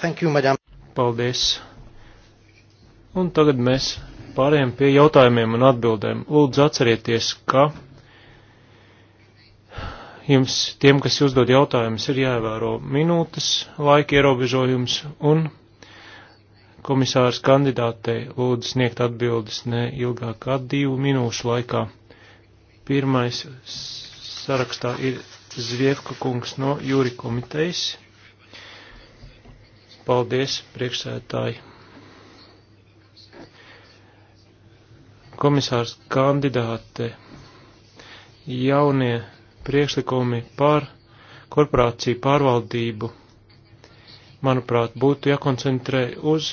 Thank you, madam. Paldies. Un tagad mēs pārējām pie jautājumiem un atbildēm. Lūdzu atcerieties, ka jums, tiem, kas uzdod jautājumus, ir jāievēro minūtes laika ierobežojums un komisārs kandidātei lūdzu sniegt atbildes ne ilgāk kā divu minūšu laikā. Pirmais sarakstā ir Zviefka kungs no jūri komitejas. Paldies, priekšsētāji. Komisārs kandidāte jaunie priekšlikumi par korporāciju pārvaldību, manuprāt, būtu jākoncentrē uz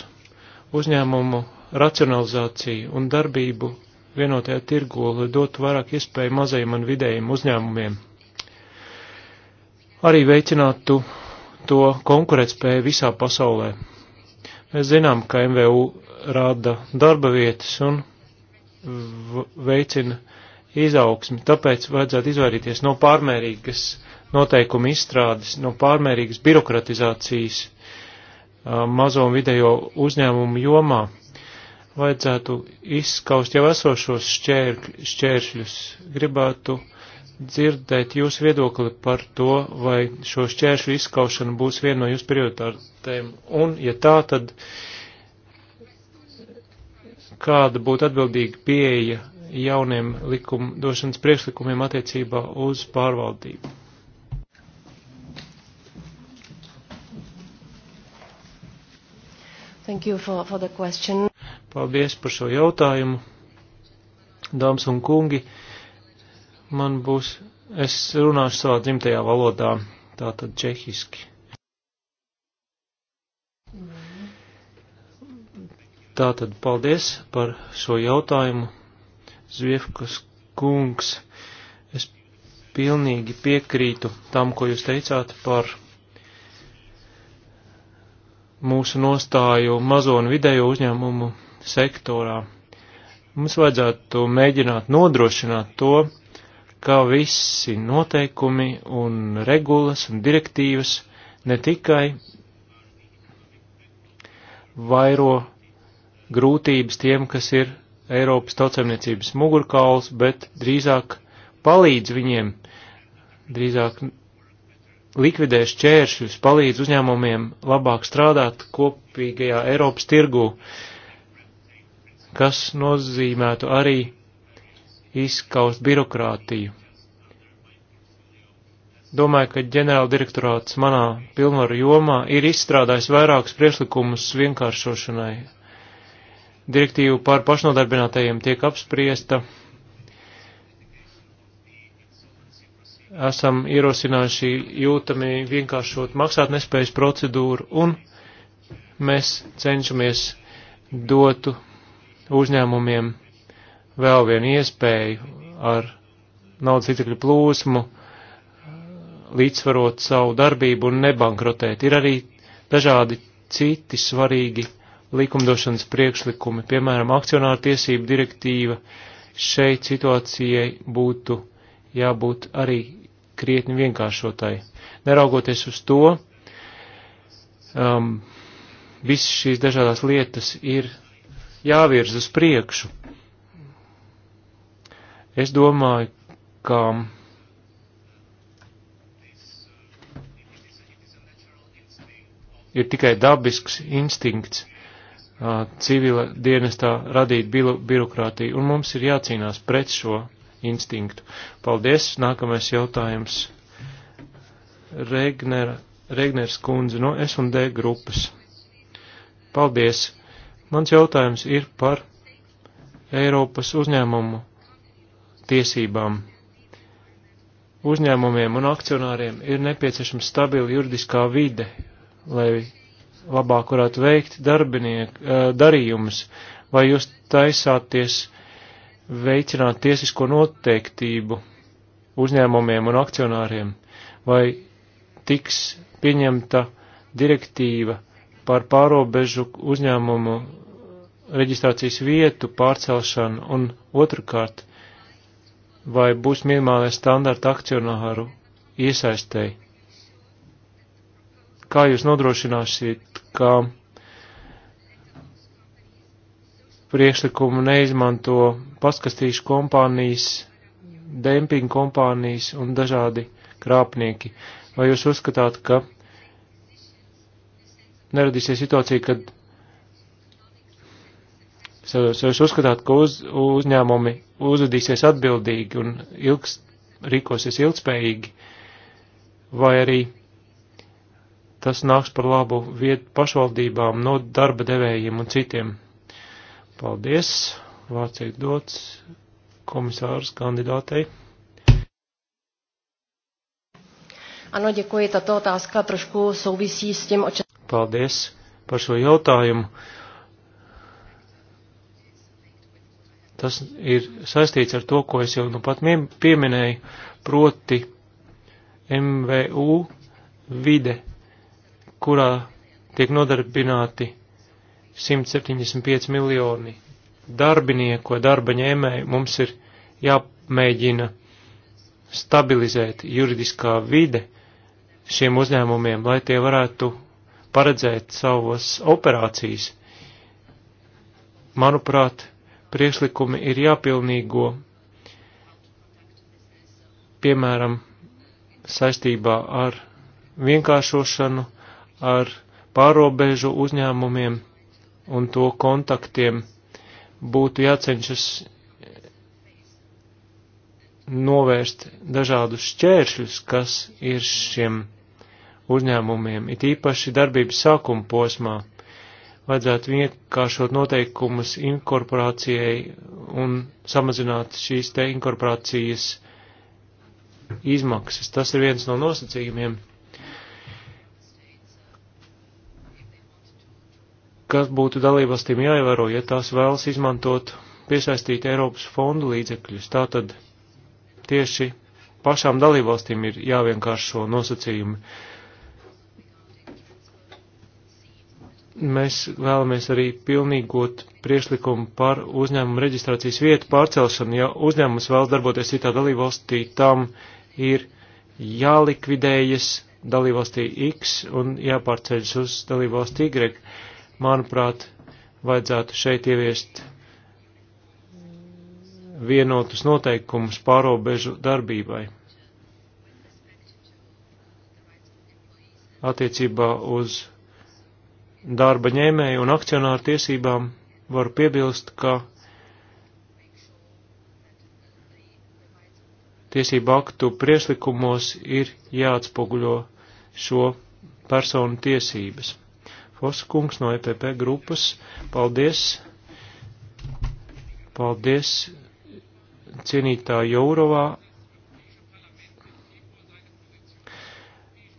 uzņēmumu racionalizāciju un darbību vienotajā tirgu, lai dotu vairāk iespēju mazajiem un vidējiem uzņēmumiem. Arī veicinātu to konkurētspēju visā pasaulē. Mēs zinām, ka MVU rada darba vietas un veicina izaugsmi, tāpēc vajadzētu izvairīties no pārmērīgas noteikuma izstrādes, no pārmērīgas birokratizācijas mazo un vidējo uzņēmumu jomā. Vajadzētu izskaust jau esošos šķēr, šķēršļus, gribētu uh, dzirdēt jūsu viedokli par to, vai šo šķēršu izskaušana būs viena no jūsu prioritātēm. Un, ja tā, tad kāda būtu atbildīga pieeja jauniem likumdošanas priekšlikumiem attiecībā uz pārvaldību? Thank you for, for the question. Paldies par šo jautājumu, dāmas un kungi man būs, es runāšu savā dzimtajā valodā, tātad čehiski. Tātad paldies par šo jautājumu, Zviefkas kungs. Es pilnīgi piekrītu tam, ko jūs teicāt par mūsu nostāju mazo un vidējo uzņēmumu sektorā. Mums vajadzētu mēģināt nodrošināt to, ka visi noteikumi un regulas un direktīvas ne tikai vairo grūtības tiem, kas ir Eiropas tautsaimniecības mugurkauls, bet drīzāk palīdz viņiem, drīzāk likvidē šķēršļus, palīdz uzņēmumiem labāk strādāt kopīgajā Eiropas tirgū, kas nozīmētu arī izskaust birokrātiju. Domāju, ka ģenerāla direktorāts manā pilnvaru jomā ir izstrādājis vairākus priešlikumus vienkāršošanai. Direktīva par pašnodarbinātajiem tiek apspriesta. Esam ierosinājuši jūtami vienkāršot maksāt nespējas procedūru un mēs cenšamies dotu uzņēmumiem vēl vienu iespēju ar naudas līdzekļu plūsmu līdzsvarot savu darbību un nebankrotēt. Ir arī dažādi citi svarīgi likumdošanas priekšlikumi, piemēram, akcionāra tiesību direktīva. Šeit situācijai būtu jābūt arī krietni vienkāršotai. Neraugoties uz to, um, visas šīs dažādas lietas ir jāvirz uz priekšu. Es domāju, ka ir tikai dabisks instinkts civila dienestā radīt birokrātiju, un mums ir jācīnās pret šo instinktu. Paldies! Nākamais jautājums. Regner, Regners kundze no S&D grupas. Paldies! Mans jautājums ir par Eiropas uzņēmumu tiesībām. Uzņēmumiem un akcionāriem ir nepieciešama stabila juridiskā vide, lai labāk varētu veikt eh, darījumus, vai jūs taisāties veicināt tiesisko noteiktību uzņēmumiem un akcionāriem, vai tiks pieņemta direktīva par pārobežu uzņēmumu reģistrācijas vietu pārcelšanu un otrkārt vai būs minimālais standarta akcionāru iesaistēji? Kā jūs nodrošināsiet, ka priekšlikumu neizmanto paskastīšu kompānijas, dempinga kompānijas un dažādi krāpnieki? Vai jūs uzskatāt, ka neradīsies situācija, kad jūs uzskatāt, ka uz, uzņēmumi uzvedīsies atbildīgi un ilgs, rīkosies ilgspējīgi, vai arī tas nāks par labu vietu pašvaldībām no darba devējiem un citiem. Paldies! Vārds ir dots komisārs kandidātei. Ano, děkuji, tato otázka trošku souvisí s tím, o čem... Paldies par šo jautājumu. Tas ir saistīts ar to, ko es jau nu pat pieminēju, proti MVU vide, kurā tiek nodarbināti 175 miljoni darbinieku, darba ņēmēju. Mums ir jāmēģina stabilizēt juridiskā vide šiem uzņēmumiem, lai tie varētu paredzēt savas operācijas. Manuprāt, priekšlikumi ir jāpilnīgo, piemēram, saistībā ar vienkāršošanu, ar pārobežu uzņēmumiem un to kontaktiem būtu jācenšas novērst dažādus šķēršļus, kas ir šiem uzņēmumiem, it īpaši darbības sākuma posmā vajadzētu vienkāršot noteikumus inkorporācijai un samazināt šīs te inkorporācijas izmaksas. Tas ir viens no nosacījumiem. Kas būtu dalībvalstīm jāievēro, ja tās vēlas izmantot piesaistīt Eiropas fondu līdzekļus? Tātad tieši pašām dalībvalstīm ir jāvienkāršo nosacījumi. mēs vēlamies arī pilnīgot priekšlikumu par uzņēmumu reģistrācijas vietu pārcelšanu. Ja uzņēmums vēlas darboties citā dalībvalstī, tam ir jālikvidējas dalībvalstī X un jāpārceļas uz dalībvalstī Y. Manuprāt, vajadzētu šeit ieviest vienotus noteikumus pārobežu darbībai. Attiecībā uz darba ņēmēju un akcionāru tiesībām varu piebilst, ka tiesību aktu prieslikumos ir jāatspoguļo šo personu tiesības. Foskungs no EPP grupas, paldies! Paldies cienītā Jourovā.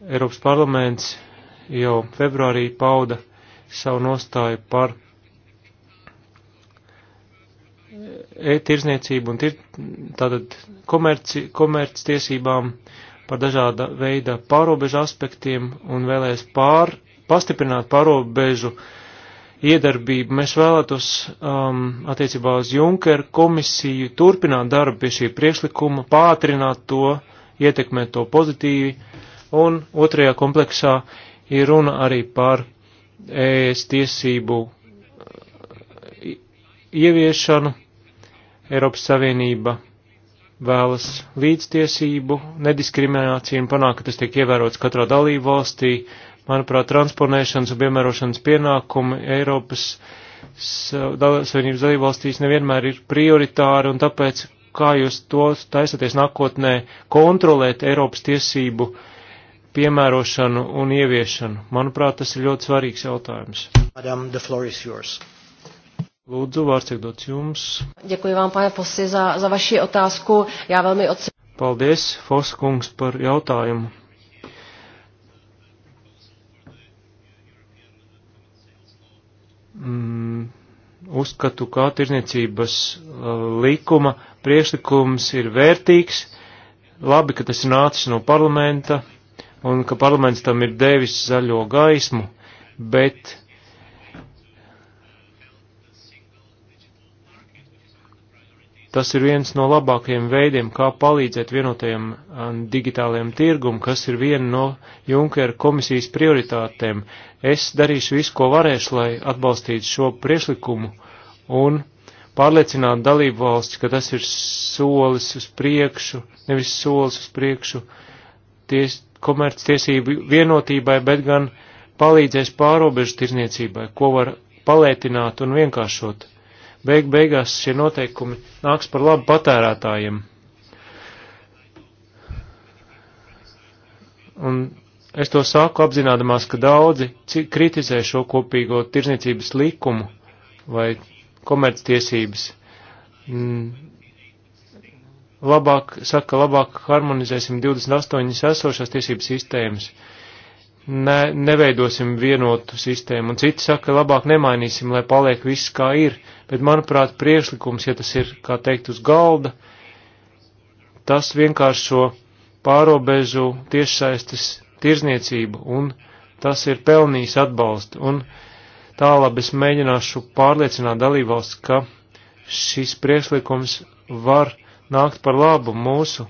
Eiropas parlaments jau februārī pauda savu nostāju par e-tirzniecību un tir, tātad komerci, komerci tiesībām par dažāda veida pārobežu aspektiem un vēlēs pār, pastiprināt pārobežu iedarbību. Mēs vēlētos um, attiecībā uz Junker komisiju turpināt darbu pie šī priekšlikuma, pātrināt to, ietekmēt to pozitīvi. Un otrajā kompleksā ir runa arī par ES tiesību ieviešanu Eiropas Savienība vēlas līdztiesību, nediskrimināciju un panāk, ka tas tiek ievērots katrā dalību valstī. Manuprāt, transponēšanas un piemērošanas pienākumi Eiropas Savienības dalību valstīs nevienmēr ir prioritāri un tāpēc, kā jūs to taisaties nākotnē kontrolēt Eiropas tiesību uh, piemērošanu un ieviešanu. Manuprāt, tas ir ļoti svarīgs jautājums. Madam, the floor is yours. Lūdzu, vārds tiek dots jums. Děkuji vám, pane Fosi, za, za vaši otázku. Jā, velmi ocenuju. Paldies, Foskungs, par jautājumu. Mm, uzskatu, kā tirniecības uh, likuma priekšlikums ir vērtīgs. Labi, ka tas ir nācis no parlamenta un ka parlaments tam ir devis zaļo gaismu, bet tas ir viens no labākajiem veidiem, kā palīdzēt vienotajam um, digitālajam tirgum, kas ir viena no Junkera komisijas prioritātēm. Es darīšu visu, ko varēšu, lai atbalstītu šo priešlikumu un pārliecināt dalību valsts, ka tas ir solis uz priekšu, nevis solis uz priekšu ties, komerctiesību vienotībai, bet gan palīdzēs pārobežu tirzniecībai, ko var palētināt un vienkāršot. Beig beigās šie noteikumi nāks par labu patērētājiem. Un es to saku apzinādamās, ka daudzi kritizē šo kopīgo tirzniecības likumu vai komerctiesības. Mm labāk, saka, labāk harmonizēsim 28 esošās tiesības sistēmas, ne, neveidosim vienotu sistēmu, un citi saka, labāk nemainīsim, lai paliek viss kā ir, bet manuprāt, priekšlikums, ja tas ir, kā teikt, uz galda, tas vienkāršo pārobežu tiešsaistes tirzniecību, un tas ir pelnījis atbalstu, un tālāk es mēģināšu pārliecināt dalībvalsts, ka šis priekšlikums var nākt par labu mūsu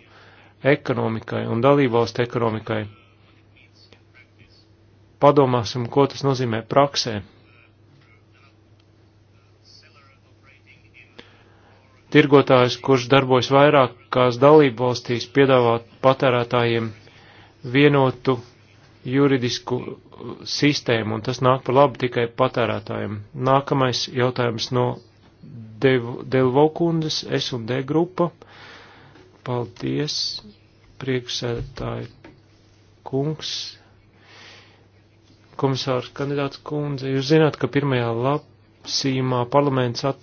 ekonomikai un dalībvalstu ekonomikai. Padomāsim, ko tas nozīmē praksē. Tirgotājs, kurš darbojas vairākās dalībvalstīs, piedāvā patērētājiem vienotu juridisku uh, sistēmu, un tas nāk par labu tikai patērētājiem. Nākamais jautājums no Delvokundes, S un D grupa. Paldies, priekšsēdētāji kungs, komisārs kandidāts kundze. Jūs zināt, ka pirmajā lapsījumā parlaments at,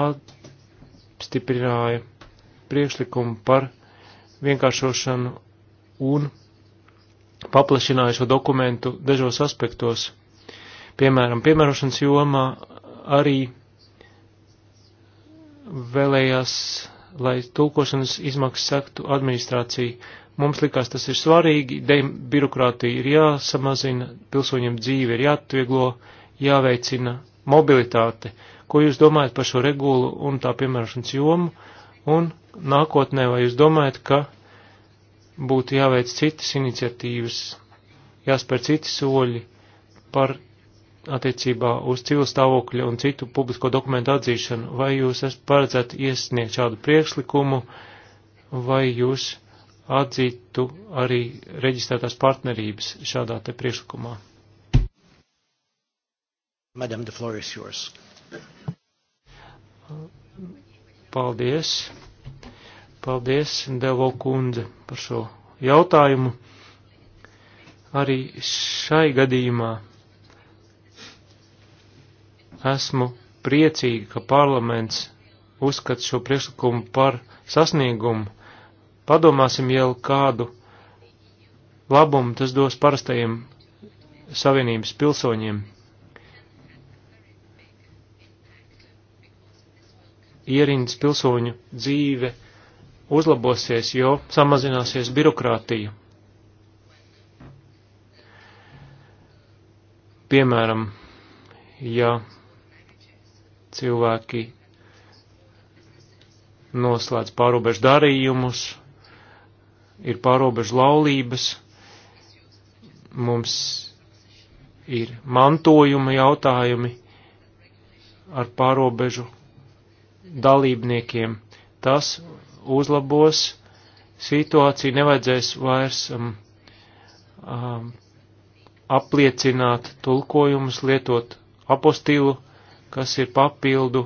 apstiprināja priekšlikumu par vienkāršošanu un paplašināja šo dokumentu dažos aspektos. Piemēram, piemērošanas jomā arī vēlējās lai tulkošanas izmaksas sektu administrācija. Mums likās tas ir svarīgi, birokrātija ir jāsamazina, pilsoņiem dzīve ir jāatvieglo, jāveicina mobilitāte. Ko jūs domājat par šo regulu un tā piemērošanas jomu? Un nākotnē vai jūs domājat, ka būtu jāveic citas iniciatīvas, jāspēr citi soļi par attiecībā uz civilu stāvokļa un citu publisko dokumentu atzīšanu, vai jūs esat paredzēt iesniegt šādu priekšlikumu, vai jūs atzītu arī reģistrētās partnerības šādā te priekšlikumā? Madam, the floor is yours. Paldies. Paldies, Devo kundze, par šo jautājumu. Arī šai gadījumā Esmu priecīga, ka parlaments uzskata šo priekšlikumu par sasniegumu. Padomāsim jau kādu labumu tas dos parastajiem savienības pilsoņiem. Ierindas pilsoņu dzīve uzlabosies, jo samazināsies birokrātija. Piemēram, ja cilvēki noslēdz pārobežu darījumus, ir pārobežu laulības, mums ir mantojuma jautājumi ar pārobežu dalībniekiem. Tas uzlabos situāciju, nevajadzēs vairs um, um, apliecināt tulkojumus, lietot apostīlu kas ir papildu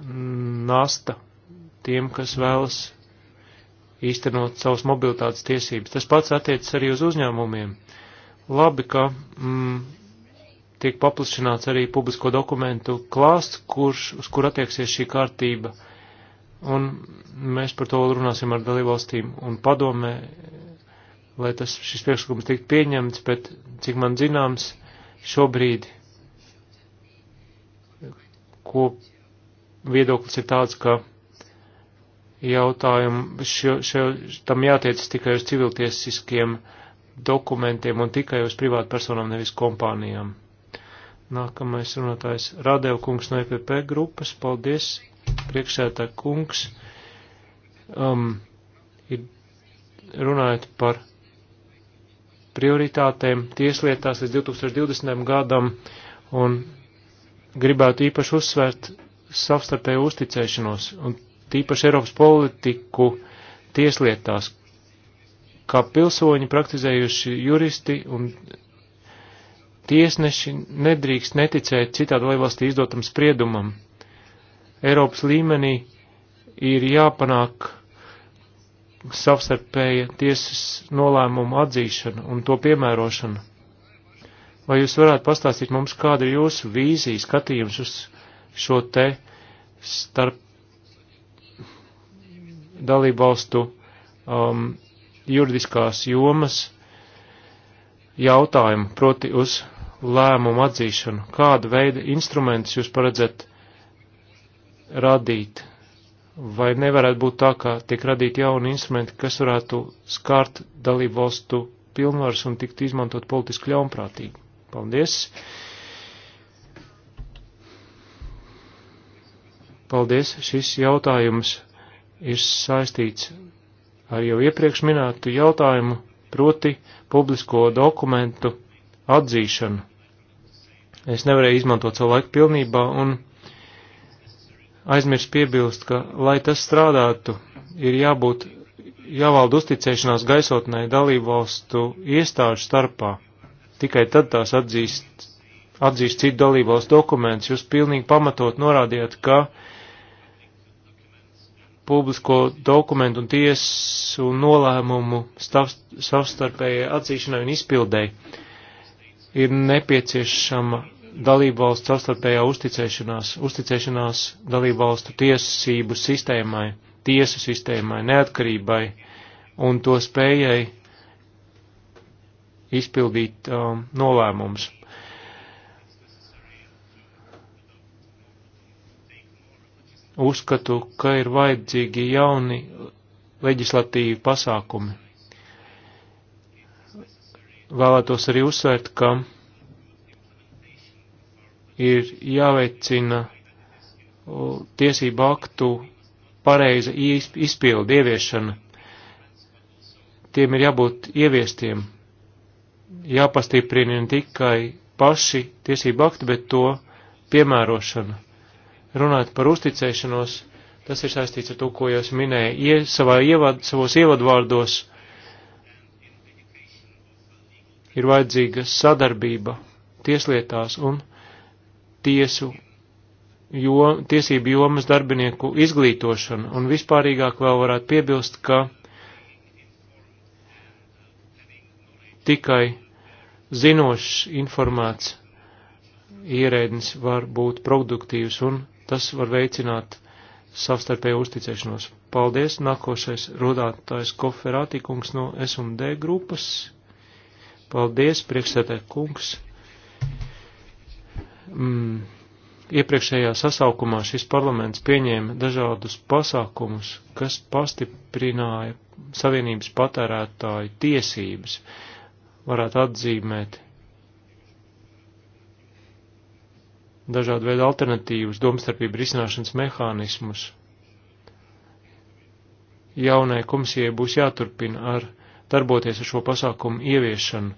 nasta tiem, kas vēlas īstenot savas mobilitātes tiesības. Tas pats attiecas arī uz uzņēmumiem. Labi, ka mm, tiek paplašināts arī publisko dokumentu klāsts, kurš, uz kur attieksies šī kārtība. Un mēs par to runāsim ar dalībvalstīm un padomē, lai tas, šis priekšlikums tiktu pieņemts, bet, cik man zināms, šobrīd ko viedoklis ir tāds, ka jautājumu šo, šo, tam jātiec tikai uz civiltiesiskiem dokumentiem un tikai uz privātpersonām, nevis kompānijām. Nākamais runātājs Radev kungs no EPP grupas. Paldies, priekšsētā kungs. Um, ir runājot par prioritātēm tieslietās līdz 2020. gadam un gribētu īpaši uzsvērt savstarpēju uzticēšanos un tīpaši Eiropas politiku tieslietās, kā pilsoņi praktizējuši juristi un tiesneši nedrīkst neticēt citādi laivalstī izdotam spriedumam. Eiropas līmenī ir jāpanāk savstarpēja tiesas nolēmumu atzīšana un to piemērošana. Vai jūs varētu pastāstīt mums, kāda ir jūsu vīzija, skatījums uz šo te starp dalībvalstu um, juridiskās jomas jautājumu, proti uz lēmumu atzīšanu? Kāda veida instrumentus jūs paredzat radīt? vai nevarētu būt tā, ka tiek radīti jauni instrumenti, kas varētu skārt dalību valstu pilnvaras un tikt izmantot politiski ļaunprātīgi? Paldies! Paldies! Šis jautājums ir saistīts ar jau iepriekš minētu jautājumu, proti publisko dokumentu atzīšanu. Es nevarēju izmantot savu laiku pilnībā un aizmirst piebilst, ka, lai tas strādātu, ir jābūt, jāvalda uzticēšanās gaisotnē dalību valstu iestāžu starpā. Tikai tad tās atzīst, atzīst citu dalību valstu dokumentus. Jūs pilnīgi pamatot norādījāt, ka publisko dokumentu un tiesu nolēmumu savstarpējai atzīšanai un izpildēji ir nepieciešama dalībvalsts savstarpējā uzticēšanās, uzticēšanās dalībvalstu tiesību sistēmai, tiesu sistēmai, neatkarībai un to spējai izpildīt um, nolēmumus. Uzskatu, ka ir vajadzīgi jauni leģislatīvi pasākumi. Vēlētos arī uzsvērt, ka ir jāveicina tiesību aktu pareiza izpildi, ieviešana. Tiem ir jābūt ieviestiem. Jāpastiprina ne tikai paši tiesību akti, bet to piemērošana. Runāt par uzticēšanos, tas ir saistīts ar to, ko jau es minēju, Ie, savā ievad, savos ievadvārdos ir vajadzīga sadarbība tieslietās un tiesu jo, tiesību jomas darbinieku izglītošanu, un vispārīgāk vēl varētu piebilst, ka tikai zinošs informēts ierēdnis var būt produktīvs, un tas var veicināt savstarpēju uzticēšanos. Paldies! Nākošais rodātājs Koferātī kungs no S&D grupas. Paldies, priekšsētē kungs! mm, iepriekšējā sasaukumā šis parlaments pieņēma dažādus pasākumus, kas pastiprināja savienības patērētāju tiesības, varētu atzīmēt dažādu veidu alternatīvas domstarpību risināšanas mehānismus. Jaunai komisijai būs jāturpina ar darboties ar šo pasākumu ieviešanu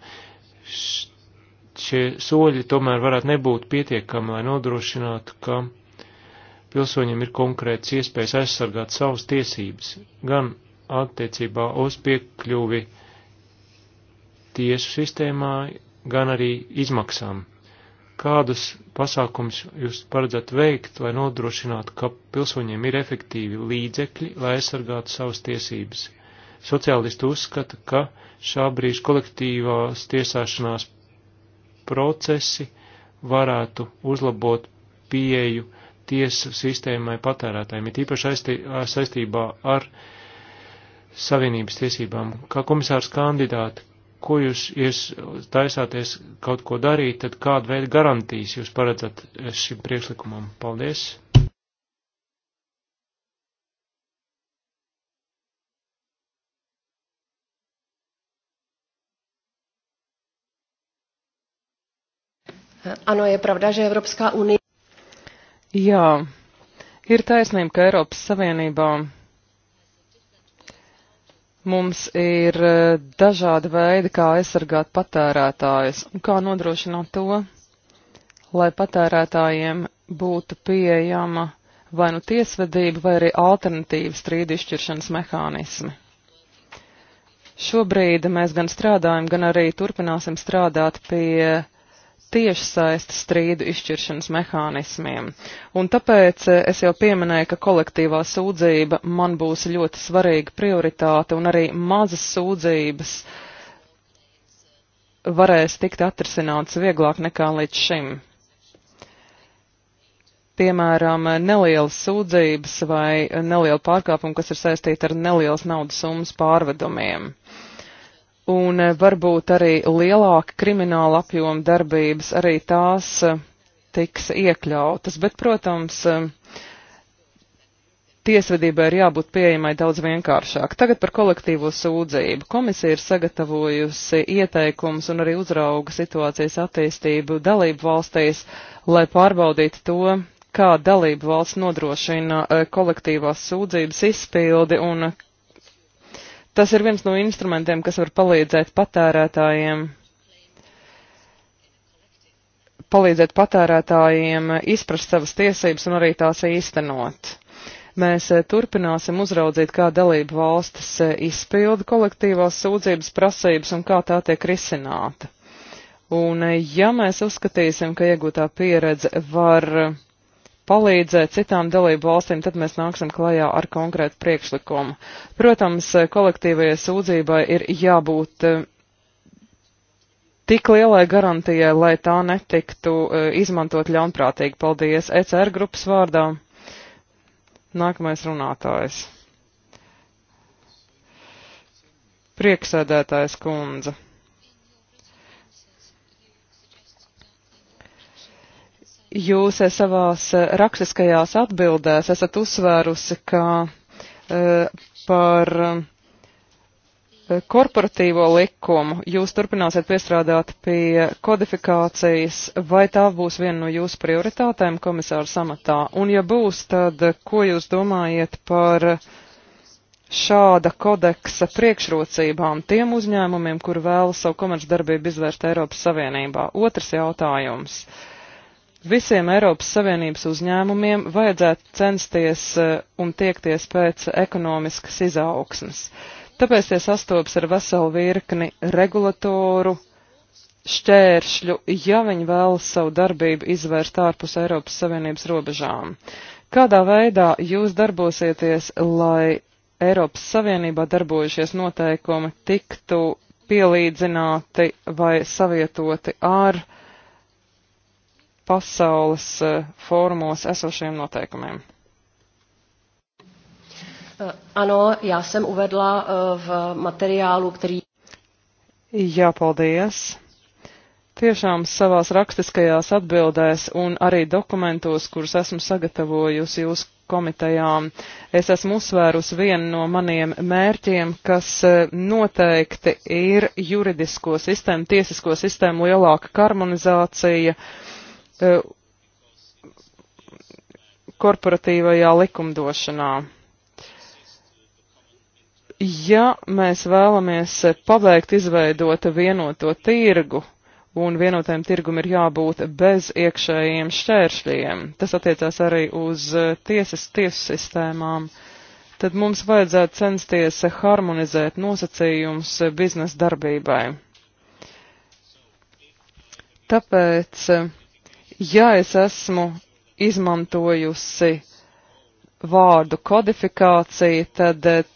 šie soļi tomēr varētu nebūt pietiekami, lai nodrošinātu, ka pilsoņiem ir konkrēts iespējas aizsargāt savas tiesības, gan attiecībā uz piekļuvi tiesu sistēmā, gan arī izmaksām. Kādus pasākums jūs paredzat veikt, lai nodrošinātu, ka pilsoņiem ir efektīvi līdzekļi, lai aizsargātu savas tiesības? Sociālisti uzskata, ka šā brīža kolektīvās tiesāšanās procesi varētu uzlabot pieeju tiesu sistēmai patērētājiem, ir īpaši saistībā ar savienības tiesībām. Kā komisārs kandidāti, ko jūs, jūs taisāties kaut ko darīt, tad kādu veidu garantijas jūs paredzat šim priekšlikumam? Paldies! Ano, je pravda, že Evropskā unija. Jā, ir taisnība, ka Eiropas Savienībā mums ir e, dažādi veidi, kā aizsargāt patērētājus un kā nodrošināt to, lai patērētājiem būtu pieejama vai nu tiesvedība, vai arī alternatīva strīdu izšķiršanas mehānismi. Šobrīd mēs gan strādājam, gan arī turpināsim strādāt pie tiešsaistes strīdu izšķiršanas mehānismiem. Un tāpēc eh, es jau pieminēju, ka kolektīvā sūdzība man būs ļoti svarīga prioritāte un arī mazas sūdzības varēs tikt atrisināts vieglāk nekā līdz šim. Piemēram, nelielas sūdzības vai neliela pārkāpuma, kas ir saistīta ar nelielas naudas summas pārvedumiem. Uh, un eh, varbūt arī lielāka krimināla apjoma darbības arī tās eh, tiks iekļautas. Bet, protams, eh, tiesvedībai ir jābūt pieejamai daudz vienkāršāk. Tagad par kolektīvo sūdzību. Komisija ir sagatavojusi ieteikums un arī uzrauga situācijas attīstību dalību valstīs, lai pārbaudītu to, kā dalību valsts nodrošina kolektīvās sūdzības izpildi un Tas ir viens no instrumentiem, kas var palīdzēt patērētājiem palīdzēt patērētājiem izprast savas tiesības un arī tās īstenot. Mēs eh, turpināsim uzraudzīt, kā dalību valstis eh, izpilda kolektīvās sūdzības prasības un kā tā tiek risināta. Un eh, ja mēs uzskatīsim, ka iegūtā pieredze var palīdzēt citām dalību valstīm, tad mēs nāksim klajā ar konkrētu priekšlikumu. Protams, kolektīvajai sūdzībai ir jābūt eh, tik lielai garantijai, lai tā netiktu eh, izmantot ļaunprātīgi. Paldies ECR grupas vārdā. Nākamais runātājs. Prieksēdētājs kundze. Jūs eh, savās eh, rakstiskajās atbildēs esat uzsvērusi, ka eh, par korporatīvo likumu jūs turpināsiet piestrādāt pie kodifikācijas, vai tā būs viena no jūsu prioritātēm komisāra samatā? Un ja būs, tad ko jūs domājat par šāda kodeksa priekšrocībām tiem uzņēmumiem, kur vēlas savu komercdarbību izvērst Eiropas Savienībā? Otrs jautājums. Uh, Visiem Eiropas Savienības uzņēmumiem vajadzētu censties eh, un tiekties pēc ekonomiskas izaugsmas. Tāpēc tie sastopas ar veselu virkni regulatoru šķēršļu, ja viņi vēlas savu darbību izvērst ārpus Eiropas Savienības robežām. Kādā veidā jūs darbosieties, lai Eiropas Savienībā darbojušies noteikumi tiktu pielīdzināti vai savietoti ar pasaules eh, fórumos esošiem noteikumiem. Eh, ano, já jsem uvedla eh, v materiálu, který. Jā, paldies. Tiešām savās rakstiskajās atbildēs un arī dokumentos, kurus esmu sagatavojusi jūsu komitejām, es esmu uzsvērusi vienu no maniem mērķiem, kas noteikti ir juridisko sistēmu, tiesisko sistēmu lielāka harmonizācija. Uh, E, korporatīvajā likumdošanā. Ja mēs vēlamies pabeigt izveidot vienoto tirgu, un vienotajam tirgum ir jābūt bez iekšējiem šķēršļiem, tas attiecās arī uz tiesas tiesu sistēmām, tad mums vajadzētu censties harmonizēt nosacījums biznesa darbībai. Tāpēc ja es esmu izmantojusi vārdu kodifikācija, tad eh,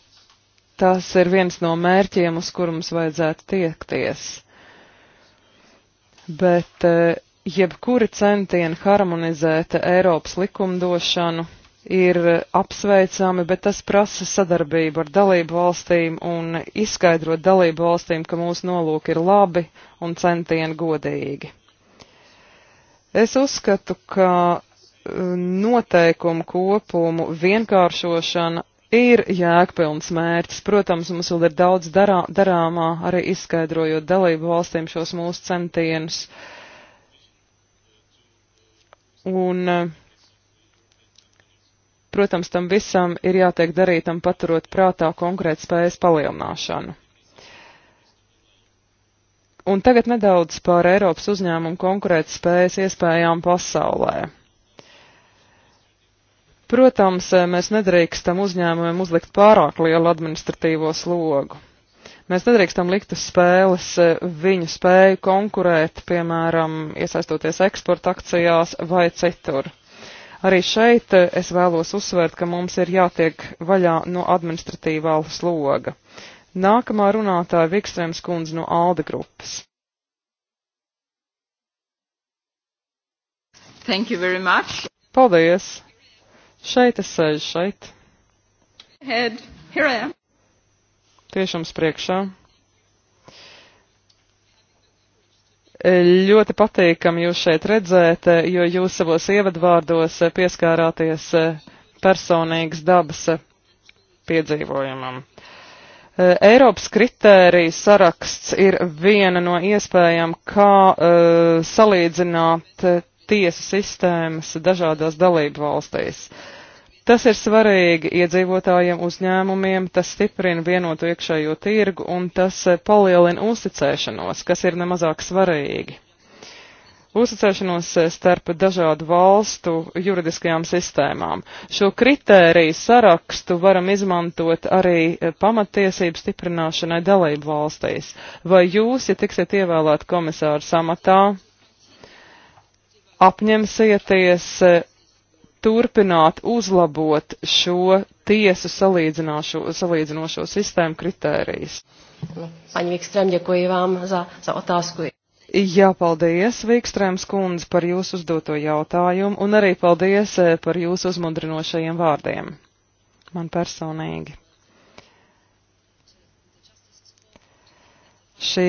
tas ir viens no mērķiem, uz kuru mums vajadzētu tiekties. Bet eh, jebkuri centieni harmonizēt Eiropas likumdošanu ir apsveicami, bet tas prasa sadarbību ar dalību valstīm un izskaidrot dalību valstīm, ka mūsu nolūki ir labi un centieni godīgi. Es uzskatu, ka e, noteikumu kopumu vienkāršošana ir jēgpilns mērķis. Protams, mums vēl ir daudz darā, darāmā, arī izskaidrojot dalību valstīm šos mūsu centienus. Un, e, protams, tam visam ir jātiek darītam paturot prātā konkrēt spējas palielināšanu. Un tagad nedaudz par Eiropas uzņēmumu konkurētspējas iespējām pasaulē. Protams, mēs nedrīkstam uzņēmumiem uzlikt pārāk lielu administratīvo slogu. Mēs nedrīkstam likt uz spēles eh, viņu spēju konkurēt, piemēram, iesaistoties eksporta akcijās vai citur. Arī šeit eh, es vēlos uzsvērt, ka mums ir jātiek vaļā no administratīvā sloga. Nākamā runātāja Vikstrēms kundze no Alde grupas. Thank you very much. Paldies. Šeit es sēžu, šeit. Head. Here I am. Tieši jums priekšā. Ļoti patīkami jūs šeit redzēt, jo jūs savos ievadvārdos pieskārāties personīgas dabas piedzīvojumam. Uh, Eh, Eiropas kritērija saraksts ir viena no iespējām, kā uh, salīdzināt eh, tiesu sistēmas dažādās dalību valstīs. Tas ir svarīgi iedzīvotājiem uzņēmumiem, tas stiprina vienotu iekšējo tirgu un tas palielina uzticēšanos, kas ir nemazāk svarīgi uzticēšanos eh, starp dažādu valstu juridiskajām sistēmām. Šo kritēriju sarakstu varam izmantot arī eh, pamatiesību stiprināšanai dalību valstīs. Vai jūs, ja tiksiet ievēlēt komisāru samatā, apņemsieties eh, turpināt uzlabot šo tiesu salīdzinošo sistēmu kritērijas? Paņi Vikstrēm, ďakujem vám za, za otázku. Jā, paldies, Vīkstrēms kundze, par jūsu uzdoto jautājumu, un arī paldies eh, par jūsu uzmundrinošajiem vārdiem. Man personīgi. Šī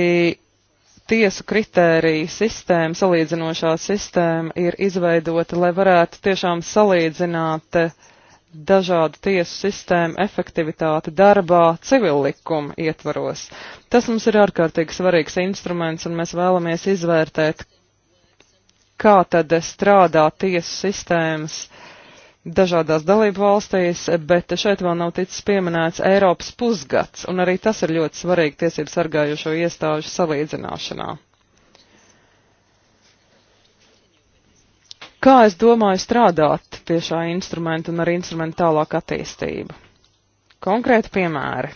tiesu kritērija sistēma, salīdzinošā sistēma ir izveidota, lai varētu tiešām salīdzināt uh, dažādu tiesu sistēmu efektivitāti darbā civillikuma ietvaros. Tas mums ir ārkārtīgi svarīgs instruments, un mēs vēlamies izvērtēt, kā tad strādā tiesu sistēmas dažādās dalību valstīs, bet šeit vēl nav ticis pieminēts Eiropas pusgads, un arī tas ir ļoti svarīgi tiesību sargājušo iestāžu salīdzināšanā. kā es domāju strādāt pie šā instrumenta un ar instrumentu tālāk attīstību. Konkrēti piemēri.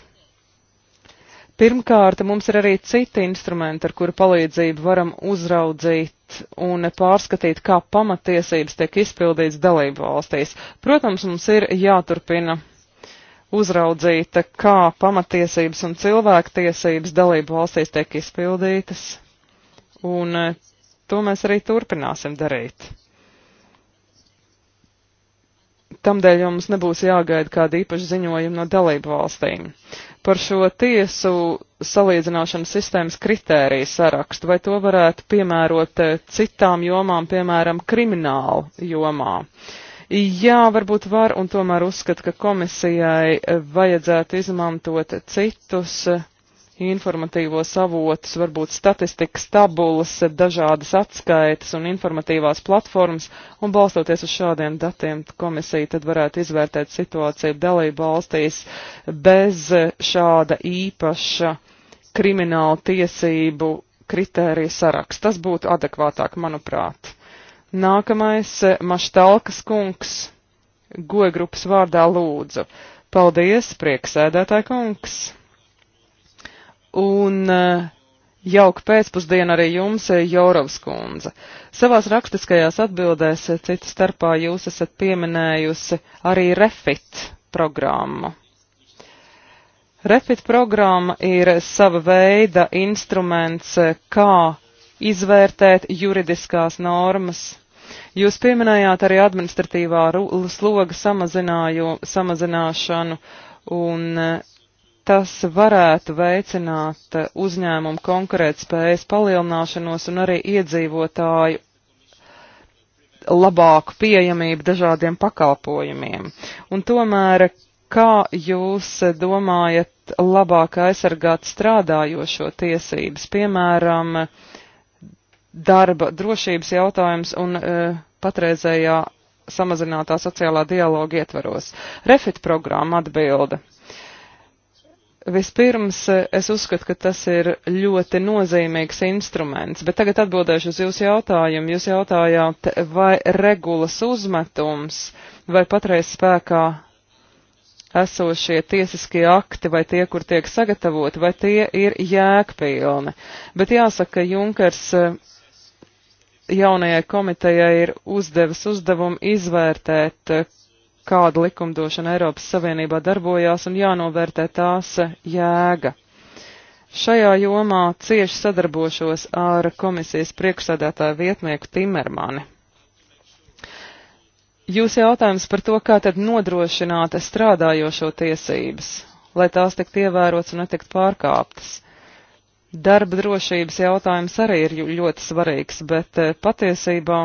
Pirmkārt, mums ir arī citi instrumenti, ar kuru palīdzību varam uzraudzīt un pārskatīt, kā pamatiesības tiek izpildīts dalību valstīs. Protams, mums ir jāturpina uzraudzīt, kā pamatiesības un cilvēktiesības dalību valstīs tiek izpildītas, un to mēs arī turpināsim darīt. Tamdēļ jums nebūs jāgaida kāda īpaša ziņojuma no dalību valstīm. Par šo tiesu salīdzināšanas sistēmas kritēriju sarakstu, vai to varētu piemērot eh, citām jomām, piemēram, kriminālu jomā? Jā, varbūt var, un tomēr uzskatu, ka komisijai eh, vajadzētu izmantot citus uh, informatīvos avotus, varbūt statistikas tabulas, dažādas atskaitas un informatīvās platformas, un balstoties uz šādiem datiem komisija tad varētu izvērtēt situāciju dalību valstīs bez šāda īpaša krimināla tiesību kritērija saraksts. Tas būtu adekvātāk, manuprāt. Nākamais Maštalkas kungs goja grupas vārdā lūdzu. Paldies, prieksēdētāji kungs! un eh, jauka pēcpusdiena arī jums, eh, Jorovs kundze. Savās rakstiskajās atbildēs eh, cita starpā jūs esat pieminējusi arī refit programmu. Refit programma ir sava veida instruments, kā izvērtēt juridiskās normas. Jūs pieminējāt arī administratīvā sloga samazināšanu, un tas varētu veicināt uzņēmumu konkurētspējas palielināšanos un arī iedzīvotāju labāku pieejamību dažādiem pakalpojumiem. Un tomēr, kā jūs domājat labāk aizsargāt strādājošo tiesības, piemēram, darba drošības jautājums un uh, patreizējā samazinātā sociālā dialoga ietvaros? Refit programma atbilda. Uh, Vispirms eh, es uzskatu, ka tas ir ļoti nozīmīgs instruments, bet tagad atbildēšu uz jūsu jautājumu. Jūs jautājāt, vai regulas uzmetums vai patreiz spēkā esošie tiesiskie akti vai tie, kur tiek sagatavoti, vai tie ir jēgpilni. Bet jāsaka, Junkers eh, jaunajai komitejai ir uzdevis uzdevumu izvērtēt, eh, kāda likumdošana Eiropas Savienībā darbojās un jānovērtē tās jēga. Šajā jomā cieši sadarbošos ar komisijas priekšsādātāju vietnieku Timermani. Jūs jautājums par to, kā tad nodrošināt strādājošo tiesības, lai tās tiktu ievērotas un netikt pārkāptas. Darba drošības jautājums arī ir ļoti svarīgs, bet eh, patiesībā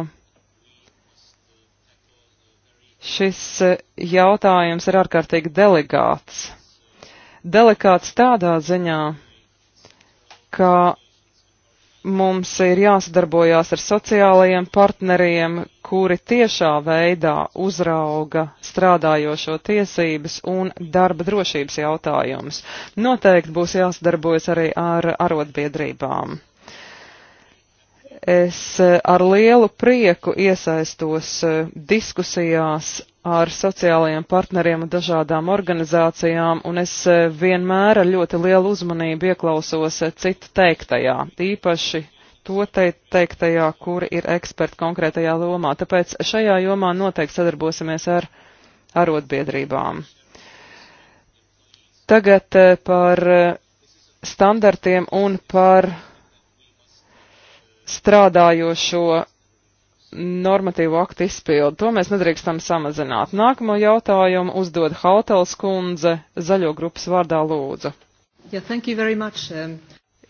šis eh, jautājums ir ārkārtīgi delikāts. Delikāts tādā ziņā, ka mums ir jāsadarbojās ar sociālajiem partneriem, kuri tiešā veidā uzrauga strādājošo tiesības un darba drošības jautājumus. Noteikti būs jāsadarbojas arī ar arotbiedrībām. Es eh, ar lielu prieku iesaistos eh, diskusijās ar sociālajiem partneriem un dažādām organizācijām, un es eh, vienmēr ar ļoti lielu uzmanību ieklausos citu teiktajā, īpaši to teiktajā, kur ir eksperti konkrētajā lomā. Tāpēc šajā jomā noteikti sadarbosimies ar arotbiedrībām. Tagad par standartiem un par strādājošo normatīvu aktu izpildu. To mēs nedrīkstam samazināt. Nākamo jautājumu uzdod Hautels kundze zaļo grupas vārdā lūdzu. Yeah, thank you very much. Um...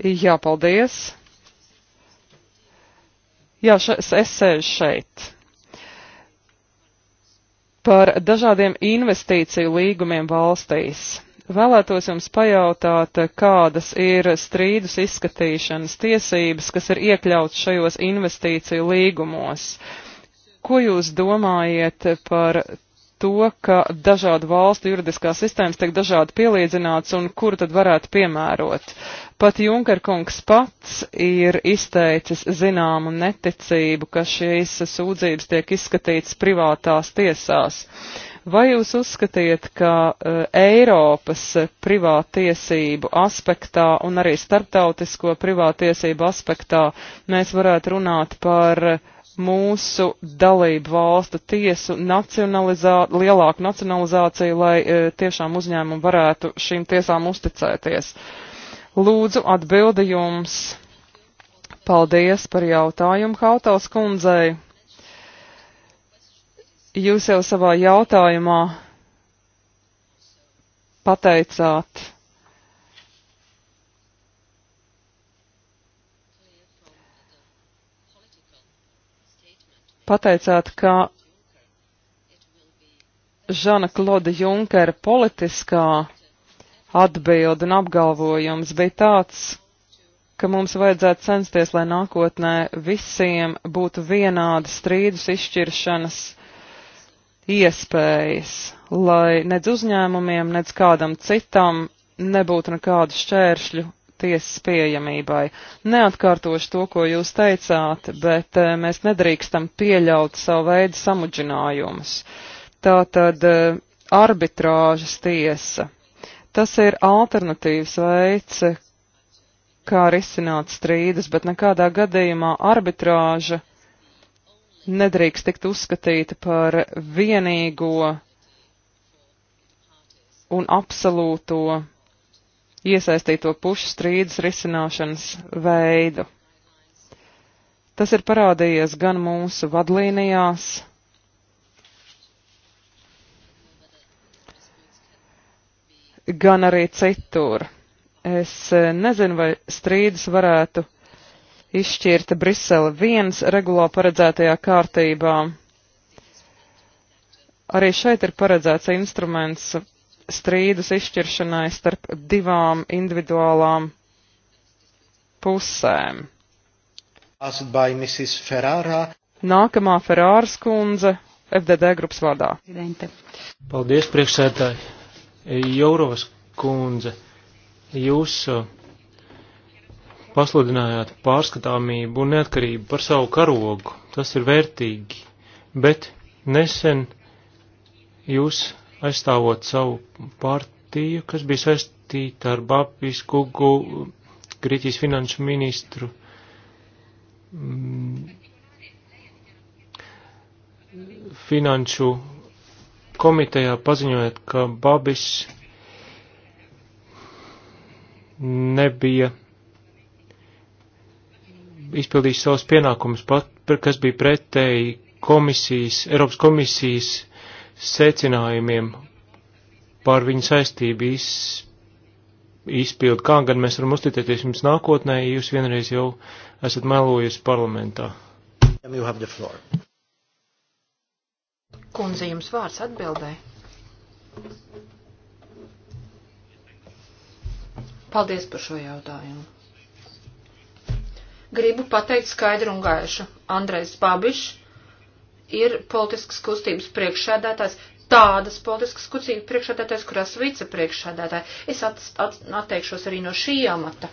Jā, paldies. Jā, še, es sēžu šeit. Par dažādiem investīciju līgumiem valstīs. Vēlētos jums pajautāt, kādas ir strīdus izskatīšanas tiesības, kas ir iekļauts šajos investīciju līgumos. Ko jūs domājat par to, ka dažādu valstu juridiskās sistēmas tiek dažādi pielīdzināts un kuru tad varētu piemērot. Pat Junkerkungs pats ir izteicis zināmu neticību, ka šīs sūdzības tiek izskatītas privātās tiesās. Vai jūs uzskatiet, ka uh, Eiropas privātiesību aspektā un arī starptautisko privātiesību aspektā mēs varētu runāt par mūsu dalību valstu tiesu nacionalizā, lielāku nacionalizāciju, lai uh, tiešām uzņēmumi varētu šīm tiesām uzticēties? Lūdzu, atbildi jums. Paldies par jautājumu Hautals kundzei. Jūs jau savā jautājumā pateicāt. Pateicāt, ka Žana Kloda Junkera politiskā atbilde un apgalvojums bija tāds, ka mums vajadzētu censties, lai nākotnē visiem būtu vienāda strīdus izšķiršanas iespējas, lai nedz uzņēmumiem, nedz kādam citam nebūtu nekādu šķēršļu tiesas pieejamībai. Neatkārtošu to, ko jūs teicāt, bet eh, mēs nedrīkstam pieļaut savu veidu samudžinājumus. Tātad eh, arbitrāžas tiesa. Tas ir alternatīvs veids, eh, kā risināt strīdus, bet nekādā gadījumā arbitrāža nedrīkst tikt uzskatīta par vienīgo un absolūto iesaistīto pušu strīdus risināšanas veidu. Tas ir parādījies gan mūsu vadlīnijās, gan arī citur. Es eh, nezinu, vai strīdus varētu izšķirta Brisele 1 regulā paredzētajā kārtībā. Arī šeit ir paredzēts instruments strīdus izšķiršanai starp divām individuālām pusēm. Nākamā Ferāras kundze FDD grupas vārdā. Paldies, priekšsētāji. Jaurovas kundze, jūs pasludinājāt pārskatāmību un neatkarību par savu karogu. Tas ir vērtīgi, bet nesen jūs aizstāvot savu partiju, kas bija saistīta ar Bapis Kugu, Grieķijas finanšu ministru. Mm, finanšu komitejā paziņojot, ka Babis nebija izpildījis savus pienākumus, pat, kas bija pretēji komisijas, Eiropas komisijas secinājumiem par viņu saistību iz, izpildu. Kā gan mēs varam uzticēties jums nākotnē, ja jūs vienreiz jau esat melojusi parlamentā? Kundze, jums vārds atbildē. Paldies par šo jautājumu gribu pateikt skaidru un gaišu. Andrejs Babišs ir politiskas kustības priekšsēdētājs, tādas politiskas kustības priekšsēdētājs, kurās vicepriekšsēdētāji. Es at, at, atteikšos arī no šī amata.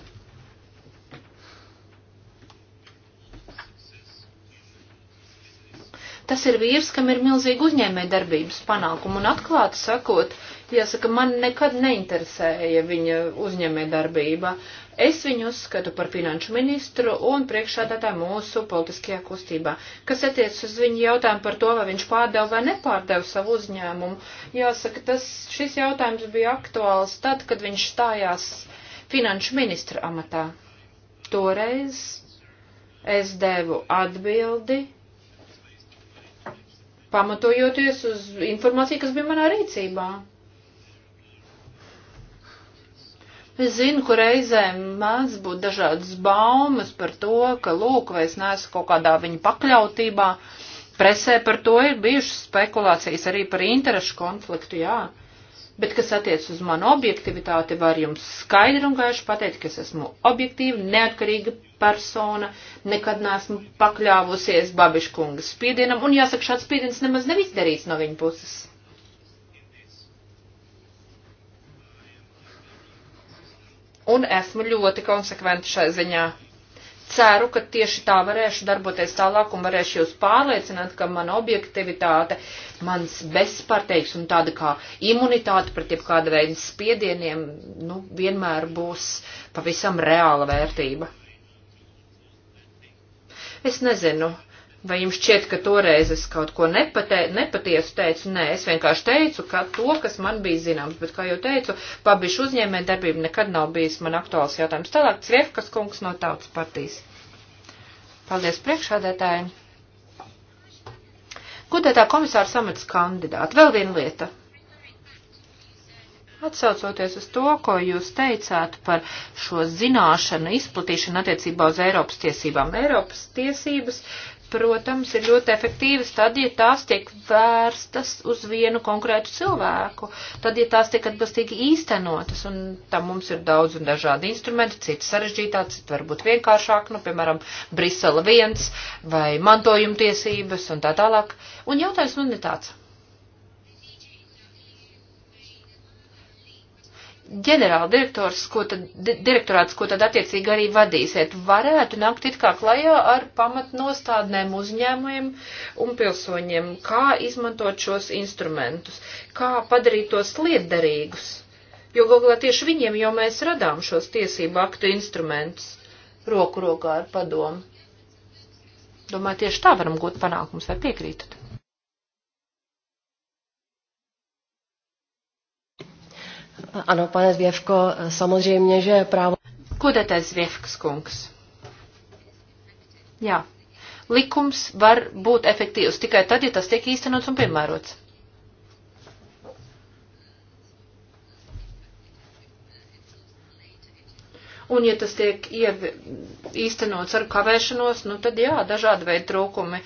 Tas ir vīrs, kam ir milzīgi uzņēmē darbības panākumu, un atklāti sakot, uh, Jāsaka, man nekad neinteresēja viņa uzņēmē darbība. Es viņu uzskatu par finanšu ministru un priekšādātāju mūsu politiskajā kustībā. Kas attiec uz viņu jautājumu par to, vai viņš pārdeva vai nepārdeva savu uzņēmumu, jāsaka, tas, šis jautājums bija aktuāls tad, kad viņš stājās finanšu ministra amatā. Toreiz es devu atbildi, pamatojoties uz informāciju, kas bija manā rīcībā. Es zinu, ka reizēm mēdz būt dažādas baumas par to, ka, lūk, vai es neesmu kaut kādā viņa pakļautībā. Presē par to ir bijušas spekulācijas arī par interešu konfliktu, jā. Bet, kas attiec uz manu objektivitāti, var jums skaidri un gaiši pateikt, ka es esmu objektīva, neatkarīga persona, nekad neesmu pakļāvusies babiškungas spiedienam, un jāsaka, šāds spiediens nemaz nav izdarīts no viņa puses. un esmu ļoti konsekventi šai ziņā. Ceru, ka tieši tā varēšu darboties tālāk un varēšu jūs pārliecināt, ka mana objektivitāte, mans bezparteiks un tāda kā imunitāte pret jebkāda veida spiedieniem, nu, vienmēr būs pavisam reāla vērtība. Es nezinu, uh, Vai jums šķiet, ka toreiz es kaut ko nepate, nepatiesu teicu? Nē, es vienkārši teicu, ka to, kas man bija zināms, bet, kā jau teicu, pabišu uzņēmē darbība nekad nav bijis man aktuāls jautājums. Tālāk Cviefkas kungs no tautas partijas. Paldies priekšādētājiem. Gudētā komisāra samats kandidāti. Vēl viena lieta. Atsaucoties uz to, ko jūs teicāt par šo zināšanu izplatīšanu attiecībā uz Eiropas tiesībām. Eiropas tiesības uh, protams, ir ļoti efektīvas tad, ja tās tiek vērstas uz vienu konkrētu cilvēku, tad, ja tās tiek atbilstīgi īstenotas, un tam mums ir daudz un dažādi instrumenti, cits sarežģītāk, cits varbūt vienkāršāk, nu, piemēram, Brisela viens vai mantojuma tiesības un tā tālāk. Un jautājums man ir tāds. ģenerāldirektors, ko tad, direktorāts, ko tad attiecīgi arī vadīsiet, varētu nākt it kā klajā ar pamatnostādnēm uzņēmumiem un pilsoņiem, kā izmantot šos instrumentus, kā padarīt tos lietderīgus, jo galvā tieši viņiem jau mēs radām šos tiesību aktu instrumentus roku rokā ar padomu. Domāju, tieši tā varam gūt panākums, vai piekrītat? Ano, pane Zvěvko, samozřejmě, že právo. Ko tad tas Zviefkas kungs? Jā, likums var būt efektīvs tikai tad, ja tas tiek īstenots un piemērots. Un ja tas tiek iev, īstenots ar kavēšanos, nu tad jā, dažādi veidi trūkumi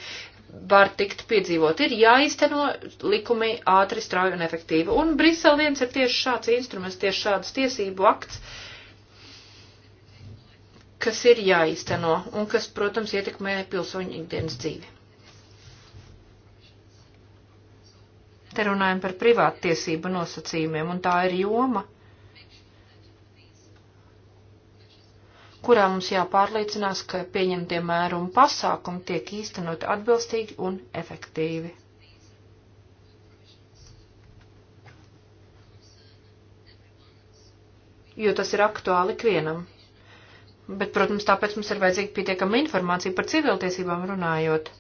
var tikt piedzīvot. Ir jāizteno likumi ātri, strauji un efektīvi. Un Brisele viens ir tieši šāds instruments, tieši šāds tiesību akts, kas ir jāizteno un kas, protams, ietekmē pilsoņu ikdienas dzīvi. Te runājam par privātu tiesību nosacījumiem, un tā ir joma, kurā mums jāpārliecinās, ka pieņemtie mēru un pasākumi tiek īstenot atbilstīgi un efektīvi. Jo tas ir aktuāli ikvienam. Bet, protams, tāpēc mums ir vajadzīga pietiekama informācija par civiltiesībām runājot.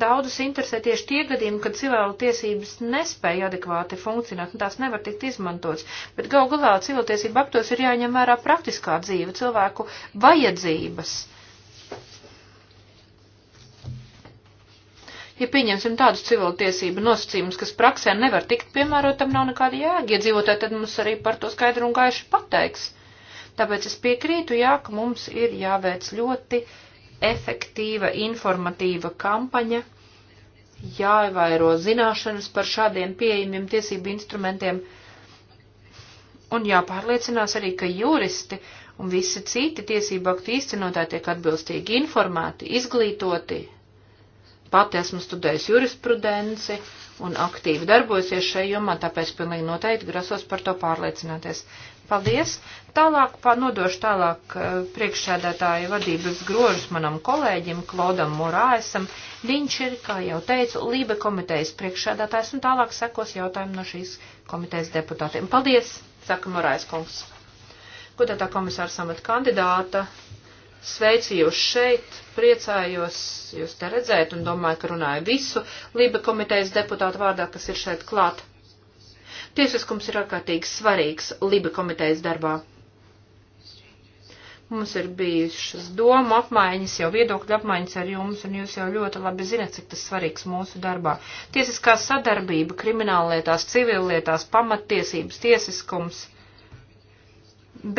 Daudzus interesē tieši tie gadījumi, kad civilu tiesības nespēja adekvāti funkcionēt un tās nevar tikt izmantots. Bet gal galā civiltiesību aktos ir jāņem vērā praktiskā dzīve, cilvēku vajadzības. Ja pieņemsim tādus civiltiesību nosacījumus, kas praksē nevar tikt piemērot, tam nav nekāda jēga. Iedzīvotāji tad mums arī par to skaidru un gaišu pateiks. Tāpēc es piekrītu, jā, ka mums ir jāveic ļoti uh, efektīva informatīva kampaņa, jāievairo zināšanas par šādiem pieejamiem tiesību instrumentiem un jāpārliecinās arī, ka juristi un visi citi tiesību aktu īstenotāji tiek atbilstīgi informēti, izglītoti. Pati esmu studējusi jurisprudenci un aktīvi darbojosies šajā jomā, tāpēc pilnīgi noteikti grasos par to pārliecināties. Paldies! Tālāk nodošu tālāk eh, priekšsēdētāju vadības grožus manam kolēģim Klodam Morāesam. Viņš ir, kā jau teicu, Lībe komitejas priekšsēdētājs un tālāk sekos jautājumu no šīs komitejas deputātiem. Paldies, saka Morāes kungs. Godētā komisāra samata kandidāta, sveicu jūs šeit, priecājos jūs te redzēt un domāju, ka runāju visu Lībe komitejas deputātu vārdā, kas ir šeit klāt. Tiesiskums ir ārkārtīgi svarīgs Liba komitejas darbā. Mums ir bijušas domu apmaiņas, jau viedokļu apmaiņas ar jums, un jūs jau ļoti labi zinat, cik tas svarīgs mūsu darbā. Tiesiskā sadarbība, krimināllietās, civillietās, pamattiesības, tiesiskums,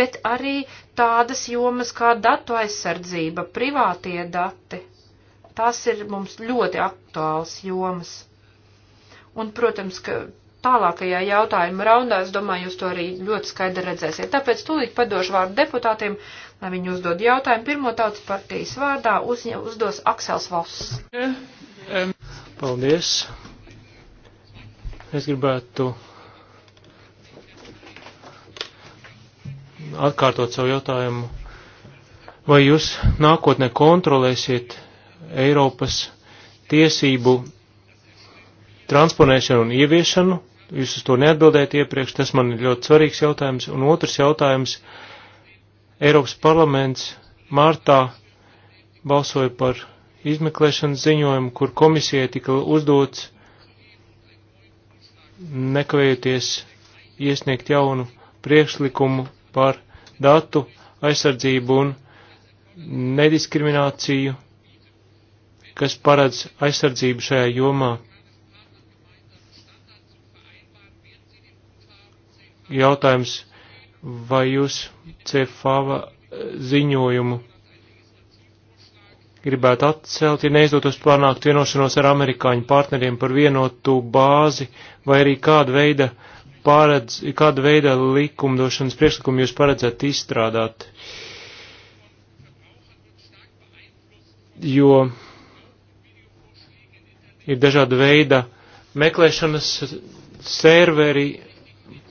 bet arī tādas jomas kā datu aizsardzība, privātie dati. Tās ir mums ļoti aktuāls jomas. Un, protams, ka tālākajā jautājuma raundā, es domāju, jūs to arī ļoti skaidri redzēsiet. Tāpēc tūlīt padošu vārdu deputātiem, lai viņi uzdod jautājumu. Pirmo tautas partijas vārdā uz, uzdos Aksels Valss. Paldies. Es gribētu atkārtot savu jautājumu. Vai jūs nākotnē kontrolēsiet Eiropas tiesību transponēšanu un ieviešanu jūs uz to neatbildējat iepriekš, tas man ir ļoti svarīgs jautājums. Un otrs jautājums. Eiropas parlaments martā balsoja par izmeklēšanas ziņojumu, kur komisijai tika uzdots nekavējoties iesniegt jaunu priekšlikumu par datu aizsardzību un nediskrimināciju, kas paredz aizsardzību šajā jomā. jautājums, vai jūs Cefava eh, ziņojumu gribētu atcelt, ja neizdotos panākt vienošanos ar amerikāņu partneriem par vienotu bāzi, vai arī kāda veida, pāredz, kāda veida likumdošanas priekšlikumu jūs paredzat izstrādāt. Jo ir dažāda veida meklēšanas serveri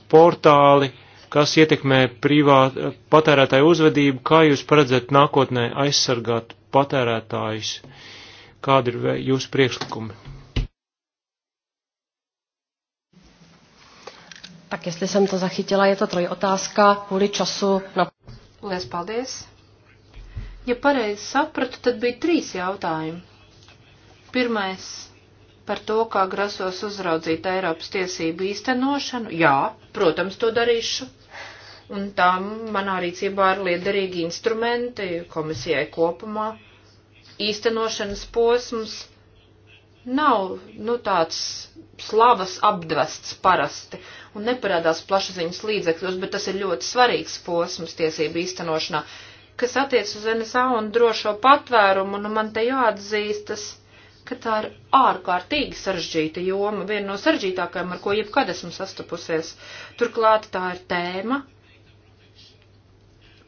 portāli, kas ietekmē privāt, patērētāju uzvedību, kā jūs paredzat nākotnē aizsargāt patērētājus, kādi ir jūsu priekšlikumi? Tak jestli jsem to zachytila, je to trojotázka kvůli času na... Lies paldies. Ja pareizi sapratu, tad bija trīs jautājumi. Pirmais par to, kā grasos uzraudzīt Eiropas tiesību īstenošanu? Jā, protams, to darīšu. Un tam manā rīcībā ir liederīgi instrumenti komisijai kopumā. Īstenošanas posms nav nu, tāds slavas apdvests parasti un neparādās plašsaziņas līdzekļos, bet tas ir ļoti svarīgs posms tiesību īstenošanā, kas attiec uz NSA un drošo patvērumu, un nu, man te jāatzīstas, ka tā ir ārkārtīgi sarežģīta joma, viena no sarežģītākajām, ar ko jebkad esmu sastapusies. Turklāt tā ir tēma,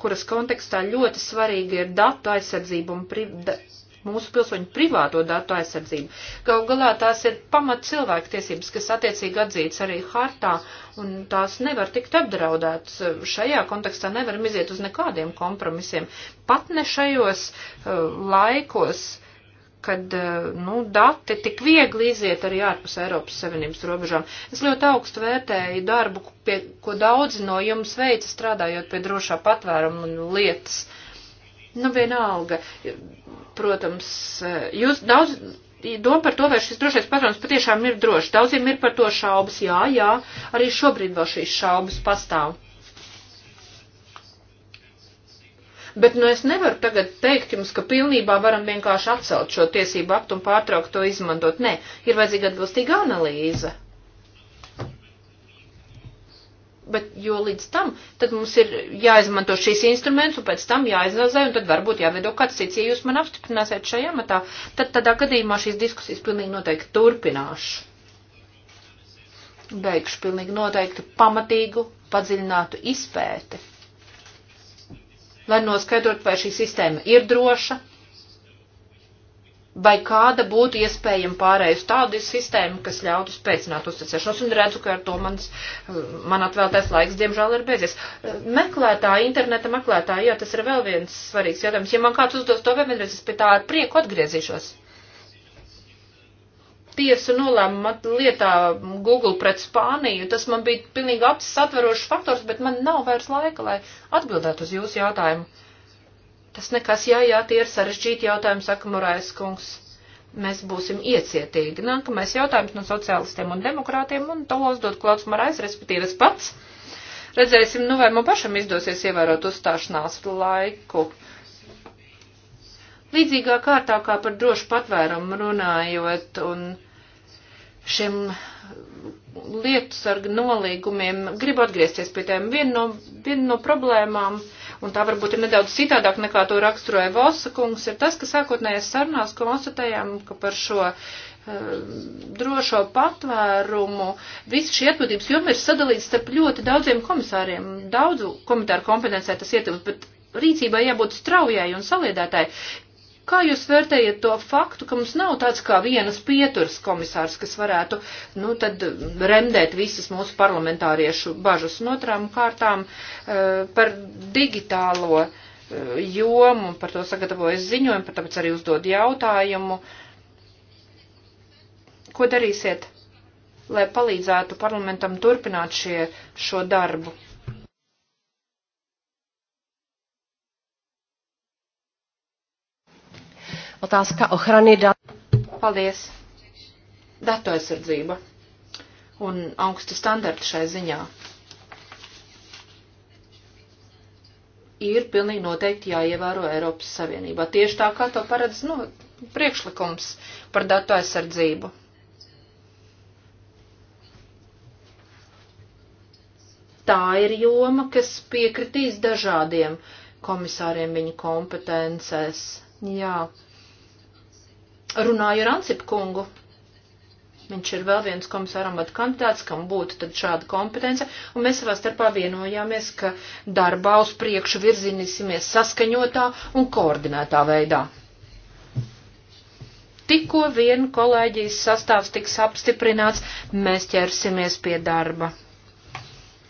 kuras kontekstā ļoti svarīgi ir datu aizsardzība un pri, da, mūsu pilsoņu privāto datu aizsardzību. Gau galā tās ir pamat cilvēktiesības, kas attiecīgi atzīts arī hartā, un tās nevar tikt apdraudētas. Šajā kontekstā nevaram iziet uz nekādiem kompromisiem. Pat ne šajos uh, laikos, uh, kad eh, nu, dati tik viegli iziet arī ārpus Eiropas Savienības robežām. Es ļoti augstu vērtēju darbu, pie, ko daudzi no jums veica strādājot pie drošā patvēruma un lietas. Nu, vienalga, protams, eh, jūs daudz doma par to, vai šis drošais patvērums patiešām ir drošs. Daudziem ir par to šaubas, jā, jā, arī šobrīd vēl šīs šaubas pastāv. bet nu es nevaru tagad teikt jums, ka pilnībā varam vienkārši atcelt šo tiesību aktu un pārtraukt to izmantot. Nē, ir vajadzīga atbilstīga analīze. Bet jo līdz tam, tad mums ir jāizmanto šīs instruments un pēc tam jāizanalizē un tad varbūt jāveido kāds cits, ja jūs man apstiprināsiet šajā matā, tad tādā gadījumā šīs diskusijas pilnīgi noteikti turpināšu. Beigšu pilnīgi noteikti pamatīgu, padziļinātu izpēti lai noskaidrotu, vai šī sistēma ir droša, vai kāda būtu iespējama pārējais tādu sistēmu, kas ļautu spēcināt uzticēšanos, un redzu, ka ar to mans, man atvēltais laiks, diemžēl, ir beidzies. Meklētāji, interneta meklētāji, jā, tas ir vēl viens svarīgs jautājums. Ja man kāds uzdos to vēl vienreiz, es pie tā ar prieku atgriezīšos tiesu nolēmumu lietā Google pret Spāniju. Tas man bija pilnīgi acis atverošs faktors, bet man nav vairs laika, lai atbildētu uz jūsu jautājumu. Tas nekas, jā, jā, tie ir sarežģīti jautājumi, saka Morais kungs. Mēs būsim iecietīgi. Nākamais jautājums no sociālistiem un demokrātiem, un to uzdot Klauds Morais, respektīvi es pats. Redzēsim, nu vai man pašam izdosies ievērot uzstāšanās laiku. Līdzīgā kārtā kā par drošu patvērumu runājot un šiem mm, lietu sarga nolīgumiem. Gribu atgriezties pie tēm. Viena no, viena no problēmām, un tā varbūt ir nedaudz citādāk nekā to raksturoja Valsakungs, ir tas, ka sākotnējās sarunās konstatējām, ka par šo uh, drošo patvērumu. Visi šie atbildības jomi ir sadalīts starp ļoti daudziem komisāriem. Daudzu komitāru kompetencē tas ietilpst, bet rīcībai jābūt straujai un saliedētai, Kā jūs vērtējat to faktu, ka mums nav tāds kā vienas pieturas komisārs, kas varētu, nu, tad remdēt visas mūsu parlamentāriešu bažas un otrām kārtām eh, par digitālo eh, jomu, par to sagatavojas ziņojumu, par tāpēc arī uzdod jautājumu. Ko darīsiet, lai palīdzētu parlamentam turpināt šie, šo darbu? Otázka ochrany dat. Paldies. Datu aizsardzība un augsti standarti šai ziņā. Ir pilnīgi noteikti jāievēro Eiropas Savienībā. Tieši tā kā to paredz nu, priekšlikums par datu aizsardzību. tā ir joma, kas piekritīs dažādiem komisāriem viņa kompetencēs. Jā runāju ar Ancipu kungu. Viņš ir vēl viens komisāram at kandidāts, kam būtu tad šāda kompetence, un mēs savā starpā vienojāmies, ka darbā uz priekšu virzinīsimies saskaņotā un koordinētā veidā. Tikko vien kolēģijas sastāvs tiks apstiprināts, mēs ķersimies pie darba.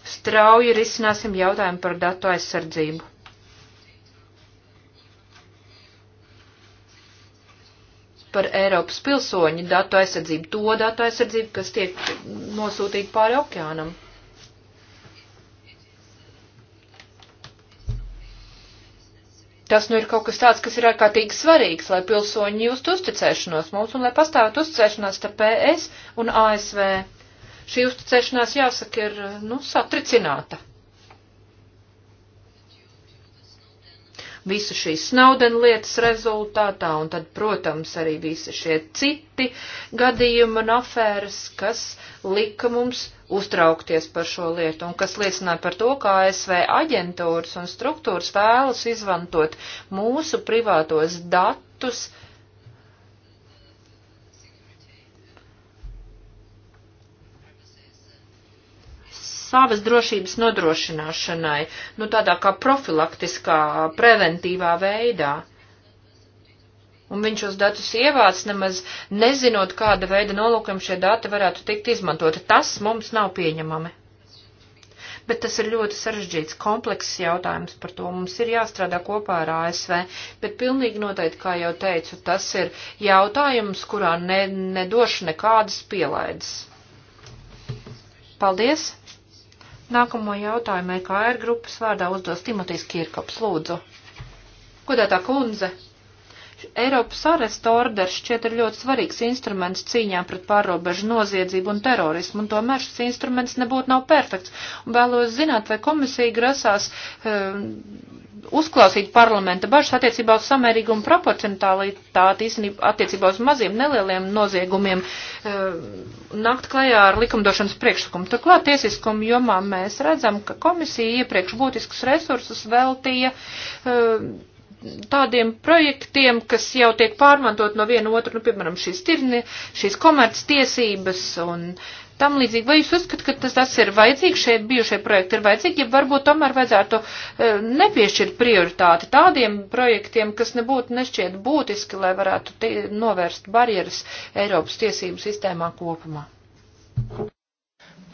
Strauji risināsim jautājumu par datu aizsardzību par Eiropas pilsoņu datu aizsardzību, to datu aizsardzību, kas tiek nosūtīta pāri okeānam. Tas nu ir kaut kas tāds, kas ir ārkārtīgi svarīgs, lai pilsoņi justu uzticēšanos mums un lai pastāvētu uzticēšanās starp PS e un ASV. Šī uzticēšanās, jāsaka, ir, nu, satricināta. visu šīs Snaudena lietas rezultātā, un tad, protams, arī visi šie citi gadījumi un afēras, kas lika mums uztraukties par šo lietu, un kas liecināja par to, kā ASV aģentūras un struktūras vēlas izmantot mūsu privātos datus, savas drošības nodrošināšanai, nu tādā kā profilaktiskā, preventīvā veidā. Un viņš šos datus ievāc, nemaz nezinot, kāda veida nolūkam šie dati varētu tikt izmantoti. Tas mums nav pieņemami. Bet tas ir ļoti sarežģīts, komplekss jautājums par to. Mums ir jāstrādā kopā ar ASV, bet pilnīgi noteikti, kā jau teicu, tas ir jautājums, kurā ne, nedošu nekādas pielaides. Paldies! Nākamo jautājumu EKR grupas vārdā uzdos Timotejs Kirkops. Lūdzu. Kodētā kundze, Eiropas arestu orders šķiet ir ļoti svarīgs instruments cīņā pret pārobežu noziedzību un terorismu, un tomēr šis instruments nebūtu nav perfekts. Un vēlos zināt, vai komisija grasās um, uzklausīt parlamenta bažas attiecībā uz samērīgu un proporcionalitāti attiecībā uz maziem nelieliem noziegumiem eh, nakt klajā ar likumdošanas priekšlikumu. Turklāt tiesiskumu jomā mēs redzam, ka komisija iepriekš būtiskus resursus veltīja eh, tādiem projektiem, kas jau tiek pārmantot no viena otru, nu, piemēram, šīs tirni, šīs komerc tiesības un uh, tam līdzīgi. Vai jūs uzskat, ka tas, tas ir vajadzīgs, šie bijušie projekti ir vajadzīgi, ja varbūt tomēr vajadzētu e, nepiešķirt prioritāti tādiem projektiem, kas nebūtu nešķiet būtiski, lai varētu novērst barjeras Eiropas tiesību sistēmā kopumā?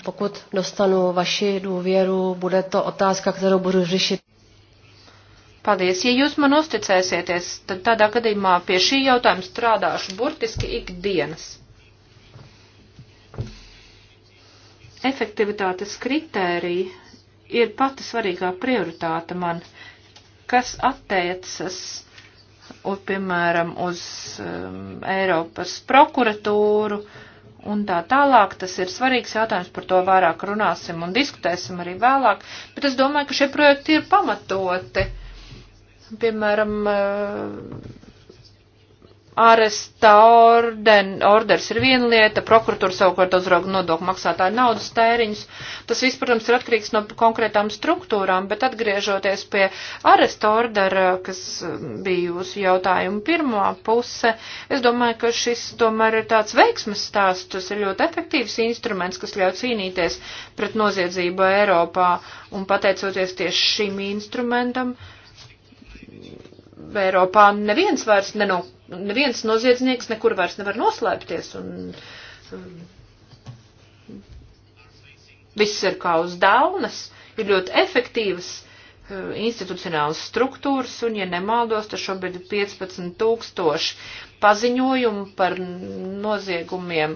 Pokud dostanu vaši důvěru, bude to otázka, kterou budu řešit. Paldies. Ja jūs man uzticēsieties, tad tādā gadījumā pie šī jautājuma strādāšu burtiski ikdienas. efektivitātes kritērija ir pati svarīgā prioritāte man, kas attiecas, un, piemēram, uz um, Eiropas prokuratūru un tā tālāk. Tas ir svarīgs jautājums, par to vairāk runāsim un diskutēsim arī vēlāk, bet es domāju, ka šie projekti ir pamatoti. Piemēram, uh, Aresta orden, orders ir viena lieta, prokuratūra savukārt uzrauga nodokļu maksātāju naudas tēriņus. Tas viss, protams, ir atkarīgs no konkrētām struktūrām, bet atgriežoties pie aresta ordera, kas um, bija jūsu jautājuma pirmā puse, es domāju, ka šis tomēr ir tāds veiksmes stāsts, tas ir ļoti efektīvs instruments, kas ļauj cīnīties pret noziedzību Eiropā un pateicoties tieši šim instrumentam Eiropā neviens vairs neno, neviens noziedznieks nekur vairs nevar noslēpties un um, viss ir kā uz daunas, ir ļoti efektīvas uh, institucionālas struktūras un, ja nemaldos, tad šobrīd ir 15 tūkstoši paziņojumu par noziegumiem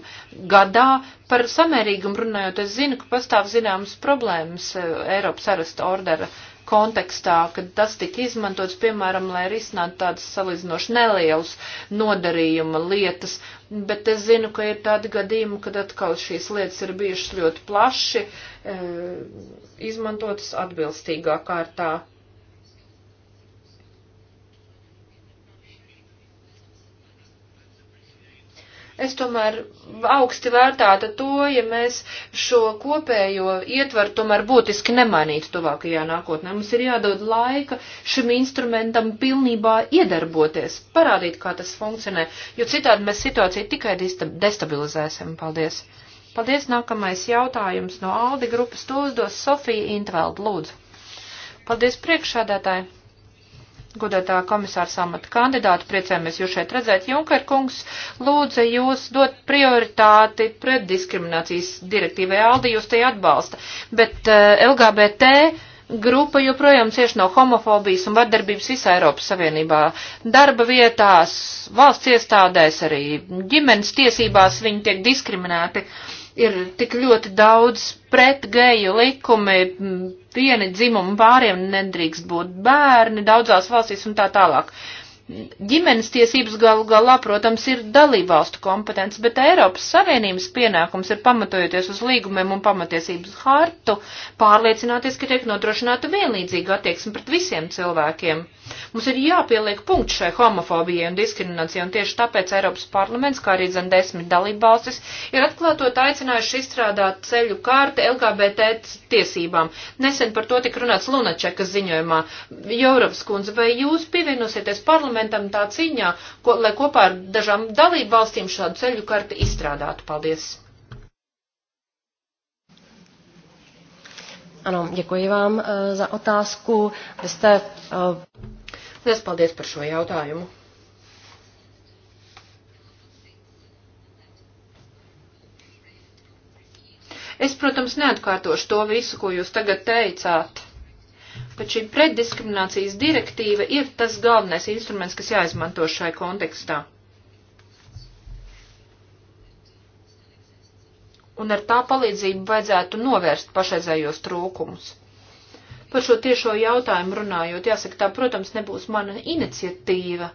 gadā. Par samērīgumu runājot, es zinu, ka pastāv zināmas problēmas uh, Eiropas arasta ordera uh, kontekstā, kad tas tika izmantots, piemēram, lai risinātu tādas salīdzinoši nelielas nodarījuma lietas, bet es zinu, ka ir tādi gadījumi, kad atkal šīs lietas ir bijušas ļoti plaši e, izmantotas atbilstīgā kārtā. Es tomēr augsti vērtātu to, ja mēs šo kopējo ietvaru tomēr būtiski nemainītu tuvākajā nākotnē. Mums ir jādod laika šim instrumentam pilnībā iedarboties, parādīt, kā tas funkcionē, jo citādi mēs situāciju tikai destabilizēsim. Paldies! Paldies! Nākamais jautājums no Aldi grupas to uzdos Sofija Intveld. Lūdzu! Paldies priekšādātāji! godotā komisāra samata kandidātu, priecājamies jūs šeit redzēt. Junker kungs lūdza jūs dot prioritāti pret diskriminācijas direktīvai. Aldi jūs te atbalsta, bet uh, eh, LGBT grupa joprojām cieši no homofobijas un vardarbības visā Eiropas Savienībā. Darba vietās, valsts iestādēs, arī ģimenes tiesībās viņi tiek diskriminēti. Uh, ir tik ļoti daudz pret geju likumi, viena dzimuma pāriem nedrīkst būt bērni daudzās valstīs un tā tālāk ģimenes tiesības galu galā, protams, ir dalībvalstu kompetence, bet Eiropas Savienības pienākums ir pamatojoties uz līgumiem un pamatiesības hartu, pārliecināties, ka tiek nodrošināta vienlīdzīga attieksme pret visiem cilvēkiem. Mums ir jāpieliek punkts šai homofobijai un diskriminācijai, un tieši tāpēc Eiropas parlaments, kā arī zem desmit dalībvalstis, ir atklātot aicinājuši izstrādāt ceļu kārti LGBT tiesībām. Nesen par to tika runāts Lunačekas ziņojumā. Jauravs kundze, vai jūs pievienosieties parlamentu? parlamentam tā ciņā, ko, lai kopā ar dažām dalību valstīm šādu ceļu karti izstrādātu. Paldies! Ano, děkuji vám uh, za otázku. Vy jste... Uh... Lies paldies par šo jautājumu. Es, protams, neatkārtošu to visu, ko jūs tagad teicāt. Bet šī preddiskriminācijas direktīva ir tas galvenais instruments, kas jāizmanto šai kontekstā. Un ar tā palīdzību vajadzētu novērst pašreizējos trūkumus. Par šo tiešo jautājumu runājot, jāsaka, tā, protams, nebūs mana iniciatīva,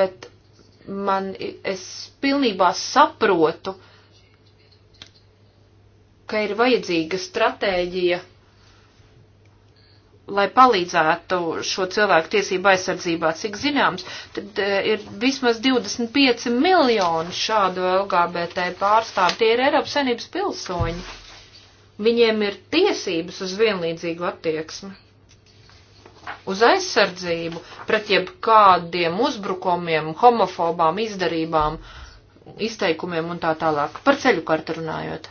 bet man, es pilnībā saprotu, ka ir vajadzīga stratēģija lai palīdzētu šo cilvēku tiesību aizsardzībā, cik zināms, tad e, ir vismaz 25 miljoni šādu LGBT pārstāvu. Tie ir Eiropas Savienības pilsoņi. Viņiem ir tiesības uz vienlīdzīgu attieksmi, uz aizsardzību pret jebkādiem uzbrukumiem, homofobām, izdarībām, izteikumiem un tā tālāk. Par ceļu kartu runājot.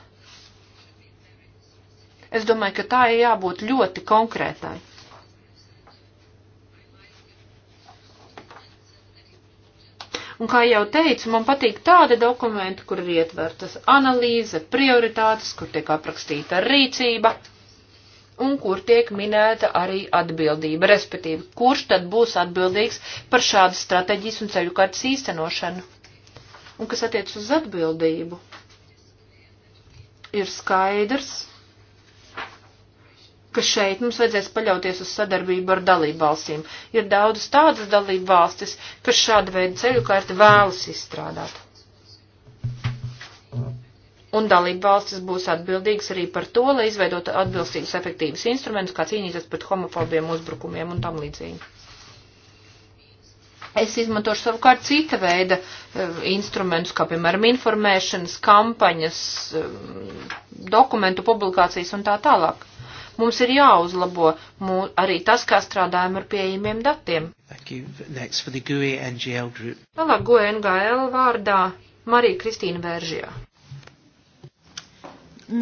Es domāju, ka tā ir jābūt ļoti konkrētai. Un kā jau teicu, man patīk tādi dokumenti, kur ir ietvertas analīze, prioritātes, kur tiek aprakstīta rīcība un kur tiek minēta arī atbildība, respektīvi, kurš tad būs atbildīgs par šādas stratēģijas un ceļu kārtas īstenošanu. Un kas attiec uz atbildību, ir skaidrs, ka šeit mums vajadzēs paļauties uz sadarbību ar dalībvalstīm. Ir daudz tādas dalībvalstis, kas šādu veidu ceļu kārti vēlas izstrādāt. Un dalībvalstis būs atbildīgs arī par to, lai izveidot atbilstīgus efektīvus instrumentus, kā cīnīties pret homofobiem uzbrukumiem un tam līdzīgi. Es izmantošu savukārt cita veida e, instrumentus, kā piemēram informēšanas, kampaņas, e, dokumentu publikācijas un tā tālāk Mums ir jāuzlabo mū, arī tas, kā strādājam ar pieejamiem datiem. E Tālāk GUE NGL vārdā Marija Kristīna Vēržijā.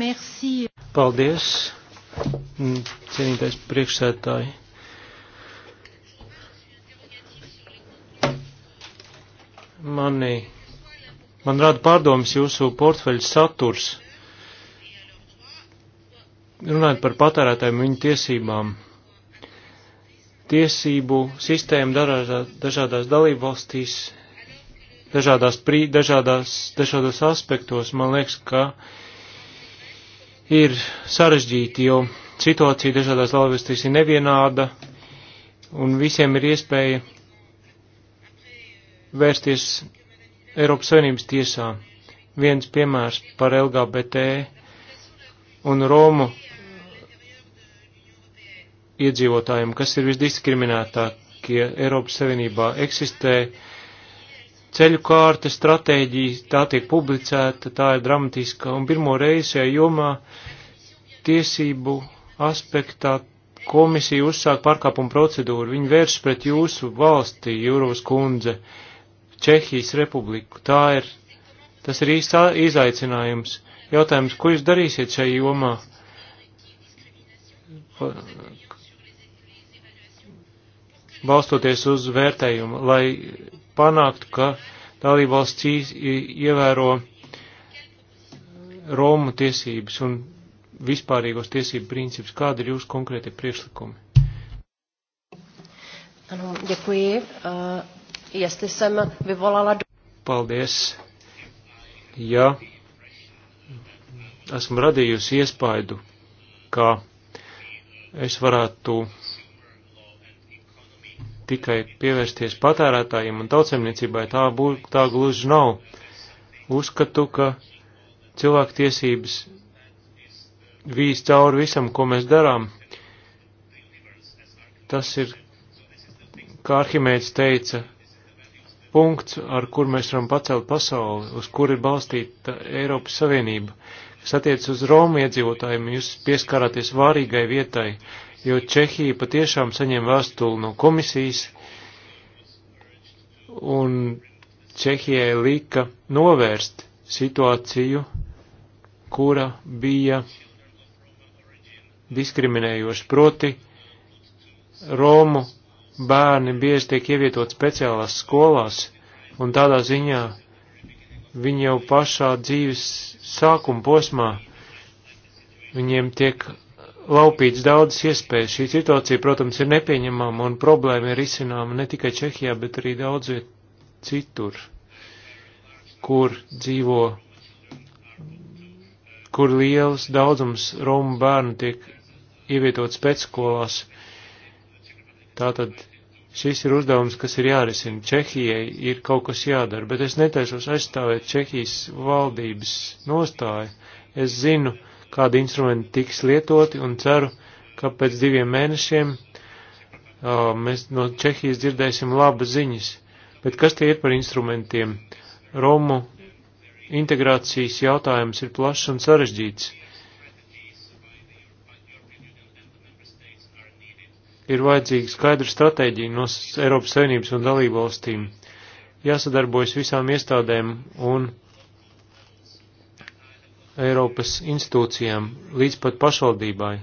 Merci. Paldies, mm, cienītais priekšsētāji. Mani, man rada pārdomas jūsu portfeļa saturs runājot par patērētājiem viņu tiesībām. Tiesību sistēma darā, dažādās dalībvalstīs, dažādās, prī, dažādās, dažādos aspektos, man liekas, ka ir sarežģīti, jo situācija dažādās dalībvalstīs ir nevienāda, un visiem ir iespēja vērsties Eiropas Savienības tiesā. Viens piemērs par LGBT un Romu iedzīvotājiem, kas ir visdiskriminētākie Eiropas Savienībā, eksistē ceļu kārta, stratēģija, tā tiek publicēta, tā ir dramatiska, un pirmo reizi šajā jomā tiesību aspektā komisija uzsāk pārkāpumu procedūru. Viņi vērš pret jūsu valsti, Jūros kundze, Čehijas republiku. Tā ir, tas ir īsts izaicinājums. Jautājums, ko jūs darīsiet šajā jomā? balstoties uz vērtējumu, lai panāktu, ka dalībvalsts ievēro Romu tiesības un vispārīgos tiesību principus. Kāda ir jūsu konkrētie priekšlikumi? Ano, děkuji. Uh, jestli jsem vyvolala... Paldies. Ja esmu radījusi iespaidu, ka es varētu tikai pievērsties patērētājiem un tautsemniecībai, tā, bū, tā gluži nav. Uzskatu, ka cilvēktiesības vīz cauri visam, ko mēs darām. Tas ir, kā Arhimēds teica, punkts, ar kur mēs varam pacelt pasauli, uz kuri ir balstīta Eiropas Savienība. Kas attiec uz Romu iedzīvotājiem, jūs pieskarāties vārīgai vietai, jo Čehija patiešām saņem vēstuli no komisijas, un Čehijai lika novērst situāciju, kura bija diskriminējoša, proti Romu bērni bieži tiek ievietot speciālās skolās, un tādā ziņā viņi jau pašā dzīves sākuma posmā viņiem tiek laupīts daudzas iespējas. Šī situācija, protams, ir nepieņemama un problēma ir izcināma ne tikai Čehijā, bet arī daudz viet citur, kur dzīvo, kur liels daudzums Romu bērnu tiek ievietots pēcskolās. Tātad šis ir uzdevums, kas ir jārisina. Čehijai ir kaut kas jādara, bet es netaisos aizstāvēt Čehijas valdības nostāju. Es zinu, kādi instrumenti tiks lietoti un ceru, ka pēc diviem mēnešiem uh, mēs no Čehijas dzirdēsim labas ziņas. Bet kas tie ir par instrumentiem? Romu integrācijas jautājums ir plašs un sarežģīts. Ir vajadzīga skaidra stratēģija no Eiropas Savienības un dalībvalstīm. Jāsadarbojas visām iestādēm un Eiropas institūcijām līdz pat pašvaldībai.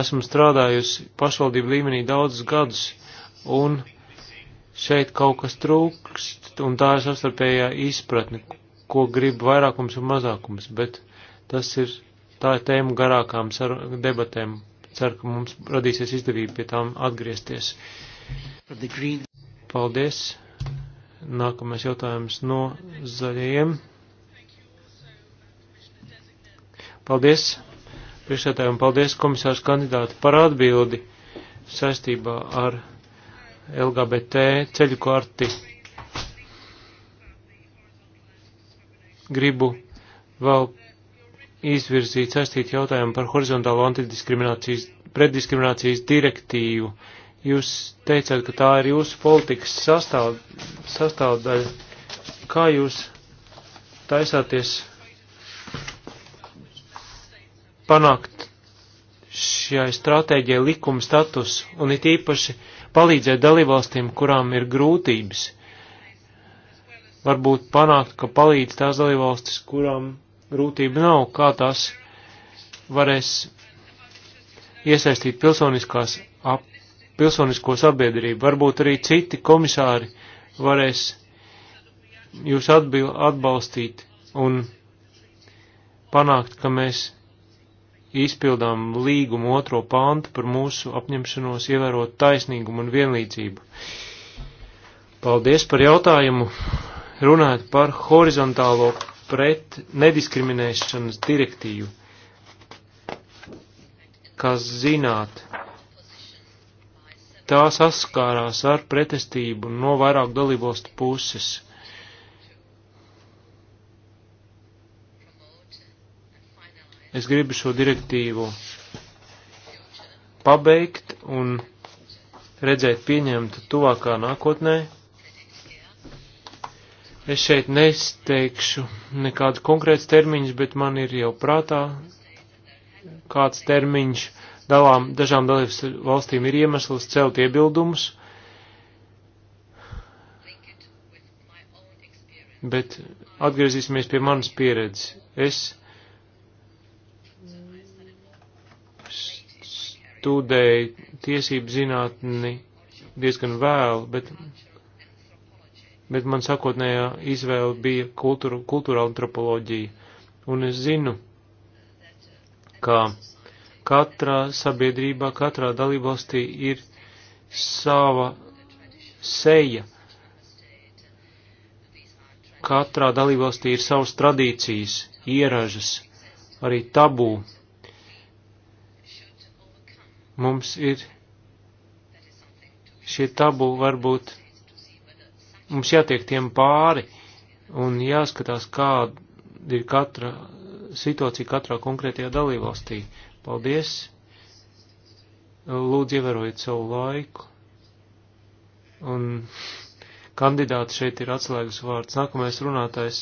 Esmu strādājusi pašvaldību līmenī daudzus gadus, un šeit kaut kas trūkst, un tā ir sastarpējā izpratne, ko grib vairākums un mazākums, bet tas ir tā ir tēma garākām debatēm. Ceru, ka mums radīsies izdevība pie tām atgriezties. Paldies. Nākamais jautājums no zaļajiem. Paldies priekšētājiem, paldies komisārs kandidāti par atbildi saistībā ar LGBT ceļu karti. Gribu vēl izvirzīt saistīt jautājumu par horizontālo antidiskriminācijas, preddiskriminācijas direktīvu. Jūs teicāt, ka tā ir jūsu politikas sastāv, sastāvdaļa. Kā jūs taisāties panākt šai stratēģijai likuma status un it īpaši palīdzēt dalībvalstīm, kurām ir grūtības. Varbūt panākt, ka palīdz tās dalībvalstis, kurām grūtība nav, kā tās varēs iesaistīt pilsoniskās, ap, pilsonisko sabiedrību. Varbūt arī citi komisāri varēs jūs atbil, atbalstīt un panākt, ka mēs izpildām līgumu otro pāntu par mūsu apņemšanos ievērot taisnīgumu un vienlīdzību. Paldies par jautājumu. Runājot par horizontālo pret nediskriminēšanas direktīvu, kas zināt, tā saskārās ar pretestību no vairāk dalībvalstu puses Es gribu šo direktīvu pabeigt un redzēt pieņemtu tuvākā nākotnē. Es šeit nesteikšu nekādus konkrētus termiņus, bet man ir jau prātā kāds termiņš. Dalām, dažām dalības valstīm ir iemesls celt iebildumus, bet atgriezīsimies pie manas pieredzes. Es tūdēji tiesību zinātni diezgan vēlu, bet, bet man sakotnējā izvēle bija kultūra, kultūra antropoloģija. Un es zinu, ka katrā sabiedrībā, katrā dalībvalstī ir sava seja. Katrā dalībvalstī ir savas tradīcijas, ieražas, arī tabū mums ir šie tabu varbūt, mums jātiek tiem pāri un jāskatās, kāda ir katra situācija katrā konkrētajā dalībvalstī. Paldies! Lūdzu, ievērojiet savu laiku. Un kandidāts šeit ir atslēgas vārds. Nākamais runātājs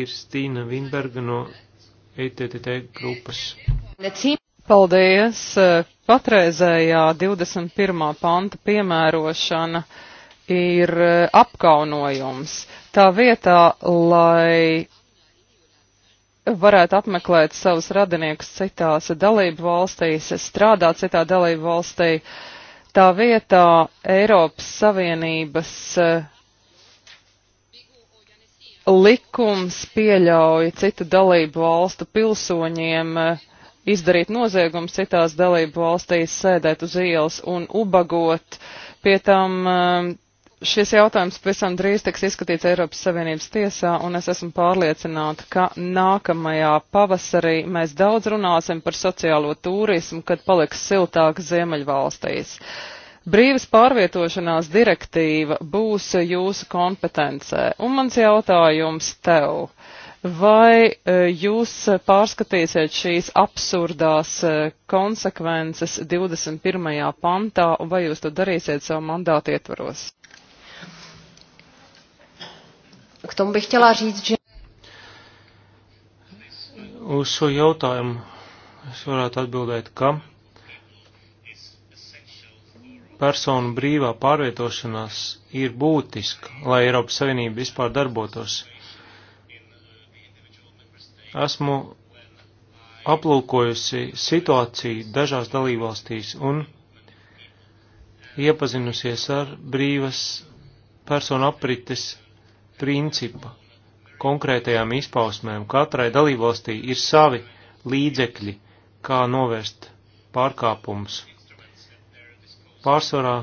ir Stīna Vinberga no ETTT grupas. Paldies! Patreizējā 21. panta piemērošana ir eh, apkaunojums. Tā vietā, lai varētu apmeklēt savus radiniekus citās dalību valstīs, strādāt citā dalību valstī. Tā vietā Eiropas Savienības eh, likums pieļauj citu dalību valstu pilsoņiem uh, izdarīt noziegumus citās dalību valstīs, sēdēt uz ielas un ubagot. Pie tam um, šis jautājums pavisam drīz tiks izskatīts Eiropas Savienības tiesā, un es esmu pārliecināta, ka nākamajā pavasarī mēs daudz runāsim par sociālo turismu, kad paliks siltāk Ziemeļvalstīs. Brīvas pārvietošanās direktīva būs jūsu kompetencē, un mans jautājums tev. Uh, Vai e, jūs pārskatīsiet šīs absurdās e, konsekvences 21. pantā, un vai jūs to darīsiet savu mandātu ietvaros? K tomu bych chtěla říct, že... Uz šo jautājumu es varētu atbildēt, ka personu brīvā pārvietošanās ir būtiska, lai Eiropas Savienība vispār darbotos esmu aplūkojusi situāciju dažās dalībvalstīs un iepazinusies ar brīvas personu aprites principu konkrētajām izpausmēm. Katrai dalībvalstī ir savi līdzekļi, kā novērst pārkāpumus. Pārsvarā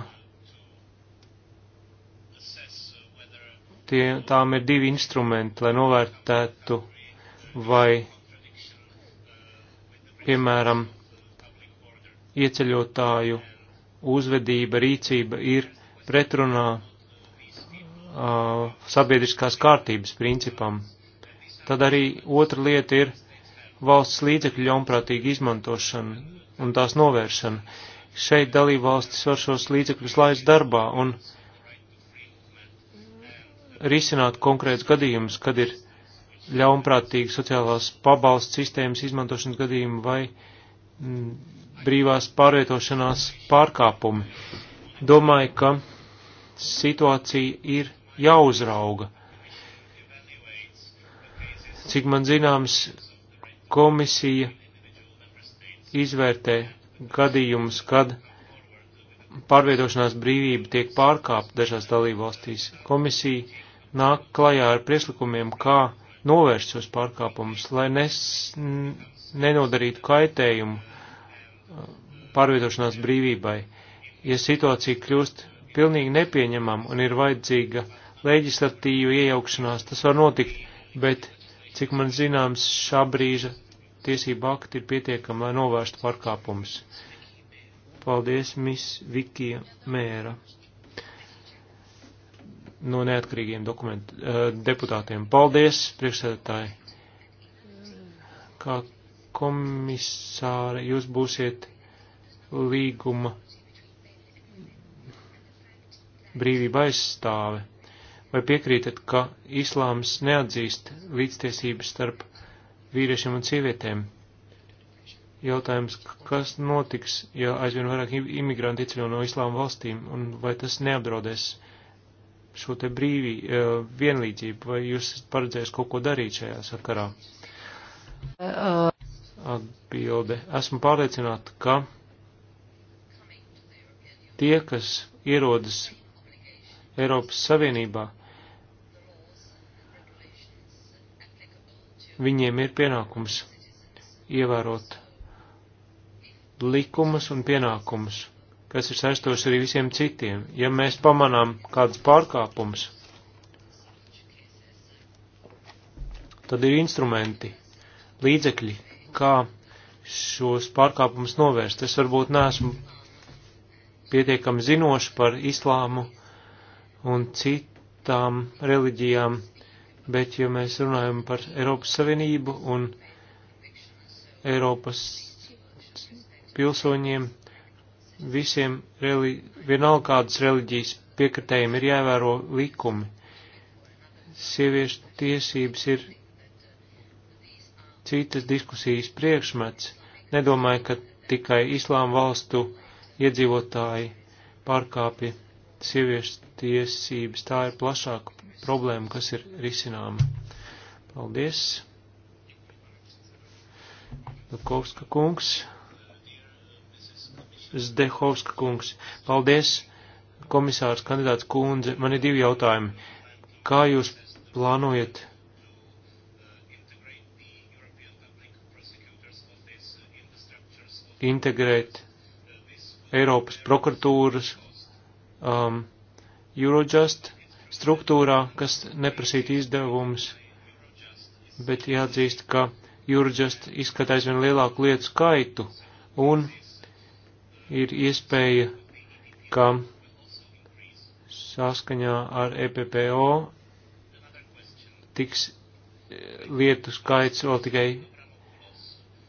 tie, tām ir divi instrumenti, lai novērtētu vai, piemēram, ieceļotāju uzvedība, rīcība ir pretrunā uh, sabiedriskās kārtības principam. Tad arī otra lieta ir valsts līdzekļu ļaunprātīga izmantošana un tās novēršana. Šeit dalībvalstis var šos līdzekļus laist darbā un risināt konkrēts gadījums, kad ir ļaunprātīgu sociālās pabalsts sistēmas izmantošanas gadījumu vai mm, brīvās pārvietošanās pārkāpumi. Domāju, ka situācija ir jāuzrauga. Cik man zināms, komisija izvērtē gadījumus, kad pārvietošanās brīvība tiek pārkāpta dažās dalībvalstīs. Komisija nāk klajā ar prieslikumiem, kā novērst šos pārkāpumus, lai nes, nenodarītu kaitējumu uh, pārvietošanās brīvībai. Ja situācija kļūst pilnīgi nepieņemama un ir vajadzīga leģislatīva iejaukšanās, tas var notikt, bet, cik man zināms, šā brīža tiesība akti ir pietiekami, lai novērstu pārkāpumus. Paldies, Miss Vikija Mēra no neatkarīgiem dokumentu, eh, deputātiem. Paldies, priekšsēdētāji. Kā komisāri jūs būsiet līguma brīvība aizstāve? Vai piekrītat, ka islāms neatzīst līdztiesības starp vīriešiem un sievietēm? Jautājums, kas notiks, ja aizvien vairāk imigranti ieceļo no islāma valstīm, un vai tas neapdraudēs uh, šo te brīvi eh, vienlīdzību, vai jūs esat paredzējis kaut ko darīt šajā sakarā? Atbilde. Esmu pārliecināta, ka tie, kas ierodas Eiropas Savienībā, viņiem ir pienākums ievērot likumus un pienākumus kas ir saistoši arī visiem citiem. Ja mēs pamanām kādus pārkāpumus, tad ir instrumenti, līdzekļi, kā šos pārkāpumus novērst. Es varbūt neesmu pietiekami zinoši par islāmu un citām reliģijām, bet ja mēs runājam par Eiropas Savienību un Eiropas pilsoņiem, visiem, reli, vienalga kādas reliģijas piekritējiem ir jāievēro likumi. Sieviešu tiesības ir citas diskusijas priekšmets. Nedomāju, ka tikai islāma valstu iedzīvotāji pārkāpja sieviešu tiesības. Tā ir plašāka problēma, kas ir risināma. Paldies! Lukovska kungs. Zdehovska kungs. Paldies, komisārs kandidāts kundze. Man ir divi jautājumi. Kā jūs plānojat integrēt Eiropas prokuratūras um, Eurojust struktūrā, kas neprasītu izdevumus, bet jāatzīst, ka Eurojust izskatās vien lielāku lietu skaitu un ir iespēja, ka saskaņā ar EPPO tiks e, lietu skaits vēl tikai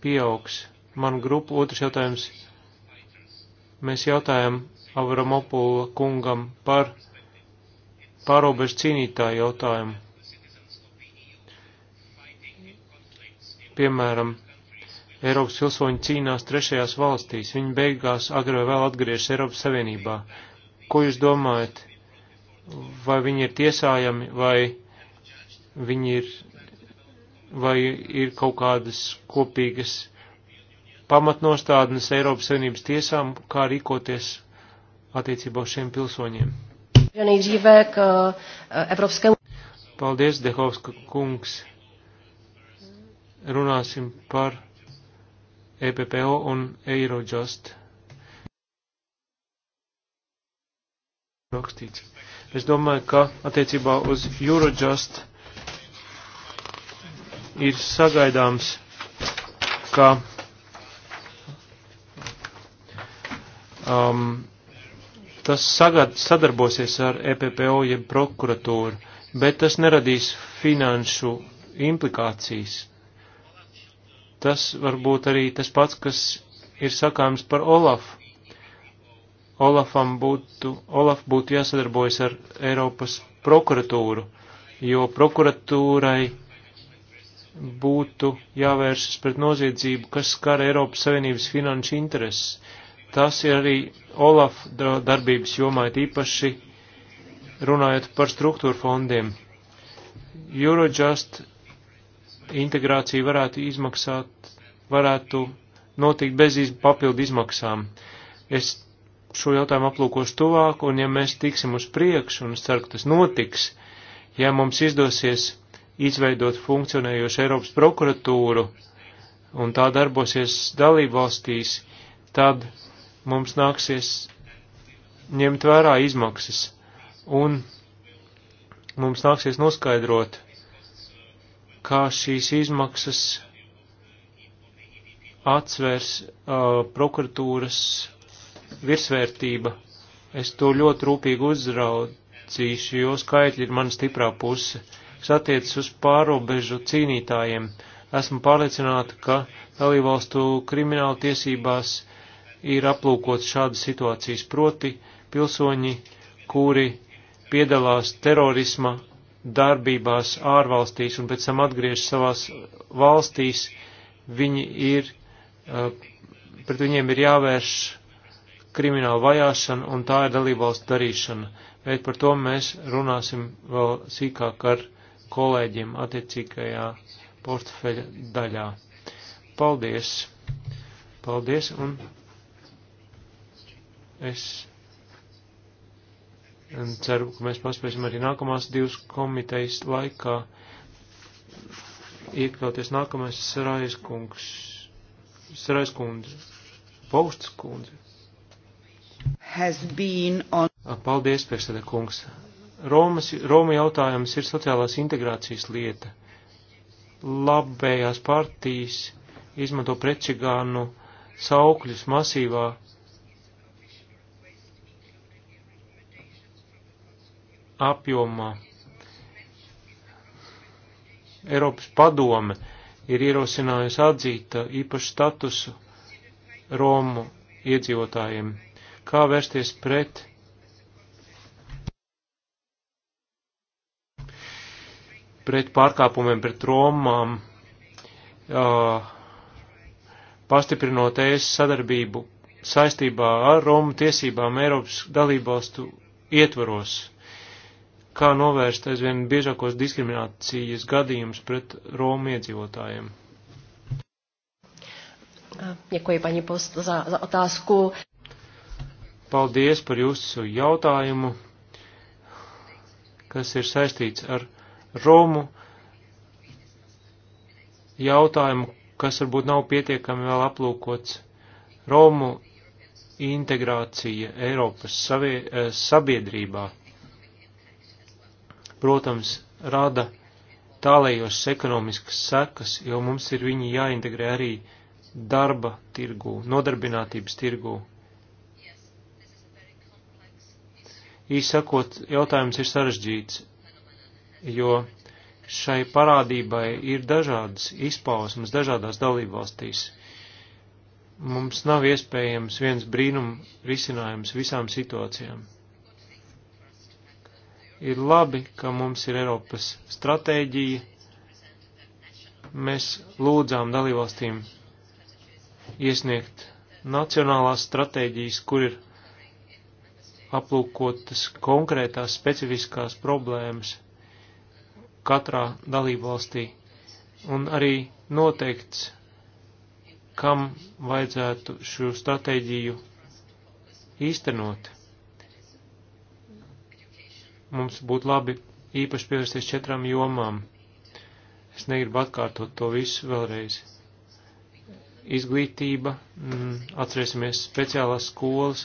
pieaugs. Man grupa otrs jautājums. Mēs jautājam Avramopula kungam par pārobežu cīnītāju jautājumu. Piemēram, Eiropas pilsoņi cīnās trešajās valstīs, viņi beigās agri vai vēl atgriežas Eiropas Savienībā. Ko jūs domājat? Vai viņi ir tiesājami, vai viņi ir, vai ir kaut kādas kopīgas pamatnostādnes Eiropas Savienības tiesām, kā rīkoties attiecībā uz šiem pilsoņiem? Eh, Paldies, Dehovska kungs. Runāsim par EPPO un Eirojust. Rakstīts. Es domāju, ka attiecībā uz Eurojust ir sagaidāms, ka um, tas sagad, sadarbosies ar EPPO jeb prokuratūru, bet tas neradīs finanšu implikācijas. Tas varbūt arī tas pats, kas ir sakāms par Olafu. Olafam būtu, Olaf būtu jāsadarbojas ar Eiropas prokuratūru, jo prokuratūrai būtu jāvēršas pret noziedzību, kas skar Eiropas Savienības finanšu intereses. Tas ir arī Olaf darbības jomā, īpaši runājot par struktūru fondiem. Eurojust integrācija varētu izmaksāt, varētu notikt bez iz, papildu izmaksām. Es šo jautājumu aplūkošu tuvāk, un ja mēs tiksim uz priekšu, un es ceru, ka tas notiks, ja mums izdosies izveidot funkcionējošu Eiropas prokuratūru, un tā darbosies dalību valstīs, tad mums nāksies ņemt vērā izmaksas, un mums nāksies noskaidrot, kā šīs izmaksas atsvers uh, prokuratūras virsvērtība. Es to ļoti rūpīgi uzraudzīšu, jo skaitļi ir mana stiprā puse, kas attiecas uz pārobežu cīnītājiem. Esmu pārliecināta, ka dalībvalstu krimināla tiesībās ir aplūkots šādas situācijas proti pilsoņi, kuri piedalās terorisma darbībās ārvalstīs un pēc tam atgriež savās valstīs, viņi ir, eh, pret viņiem ir jāvērš krimināla vajāšana un tā ir dalībvalstu darīšana. Bet par to mēs runāsim vēl sīkāk ar kolēģiem attiecīgajā portfeļa daļā. Paldies! Paldies un es Un ceru, ka mēs paspēsim arī nākamās divas komitejas laikā iekļauties nākamais Sarais kungs, Sarais kundze, Paustas kundze. On... Paldies, priekšsēdē kungs. Romas, Roma jautājums ir sociālās integrācijas lieta. Labējās partijas izmanto prečigānu saukļus masīvā apjomā. Eiropas padome ir ierosinājusi atzīt uh, īpašu statusu Romu iedzīvotājiem. Kā vērsties pret pret pārkāpumiem, pret Romām, uh, pastiprinot ES sadarbību saistībā ar Romu tiesībām Eiropas dalībvalstu ietvaros kā novērst aizvien biežākos diskriminācijas gadījumus pret Romu iedzīvotājiem. Děkuji, paní post, za, za otázku. Paldies par jūsu jautājumu, kas ir saistīts ar Romu jautājumu, kas varbūt nav pietiekami vēl aplūkots. Romu integrācija Eiropas savie, eh, sabiedrībā protams, rada tālējošas ekonomiskas sekas, jo mums ir viņi jāintegrē arī darba tirgū, nodarbinātības tirgū. Īsakot, jautājums ir sarežģīts, jo šai parādībai ir dažādas izpausmes dažādās dalībvalstīs. Mums nav iespējams viens brīnum risinājums visām situācijām ir labi, ka mums ir Eiropas stratēģija. Mēs lūdzām dalībvalstīm iesniegt nacionālās stratēģijas, kur ir aplūkotas konkrētās specifiskās problēmas katrā dalībvalstī un arī noteikts, kam vajadzētu šo stratēģiju īstenot mums būtu labi īpaši pievērsties četrām jomām. Es negribu atkārtot to visu vēlreiz. Izglītība, mm, atcerēsimies speciālās skolas,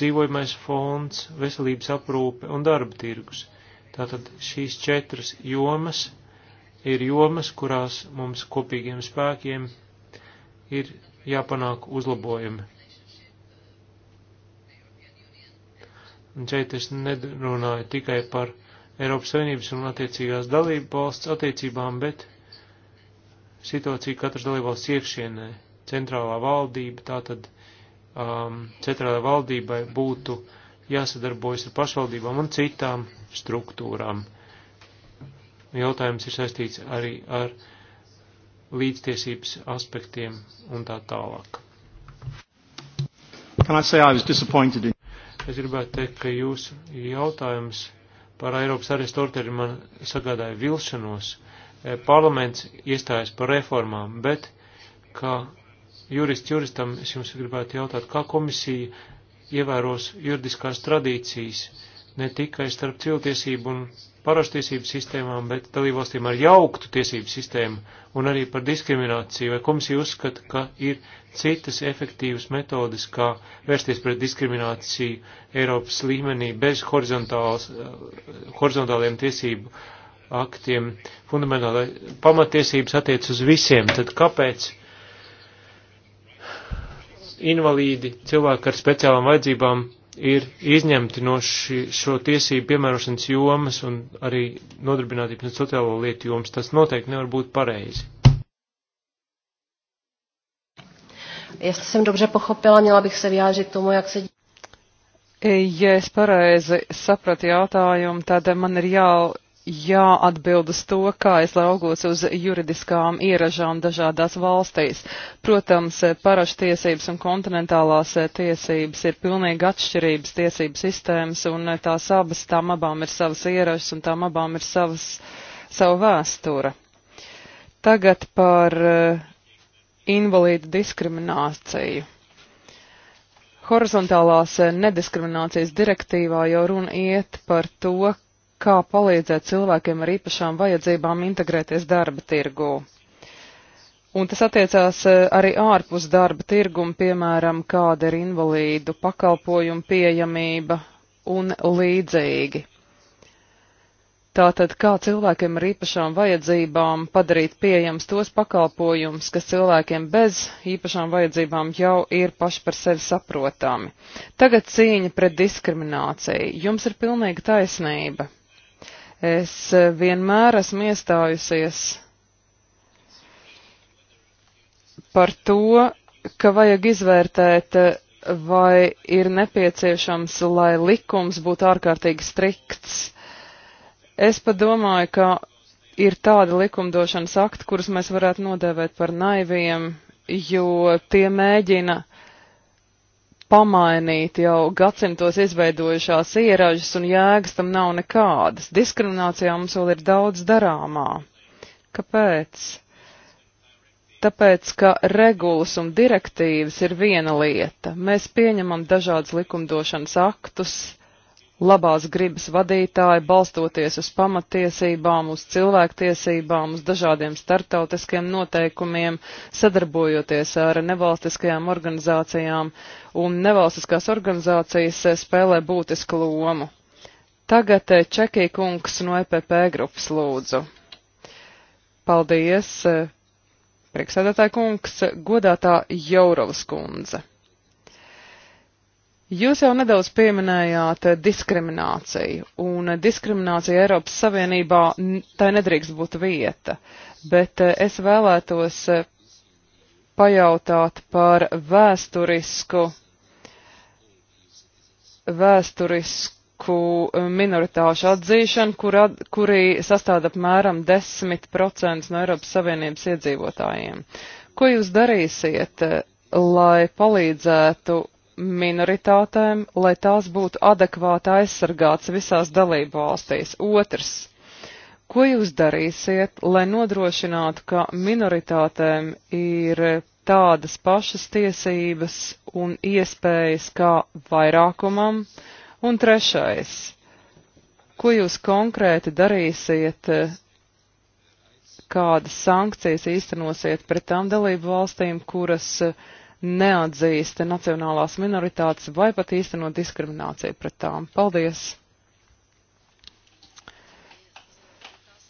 dzīvojamais fonds, veselības aprūpe un darba tirgus. Tātad šīs četras jomas ir jomas, kurās mums kopīgiem spēkiem ir jāpanāk uzlabojumi. Un šeit es nerunāju tikai par Eiropas Savienības un attiecīgās dalību valsts attiecībām, bet situāciju katras dalībvalsts iekšienē. Centrālā valdība, tātad um, centrālajai valdībai būtu jāsadarbojas ar pašvaldībām un citām struktūrām. Jautājums ir saistīts arī ar līdztiesības aspektiem un tā tālāk. Can I say I was disappointed in Es gribētu teikt, ka jūsu jautājums par Eiropas arestu orderi man sagādāja vilšanos. E, parlaments iestājas par reformām, bet kā jurists juristam es jums gribētu jautāt, kā komisija ievēros juridiskās tradīcijas ne tikai starp cilvēktiesību un paroštiesību sistēmām, bet dalībvalstīm ar jauktu tiesību sistēmu un arī par diskrimināciju, vai komisija uzskata, ka ir citas efektīvas metodas, kā vērsties pret diskrimināciju Eiropas līmenī bez eh, horizontāliem tiesību aktiem. Fundamentāli pamatiesības attiec uz visiem, tad kāpēc invalīdi, cilvēki ar speciālām vajadzībām ir izņemti no ši, šo tiesību piemērošanas jomas un arī nodarbinātības un sociālo lietu jomas. Tas noteikti nevar būt pareizi. Jestli jsem dobře pochopila, měla bych se vyjádřit tomu, jak se... Ja es pareizi sapratu jautājumu, tad man ir jau jāatbild uz to, kā es laugos uz juridiskām ieražām dažādās valstīs. Protams, parašu tiesības un kontinentālās eh, tiesības ir pilnīgi atšķirības tiesības sistēmas, un eh, tās abas, tām abām ir savas ieražas, un tām abām ir savas, savu vēstura. Tagad par eh, invalīdu diskrimināciju. Horizontālās nediskriminācijas direktīvā jau runa iet par to, kā palīdzēt cilvēkiem ar īpašām vajadzībām integrēties darba tirgū. Un tas attiecās eh, arī ārpus darba tirguma, piemēram, kāda ir invalīdu pakalpojumu pieejamība un līdzīgi. Tātad, kā cilvēkiem ar īpašām vajadzībām padarīt pieejams tos pakalpojumus, kas cilvēkiem bez īpašām vajadzībām jau ir paši par sevi saprotami. Tagad cīņa pret diskrimināciju. Jums ir pilnīga taisnība. Es vienmēr esmu iestājusies par to, ka vajag izvērtēt, vai ir nepieciešams, lai likums būtu ārkārtīgi strikts. Es pat domāju, ka ir tādi likumdošanas akti, kurus mēs varētu nodēvēt par naiviem, jo tie mēģina uh, pamainīt jau gadsimtos izveidojušās ieražas un jēgas tam nav nekādas. Diskriminācijā mums vēl ir daudz darāmā. Kāpēc? Tāpēc, ka regulas un direktīvas ir viena lieta. Mēs pieņemam dažādas likumdošanas aktus, labās gribas vadītāji, balstoties uz pamatiesībām, uz cilvēktiesībām, uz dažādiem startautiskiem noteikumiem, sadarbojoties ar nevalstiskajām organizācijām, un nevalstiskās organizācijas spēlē būtisku lomu. Tagad eh, Čekī kungs no EPP grupas lūdzu. Paldies, eh, priekšsēdētāja kungs, godātā Jourovas kundze. Jūs jau nedaudz pieminējāt eh, diskrimināciju, un eh, diskriminācija Eiropas Savienībā tai nedrīkst būt vieta, bet eh, es vēlētos pajautāt par vēsturisku, vēsturisku minoritāšu atzīšanu, kur, at, kuri sastāda apmēram 10% no Eiropas Savienības iedzīvotājiem. Ko jūs darīsiet, lai palīdzētu minoritātēm, lai tās būtu adekvāti aizsargāts visās dalību valstīs. Otrs. Ko jūs darīsiet, lai nodrošinātu, ka minoritātēm ir tādas pašas tiesības un iespējas kā vairākumam? Un trešais. Ko jūs konkrēti darīsiet, kādas sankcijas īstenosiet pret tām dalību valstīm, kuras uh, neatzīst nacionālās minoritātes vai pat īstenot diskrimināciju pret tām. Paldies!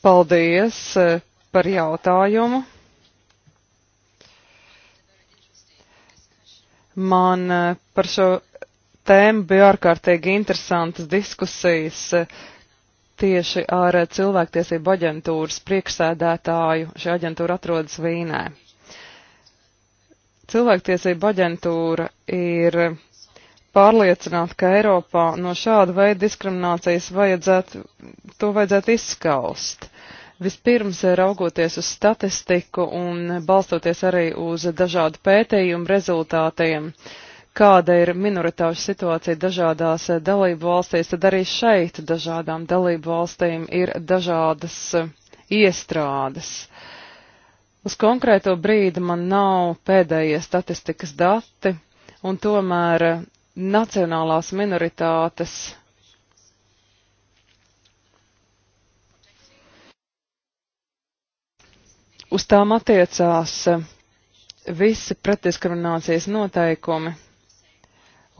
Paldies eh, par jautājumu! Man eh, par šo tēmu bija ārkārtīgi interesantas diskusijas eh, tieši ar cilvēktiesību aģentūras priekšsēdētāju. Šī aģentūra atrodas Vīnē. Cilvēktiesība aģentūra ir pārliecināta, ka Eiropā no šāda veida diskriminācijas vajadzētu, to vajadzētu izskaust. Vispirms eh, raugoties uz statistiku un balstoties arī uz dažādu pētījumu rezultātiem, kāda ir minoritāšu situācija dažādās eh, dalību valstīs, tad arī šeit dažādām dalību valstīm ir dažādas eh, iestrādes. Uh, Uz konkrēto brīdi man nav pēdējie statistikas dati, un tomēr nacionālās minoritātes uz tām attiecās visi pretdiskriminācijas noteikumi.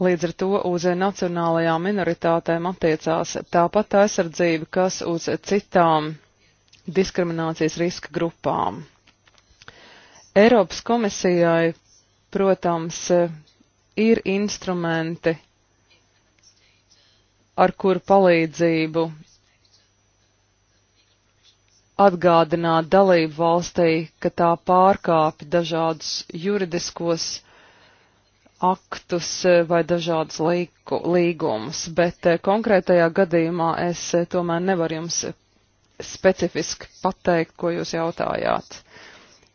Līdz ar to uz nacionālajām minoritātēm attiecās tāpat aizsardzība, kas uz citām diskriminācijas riska grupām. Eiropas komisijai, protams, ir instrumenti, ar kuru palīdzību atgādināt dalību valstī, ka tā pārkāpj dažādus juridiskos aktus vai dažādus līku, līgumus, bet eh, konkrētajā gadījumā es tomēr nevaru jums specifiski pateikt, ko jūs jautājāt.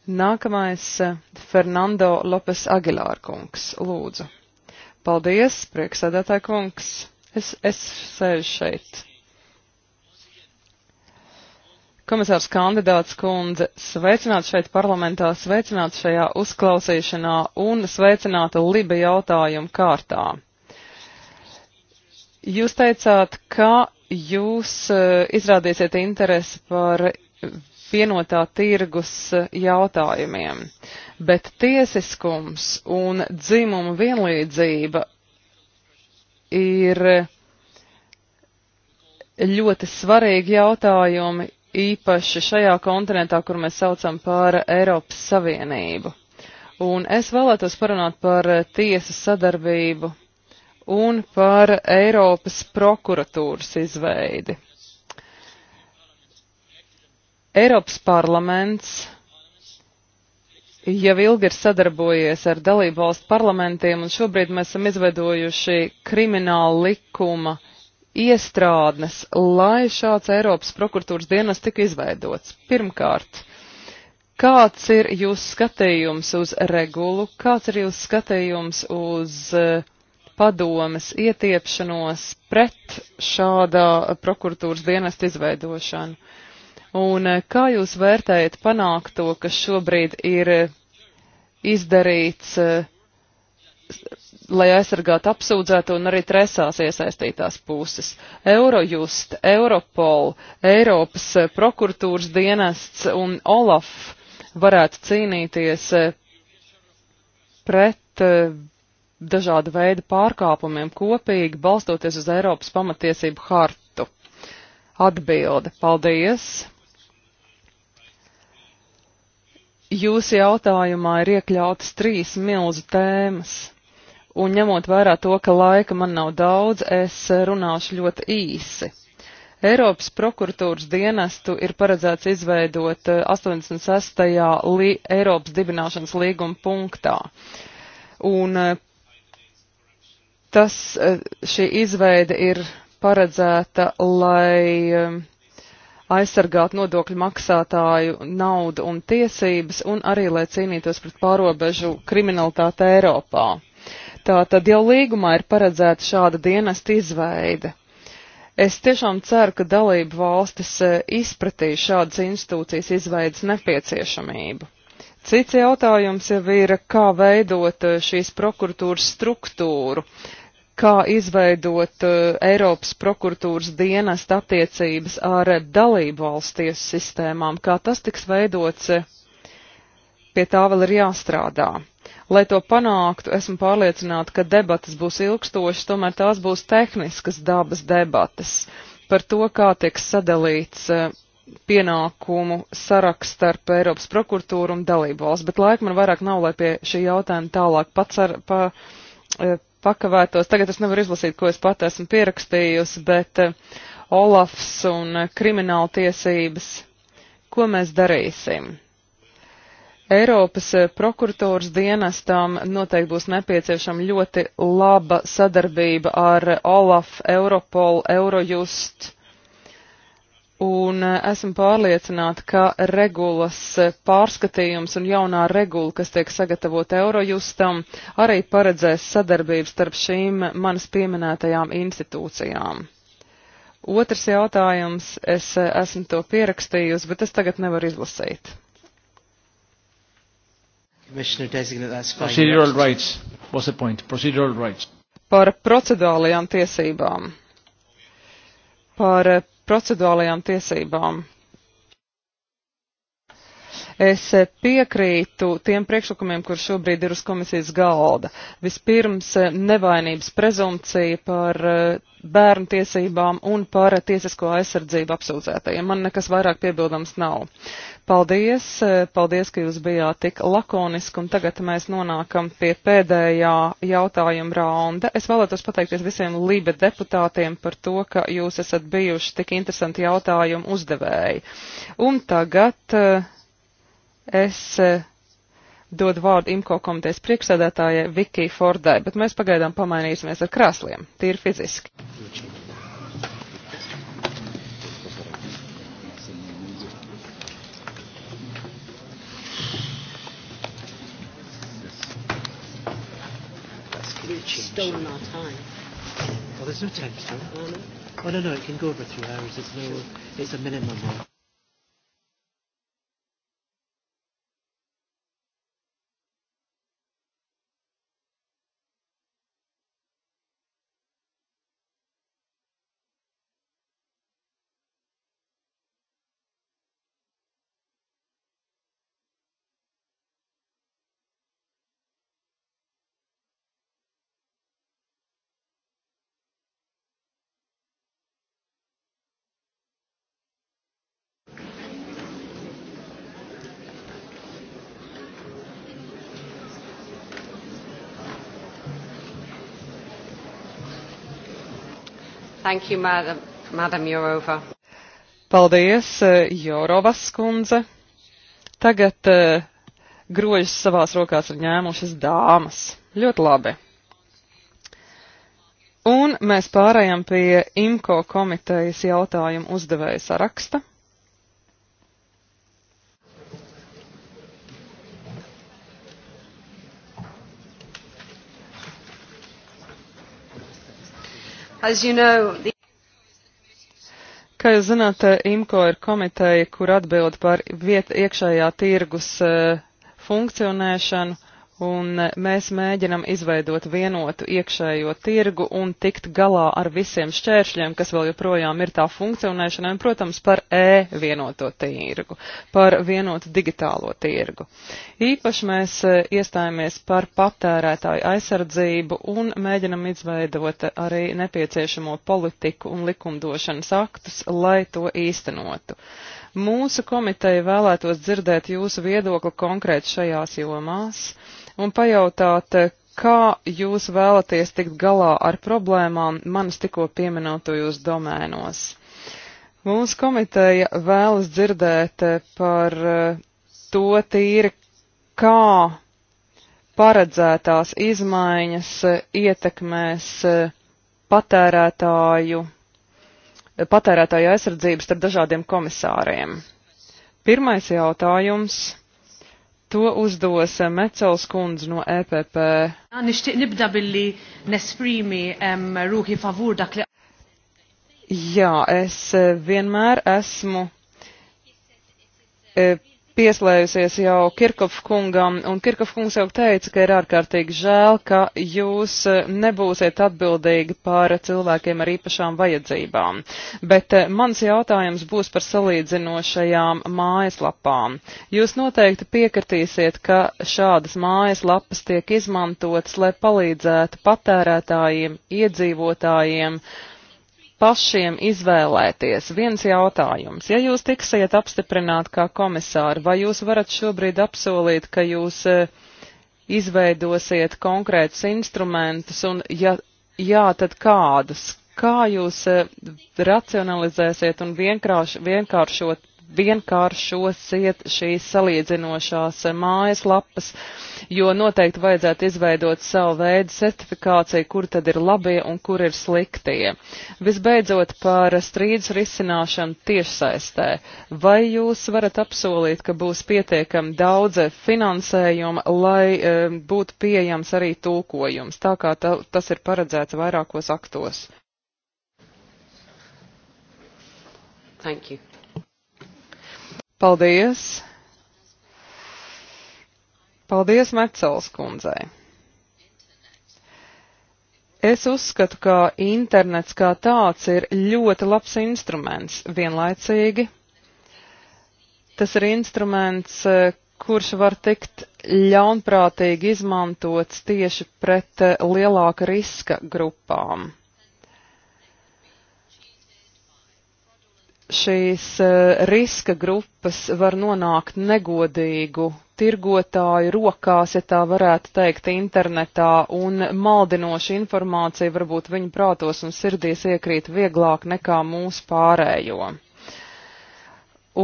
Nākamais eh, Fernando Lopes Aguilar kungs, lūdzu. Paldies, prieksēdētāja kungs. Es, es sēžu šeit. Komisārs kandidāts kundze, sveicināt šeit parlamentā, sveicināt šajā uzklausīšanā un sveicināt Liba jautājumu kārtā. Jūs teicāt, ka jūs eh, izrādīsiet interesi par vienotā tirgus eh, jautājumiem, bet tiesiskums un dzimuma vienlīdzība ir ļoti svarīgi jautājumi, īpaši šajā kontinentā, kur mēs saucam par Eiropas Savienību. Un es vēlētos parunāt par tiesu sadarbību un par Eiropas prokuratūras izveidi. Eiropas parlaments jau ilgi ir sadarbojies ar dalību valstu parlamentiem, un šobrīd mēs esam izveidojuši krimināla likuma iestrādnes, lai šāds Eiropas prokuratūras dienas tika izveidots. Pirmkārt, kāds ir jūsu skatījums uz regulu, kāds ir jūsu skatījums uz eh, padomes ietiepšanos pret šādā eh, prokuratūras dienesta izveidošanu? Un eh, kā jūs vērtējat panākto, kas šobrīd ir eh, izdarīts, eh, lai aizsargātu apsūdzēto un arī tresās iesaistītās puses? Eurojust, Europol, Eiropas prokuratūras dienests un Olaf varētu cīnīties pret dažāda veida pārkāpumiem kopīgi, balstoties uz Eiropas pamatiesību hartu. Atbilde. Paldies! Jūsu jautājumā ir iekļautas trīs milzu tēmas, un ņemot vērā to, ka laika man nav daudz, es runāšu ļoti īsi. Eiropas prokuratūras dienestu ir paredzēts izveidot 86. Eh, li Eiropas dibināšanas līguma punktā. Un eh, tas, eh, šī izveida ir paredzēta, lai aizsargāt nodokļu maksātāju naudu un tiesības, un arī, lai cīnītos pret pārobežu kriminalitāti Eiropā. Tātad jau līgumā ir paredzēta šāda dienesta izveide. Es tiešām ceru, ka dalību valstis e, izpratīs šādas institūcijas izveidas nepieciešamību. Cits jautājums jau ir, kā veidot e, šīs prokuratūras struktūru. Uh, kā izveidot uh, Eiropas prokuratūras dienas attiecības ar dalību valsts tiesu sistēmām, kā tas tiks veidots, eh, pie tā vēl ir jāstrādā. Lai to panāktu, esmu pārliecināta, ka debatas būs ilgstošas, tomēr tās būs tehniskas dabas debatas par to, kā tiek sadalīts uh, pienākumu saraksts starp Eiropas prokuratūru un dalību valsts, bet laika man vairāk nav, lai pie šī jautājuma tālāk pats ar, pa, uh, pakavētos. Tagad es nevaru izlasīt, ko es pat esmu pierakstījusi, bet eh, Olafs un eh, krimināla tiesības. Ko mēs darīsim? Eiropas eh, prokuratūras dienestām noteikti būs nepieciešama ļoti laba sadarbība ar Olaf, Europol, Eurojust Un eh, esmu pārliecināta, ka regulas eh, pārskatījums un jaunā regula, kas tiek sagatavota Eurojustam, arī paredzēs sadarbību starp šīm manas pieminētajām institūcijām. Otrs jautājums, es eh, esmu to pierakstījusi, bet es tagad nevaru izlasīt. Procedural rights. What's the point? Procedural rights. Par procedurālajām tiesībām. Par procedūrālajām tiesībām. Es piekrītu tiem priekšlikumiem, kur šobrīd ir uz komisijas galda. Vispirms eh, nevainības prezumcija par eh, bērnu tiesībām un par tiesisko aizsardzību apsūdzētajiem. Man nekas vairāk piebildams nav. Paldies, eh, paldies, ka jūs bijāt tik lakoniski, un tagad mēs nonākam pie pēdējā jautājuma raunda. Es vēlētos pateikties visiem Lībe deputātiem par to, ka jūs esat bijuši tik interesanti jautājumu uzdevēji. Un tagad eh, es eh, dod vārdu IMCO komitejas priekšsēdētājai Vikijai Fordai, bet mēs pagaidām pamainīsimies ar krāsliem, tīri fiziski. Lūdzu. absolutely stolen our time. Well, oh, there's no time, sir. Oh, no? oh, no, no, it can go over three hours. It's, no, it's a minimum. Of Thank you, Madam, Madam Jourova. Paldies, eh, Jorovas kundze. Tagad uh, grožus savās rokās ir ņēmušas dāmas. Ļoti labi. Un mēs pārējām pie IMCO komitejas jautājumu uzdevēja saraksta. As you know, the... Kā jūs zināt, IMCO ir komiteja, kur atbild par viet, iekšējā tirgus eh, funkcionēšanu, un e, mēs mēģinam izveidot vienotu iekšējo tirgu un tikt galā ar visiem šķēršļiem, kas vēl joprojām ir tā funkcionēšanai, un, protams, par e-vienoto tirgu, par vienotu digitālo tirgu. Īpaši mēs e, iestājāmies par patērētāju aizsardzību un mēģinam izveidot arī nepieciešamo politiku un likumdošanas aktus, lai to īstenotu. Mūsu komiteja vēlētos dzirdēt jūsu viedokli konkrēt šajās jomās un pajautāt, eh, kā jūs vēlaties tikt galā ar problēmām manas tikko pieminētojos domēnos. Mūsu komiteja vēlas dzirdēt eh, par eh, to tīri, kā paredzētās izmaiņas ietekmēs patērētāju, patērētāju aizsardzību starp dažādiem komisāriem. Pirmais jautājums To uzdos eh, Mecels kundze no EPP. Jā, es eh, vienmēr esmu eh, pieslējusies jau Kirkov kungam, un Kirkov kungs jau teica, ka ir ārkārtīgi žēl, ka jūs eh, nebūsiet atbildīgi par cilvēkiem ar īpašām vajadzībām. Bet eh, mans jautājums būs par salīdzinošajām mājaslapām. Jūs noteikti piekritīsiet, ka šādas mājaslapas tiek izmantotas, lai palīdzētu patērētājiem, iedzīvotājiem, uh, pašiem izvēlēties. Viens jautājums. Ja jūs tiksiet apstiprināt kā komisāri, vai jūs varat šobrīd apsolīt, ka jūs e, izveidosiet konkrētus instrumentus un, ja jā, tad kādus? Kā jūs e, racionalizēsiet un vienkāršot vienkāršosiet šīs salīdzinošās mājaslapas, jo noteikti vajadzētu izveidot savu veidu certifikāciju, kur tad ir labie un kur ir sliktie. Visbeidzot par strīdus risināšanu tiešsaistē. Vai jūs varat apsolīt, ka būs pietiekami daudz finansējuma, lai e, būtu pieejams arī tulkojums, tā kā ta, tas ir paredzēts vairākos aktos? Thank you. Paldies! Paldies Mecels kundzei! Es uzskatu, ka internets kā tāds ir ļoti labs instruments vienlaicīgi. Tas ir instruments, kurš var tikt ļaunprātīgi izmantots tieši pret lielāka riska grupām. šīs eh, riska grupas var nonākt negodīgu tirgotāju rokās, ja tā varētu teikt, internetā, un maldinoša informācija varbūt viņu prātos un sirdīs iekrīt vieglāk nekā mūsu pārējo.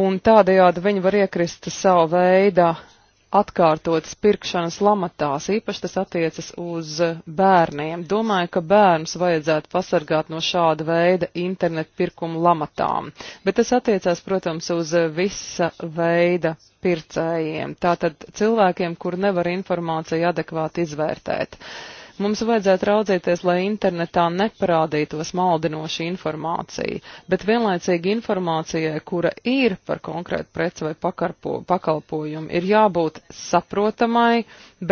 Un tādējādi viņi var iekrist savu veidu atkārtotas pirkšanas lamatās, īpaši tas attiecas uz bērniem. Domāju, ka bērnus vajadzētu pasargāt no šāda veida internetu pirkumu lamatām, bet tas attiecās, protams, uz visa veida pircējiem, tātad cilvēkiem, kur nevar informāciju adekvāti izvērtēt. Uh, Mums vajadzētu raudzīties, lai internetā neparādītos maldinoša informācija, bet vienlaicīgi informācijai, kura ir par konkrētu preci vai pakarpo, pakalpojumu, ir jābūt saprotamai,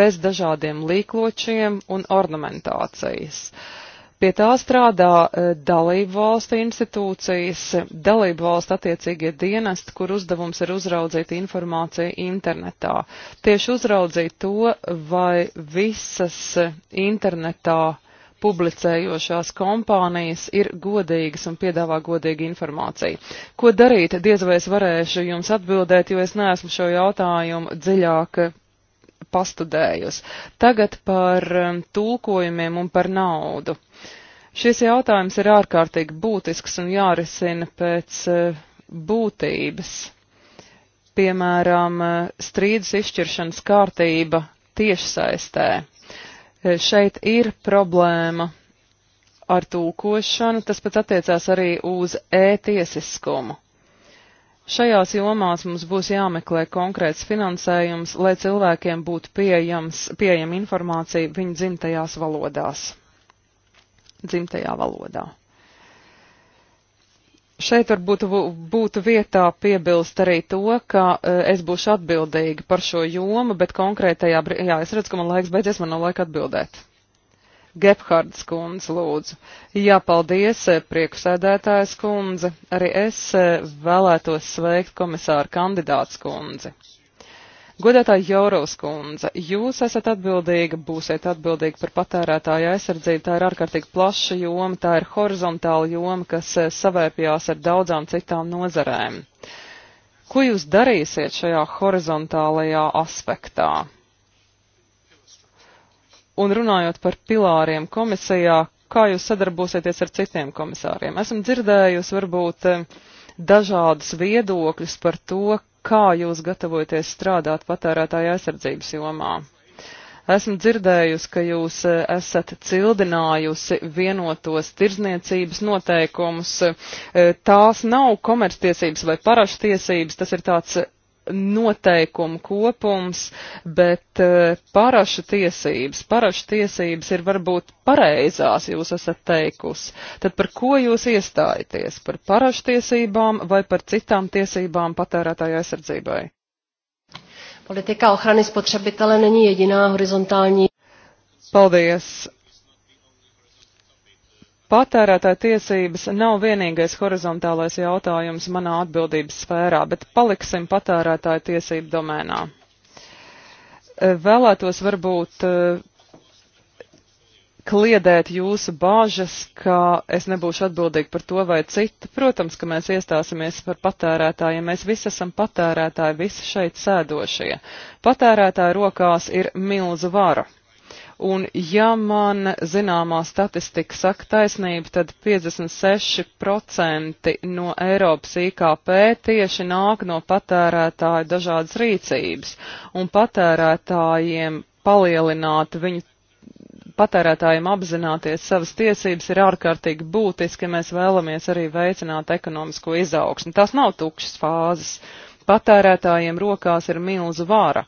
bez dažādiem līkločiem un ornamentācijas. Uh, Pie tā strādā e, dalību valstu institūcijas, dalību valstu attiecīgie dienesti, kur uzdevums ir uzraudzīt informāciju internetā. Tieši uzraudzīt to, vai visas internetā publicējošās kompānijas ir godīgas un piedāvā godīgu informāciju. Ko darīt? Diez vai es varēšu jums atbildēt, jo es neesmu šo jautājumu dziļāk pastudējusi. Tagad par e, tulkojumiem un par naudu. Šis jautājums ir ārkārtīgi būtisks un jārisina pēc e, būtības. Piemēram, e, strīdus izšķiršanas kārtība tiešsaistē. E, šeit ir problēma ar tūkošanu, tas pat attiecās arī uz ētiesiskumu. E Šajās jomās mums būs jāmeklē konkrēts finansējums, lai cilvēkiem būtu pieejams, pieejama informācija viņu dzimtajās valodās dzimtajā valodā. Šeit varbūt būtu vietā piebilst arī to, ka eh, es būšu atbildīga par šo jomu, bet konkrētajā brīdī, jā, es redzu, ka man laiks beidzies, man nav laika atbildēt. Gebhards kundze, lūdzu. Jā, paldies, eh, priekšsēdētājs kundze. Arī es eh, vēlētos sveikt komisāru kandidāts kundzi. Godētā Jaurovs kundze, jūs esat atbildīga, būsiet atbildīga par patērētāju aizsardzību. Tā ir ārkārtīgi plaša joma, tā ir horizontāla joma, kas eh, savērpjās ar daudzām citām nozarēm. Ko jūs darīsiet šajā horizontālajā aspektā? Un runājot par pilāriem komisijā, kā jūs sadarbosieties ar citiem komisāriem? Esam dzirdējusi varbūt eh, dažādus viedokļus par to, kā jūs gatavojaties strādāt patērētāja aizsardzības jomā. Esmu dzirdējusi, ka jūs e, esat cildinājusi vienotos tirzniecības noteikumus. E, tās nav komerctiesības vai parašatiesības, tas ir tāds noteikumu kopums, bet eh, parašu tiesības, parašu tiesības ir varbūt pareizās, jūs esat teikusi. Tad par ko jūs iestājaties? Par parašu tiesībām vai par citām tiesībām patērētāju aizsardzībai? Politika ochrany spotřebitele není jediná horizontální. Paldies! Patērētāja tiesības nav vienīgais horizontālais jautājums manā atbildības sfērā, bet paliksim patērētāja tiesību domēnā. Eh, vēlētos varbūt eh, kliedēt jūsu bāžas, ka es nebūšu atbildīgi par to vai citu. Protams, ka mēs iestāsimies par patērētājiem. Mēs visi esam patērētāji, visi šeit sēdošie. Patērētāju rokās ir milzu vara. Un ja man zināmā statistika saka taisnību, tad 56% no Eiropas IKP tieši nāk no patērētāju dažādas rīcības. Un patērētājiem palielināt viņu patērētājiem apzināties savas tiesības ir ārkārtīgi būtiski, ja mēs vēlamies arī veicināt ekonomisko izaugsmu. Tas nav tukšas fāzes. Patērētājiem rokās ir milzu vāra.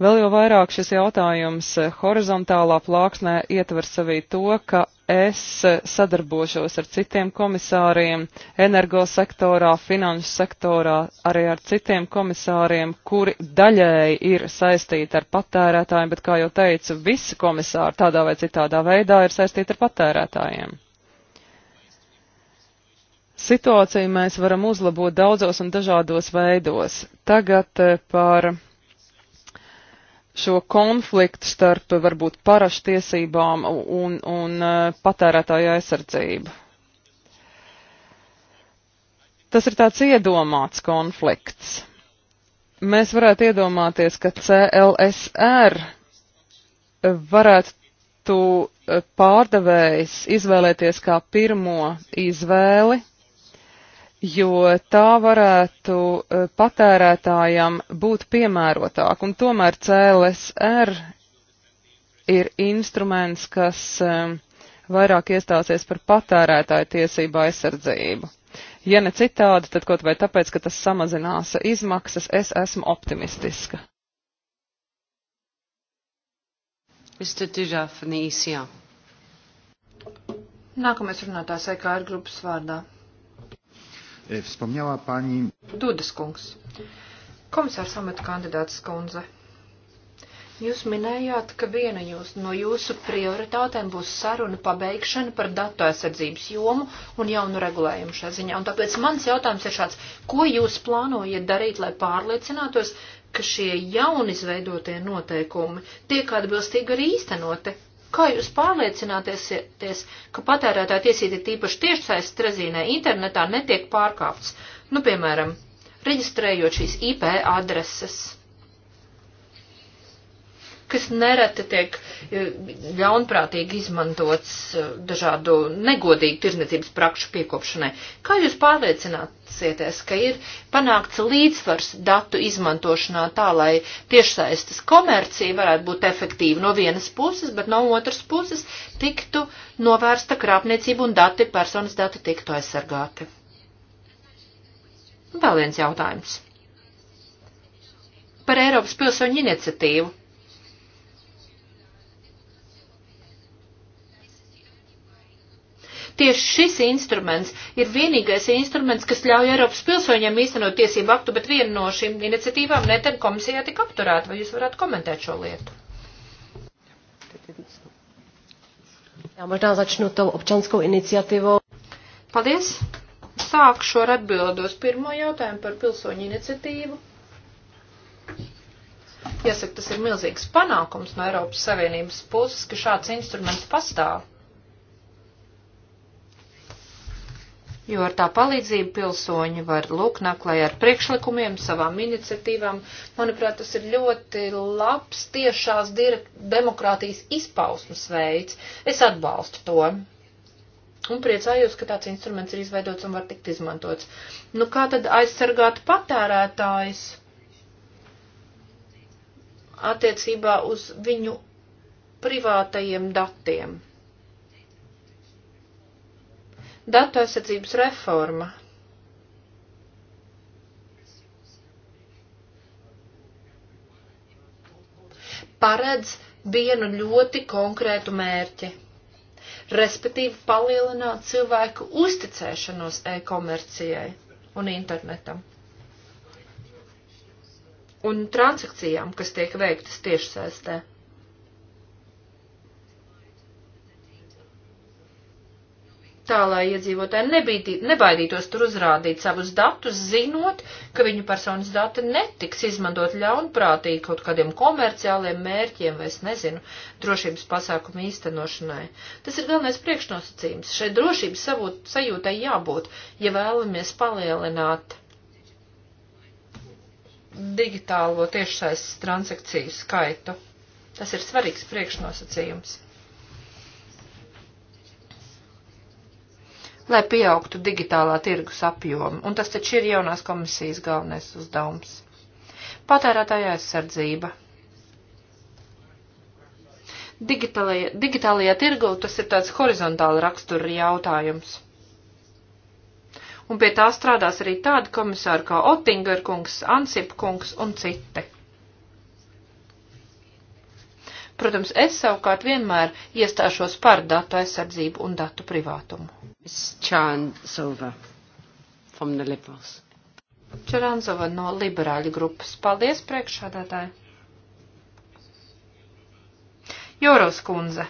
Vēl jau vairāk šis jautājums eh, horizontālā plāksnē ietver sevī to, ka es eh, sadarbošos ar citiem komisāriem energosektorā, finanšu sektorā, arī ar citiem komisāriem, kuri daļēji ir saistīti ar patērētājiem, bet, kā jau teicu, visi komisāri tādā vai citādā veidā ir saistīti ar patērētājiem. Situāciju mēs varam uzlabot daudzos un dažādos veidos. Tagad eh, par šo konfliktu starp varbūt paraštiesībām un, un uh, patērētāju aizsardzību. Tas ir tāds iedomāts konflikts. Mēs varētu iedomāties, ka CLSR varētu tu uh, pārdevējs izvēlēties kā pirmo izvēli jo tā varētu eh, patērētājam būt piemērotāk. Un tomēr CLSR ir instruments, kas eh, vairāk iestāsies par patērētāju tiesību aizsardzību. Ja ne citādi, tad kaut vai tāpēc, ka tas samazinās izmaksas, es esmu optimistiska. Mr. Dužā, Nākamais runātājs EKR grupas vārdā. E, wspomniała pani. Dudas kungs. Komisārs amata kandidāts skundze. Jūs minējāt, ka viena jūs, no jūsu prioritātēm būs saruna pabeigšana par datu aizsardzības jomu un jaunu regulējumu šajā ziņā. Un tāpēc mans jautājums ir šāds, ko jūs plānojat darīt, lai pārliecinātos, ka šie jaunizveidotie noteikumi tiek atbilstīgi arī īstenoti? Kā jūs pārliecināties, ka patērētāja tiesība tīpaši tiešsaistes rezīnē internetā netiek pārkāptas? Nu, piemēram, reģistrējot šīs IP adreses kas nereti tiek eh, ļaunprātīgi izmantots eh, dažādu negodīgu tirzniecības prakšu piekopšanai. Kā jūs pārliecināsieties, ka ir panākts līdzsvars datu izmantošanā tā, lai tiešsaistes komercija varētu būt efektīva no vienas puses, bet no otras puses tiktu novērsta krāpniecība un dati, personas dati tiktu aizsargāti? Vēl viens jautājums. Par Eiropas pilsoņu iniciatīvu Tieši šis instruments ir vienīgais instruments, kas ļauj Eiropas pilsoņiem īstenot tiesību aktu, bet viena no šīm iniciatīvām neten komisijā tika apturēta. Vai jūs varētu komentēt šo lietu? Jā, možná začnu tou občanskou iniciatīvu. Paldies! Sākšu ar atbildos pirmo jautājumu par pilsoņu iniciatīvu. Jāsaka, tas ir milzīgs panākums no Eiropas Savienības puses, ka šāds instruments pastāv. jo ar tā palīdzību pilsoņi var lūk naklai ar priekšlikumiem, savām iniciatīvām. Manuprāt, tas ir ļoti labs tiešās demokrātijas izpausmas veids. Es atbalstu to. Un priecājos, ka tāds instruments ir izveidots un var tikt izmantots. Nu, kā tad aizsargāt patērētājs attiecībā uz viņu privātajiem datiem? Datu aizsardzības reforma. Paredz vienu ļoti konkrētu mērķi, respektīvi palielināt cilvēku uzticēšanos e-komercijai un internetam un transakcijām, kas tiek veiktas tiešsaistē. tā, lai iedzīvotāji nebīdī, nebaidītos tur uzrādīt savus datus, zinot, ka viņu personas dati netiks izmantot ļaunprātīgi kaut kādiem komerciāliem mērķiem vai, es nezinu, drošības pasākumu īstenošanai. Tas ir galvenais priekšnosacījums. Šai drošības savūt, sajūtai jābūt, ja vēlamies palielināt digitālo tiešsaistes transakciju skaitu. Tas ir svarīgs priekšnosacījums. lai pieaugtu digitālā tirgus apjoma, un tas taču ir jaunās komisijas galvenais uzdevums. Patērētāja aizsardzība. Digitālajā, digitālajā tirgu tas ir tāds horizontāla rakstura jautājums. Un pie tā strādās arī tādi komisāri kā Otinger kungs, Ansip kungs un citi. Protams, es savukārt vienmēr iestāšos par datu aizsardzību un datu privātumu. Čānsova from the Liberals. Čerānzova no liberāļu grupas. Paldies, priekšādātāji. Joros kundze.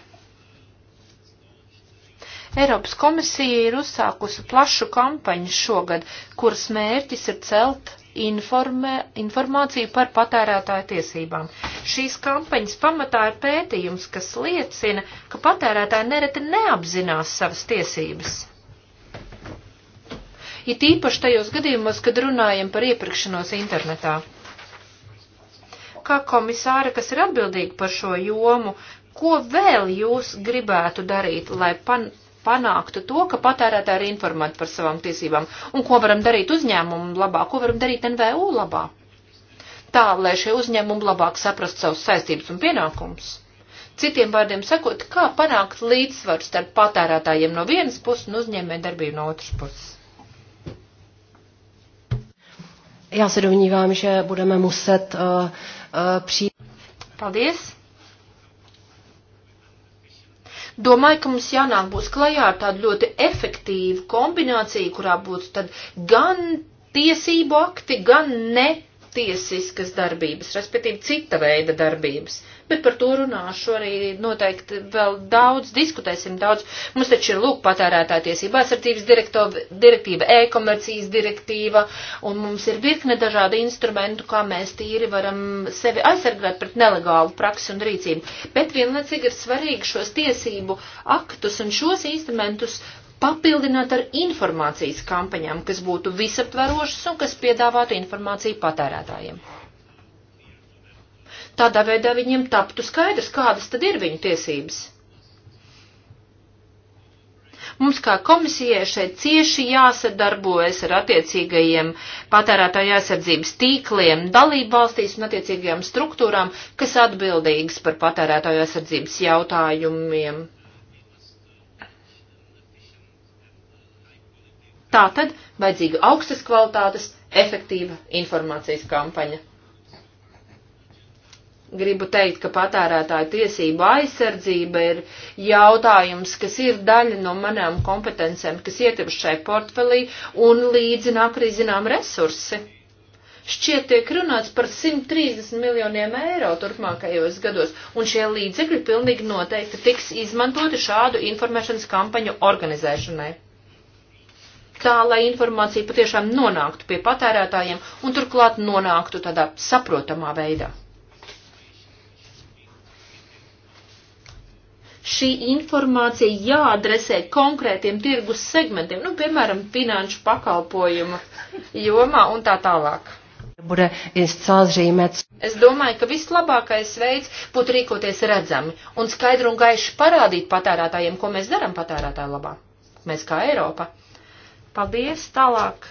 Eiropas komisija ir uzsākusi plašu kampaņu šogad, kuras mērķis ir celt informē, informāciju par patērētāju tiesībām. Šīs kampaņas pamatā ir pētījums, kas liecina, ka patērētāji nereti neapzinās savas tiesības. Ir tīpaši tajos gadījumos, kad runājam par iepirkšanos internetā. Kā komisāra, kas ir atbildīga par šo jomu, ko vēl jūs gribētu darīt, lai pan panāktu to, ka patērētāji ir informēti par savām tiesībām un ko varam darīt uzņēmumu labā, ko varam darīt NVU labā. Tā, lai šie uzņēmumi labāk saprast savus saistības un pienākumus. Citiem vārdiem sakot, kā panākt līdzsvaru starp patērētājiem no vienas puses un uzņēmē darbību no otras puses. Já se domnívám, že budeme muset uh, uh, přijít. Paldies. Domāju, ka mums jānāk būs klajā ar tādu ļoti efektīvu kombināciju, kurā būtu tad gan tiesību akti, gan ne tiesiskas darbības, respektīvi cita veida darbības. Bet par to runāšu arī noteikti vēl daudz, diskutēsim daudz. Mums taču ir lūk patērētā tiesība aizsardzības direktīva, e-komercijas direktīva, un mums ir virkne dažādi instrumentu, kā mēs tīri varam sevi aizsargāt pret nelegālu praksi un rīcību. Bet vienlaicīgi ir svarīgi šos tiesību aktus un šos instrumentus papildināt ar informācijas kampaņām, kas būtu visaptverošas un kas piedāvātu informāciju patērētājiem. Tādā veidā viņiem taptu skaidrs, kādas tad ir viņu tiesības. Mums kā komisijai šeit cieši jāsadarbojas ar attiecīgajiem patērētāju aizsardzības tīkliem, dalību valstīs un attiecīgajām struktūrām, kas atbildīgas par patērētāju aizsardzības jautājumiem Tātad vajadzīga augstas kvalitātes, efektīva informācijas kampaņa. Gribu teikt, ka patērētāju tiesība aizsardzība ir jautājums, kas ir daļa no manām kompetencēm, kas ietilpst šai portfelī un līdzi nāk arī zinām resursi šķiet tiek runāts par 130 miljoniem eiro turpmākajos gados, un šie līdzekļi pilnīgi noteikti tiks izmantoti šādu informēšanas kampaņu organizēšanai tā lai informācija patiešām nonāktu pie patērētājiem un turklāt nonāktu tādā saprotamā veidā. šī informācija jāadresē konkrētiem tirgus segmentiem, nu, piemēram, finanšu pakalpojumu jomā un tā tālāk. Es domāju, ka vislabākais veids būtu rīkoties redzami un skaidri un gaiši parādīt patērētājiem, ko mēs darām patērētāju labā. Mēs kā Eiropa. Paldies tālāk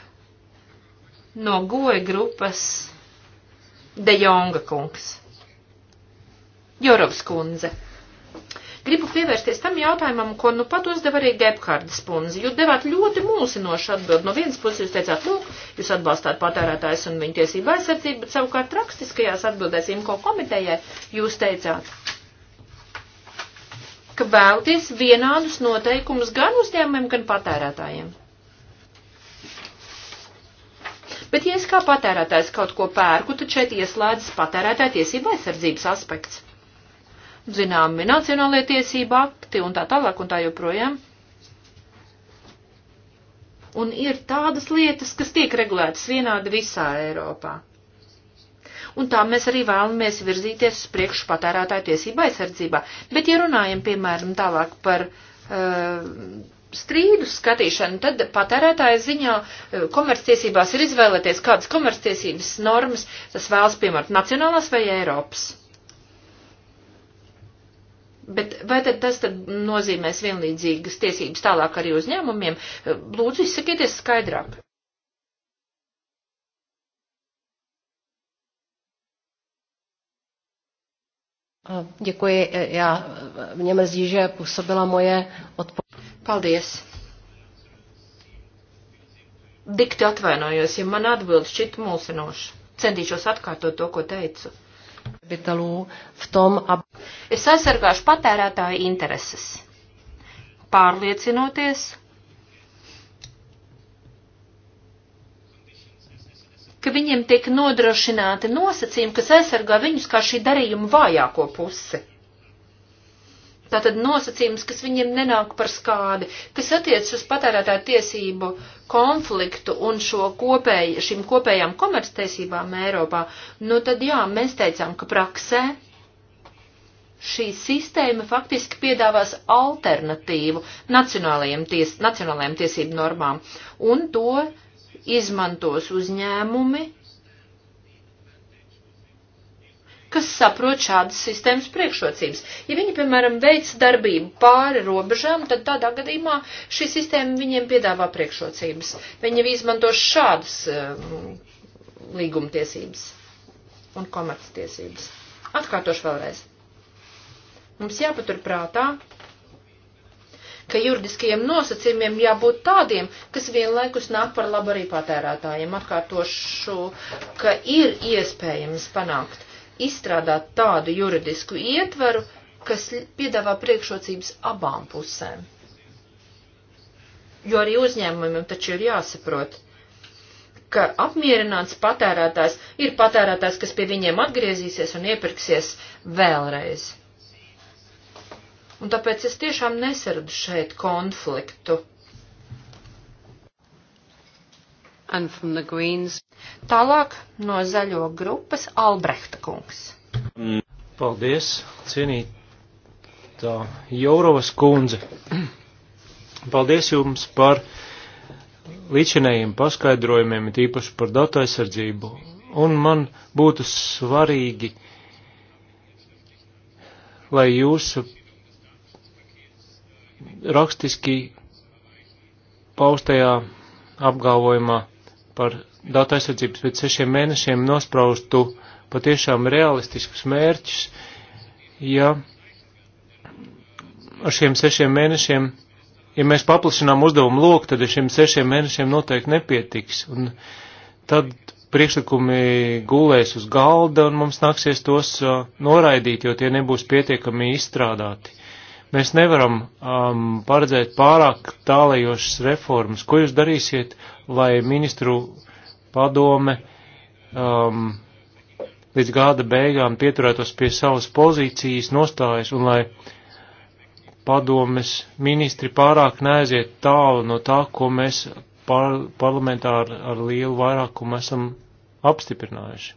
no goja grupas De Jonga kungs. Jorovs kundze. Gribu pievērsties tam jautājumam, ko nu pat uzdev arī Gebhardas kundze. Jūs devāt ļoti mūsinošu atbildi. No vienas puses jūs teicāt, lūk, nu, jūs atbalstāt patērētājs un viņa tiesību aizsardzību, bet savukārt rakstiskajās atbildēs IMKO komitejai jūs teicāt, ka vēlties vienādus noteikumus gan uzņēmumiem, gan patērētājiem. Bet, ja es kā patērētājs kaut ko pērku, tad šeit ieslēdzas patērētāja tiesība aizsardzības aspekts. Zināmi, nacionālajie tiesība akti un tā tālāk un tā joprojām. Un ir tādas lietas, kas tiek regulētas vienādi visā Eiropā un tā mēs arī vēlamies virzīties uz priekšu patērētāju tiesību aizsardzībā. Bet, ja runājam, piemēram, tālāk par uh, strīdu skatīšanu, tad patērētāja ziņā e, komerctiesībās ir izvēlēties kādas komerctiesības normas, tas vēlas piemērot nacionālās vai Eiropas. Bet vai tad tas tad nozīmēs vienlīdzīgas tiesības tālāk arī uzņēmumiem? E, lūdzu, izsakieties skaidrāk. Děkuji. E, já, mě mrzí, že působila moje odpověď. Paldies! Dikti atvainojos, ja man atbild šķiet mulsinoši. Centīšos atkārtot to, ko teicu. Es aizsargāšu patērētāju intereses, pārliecinoties, ka viņiem tiek nodrošināti nosacījumi, kas aizsargā viņus kā šī darījuma vājāko pusi. Tātad nosacījums, kas viņiem nenāk par skādi, kas attiecas uz patērētāju tiesību konfliktu un šo kopēju, šīm kopējām komerctiesībām Eiropā, nu tad jā, mēs teicām, ka praksē šī sistēma faktiski piedāvās alternatīvu nacionālajiem, ties, nacionālajiem tiesību normām, un to izmantos uzņēmumi, kas saprot šādas sistēmas priekšrocības. Ja viņi, piemēram, veic darbību pāri robežām, tad tādā gadījumā šī sistēma viņiem piedāvā priekšrocības. Viņi izmanto šādas um, līgumtiesības un komerctiesības. Atkārtošu vēlreiz. Mums jāpatur prātā, ka juridiskajiem nosacījumiem jābūt tādiem, kas vienlaikus nāk par labu arī patērētājiem. Atkārtošu, ka ir iespējams panākt izstrādāt tādu juridisku ietvaru, kas piedāvā priekšrocības abām pusēm. Jo arī uzņēmumiem taču ir jāsaprot, ka apmierināts patērētājs ir patērētājs, kas pie viņiem atgriezīsies un iepirksies vēlreiz. Un tāpēc es tiešām nesardu šeit konfliktu Tālāk no zaļo grupas Albrehta kungs. Paldies, cienītā Jourovas kundze. Paldies jums par līdzinējiem paskaidrojumiem, tīpaši par datu aizsardzību. Un man būtu svarīgi, lai jūs rakstiski paustajā apgalvojumā par datu aizsardzības pēc sešiem mēnešiem nospraustu patiešām realistiskus mērķus, ja ar šiem sešiem mēnešiem, ja mēs paplašinām uzdevumu loku, tad ar šiem sešiem mēnešiem noteikti nepietiks. Un tad priekšlikumi gulēs uz galda un mums nāksies tos uh, noraidīt, jo tie nebūs pietiekami izstrādāti. Mēs nevaram um, paredzēt pārāk tālējošas reformas. Ko jūs darīsiet, lai ministru padome um, līdz gada beigām pieturētos pie savas pozīcijas, nostājas un lai padomes ministri pārāk neaiziet tālu no tā, ko mēs par, parlamentā ar, ar lielu vairākumu esam apstiprinājuši.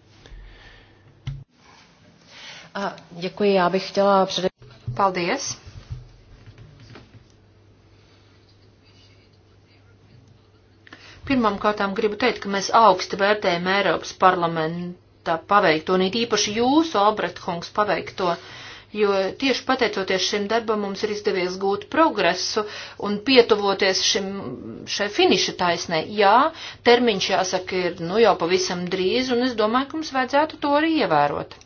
Děkuji, já bych chtěla především. Paldies! Pirmām kārtām gribu teikt, ka mēs augsti vērtējam Eiropas parlamenta paveikto, un it īpaši jūsu, Albrecht kungs, paveikto, jo tieši pateicoties šim darbam mums ir izdevies gūt progresu un pietuvoties šim, šai finiša taisnē. Jā, termiņš jāsaka ir, nu jau pavisam drīz, un es domāju, ka mums vajadzētu to arī ievērot.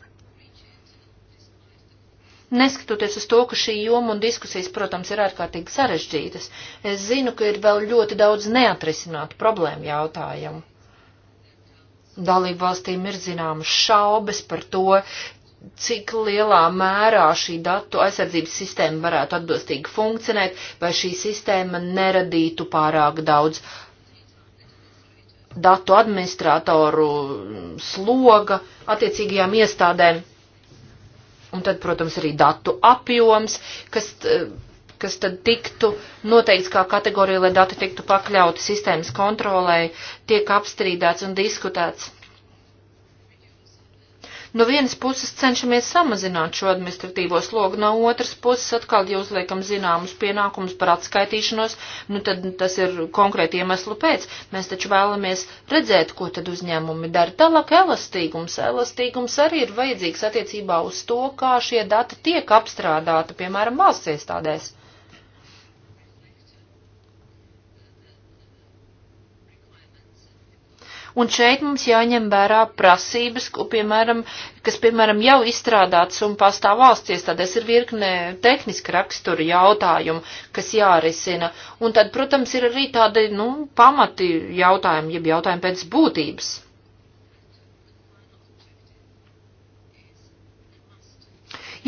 Neskatoties uz to, ka šī joma un diskusijas, protams, ir ārkārtīgi sarežģītas, es zinu, ka ir vēl ļoti daudz neatrisinātu problēmu jautājumu. Dalību valstīm ir zināmas šaubas par to, cik lielā mērā šī datu aizsardzības sistēma varētu atbilstīgi funkcionēt, vai šī sistēma neradītu pārāk daudz datu administratoru sloga attiecīgajām iestādēm Un tad, protams, arī datu apjoms, kas, kas tad tiktu noteikts kā kategorija, lai dati tiktu pakļauti sistēmas kontrolē, tiek apstrīdēts un diskutēts. No vienas puses cenšamies samazināt šo administratīvo slogu, no otras puses atkal jau uzliekam zināmus pienākumus par atskaitīšanos, nu tad tas ir konkrēti iemeslu pēc. Mēs taču vēlamies redzēt, ko tad uzņēmumi dara. Tālāk elastīgums. Elastīgums arī ir vajadzīgs attiecībā uz to, kā šie dati tiek apstrādāti, piemēram, valsts iestādēs. un šeit mums jāņem vērā prasības, ko, piemēram, kas, piemēram, jau izstrādāts un pastāv valsts iestādēs, ir virkne tehniski rakstura jautājumu, kas jārisina. Un tad, protams, ir arī tādi, nu, pamati jautājumi, jeb jautājumi pēc būtības.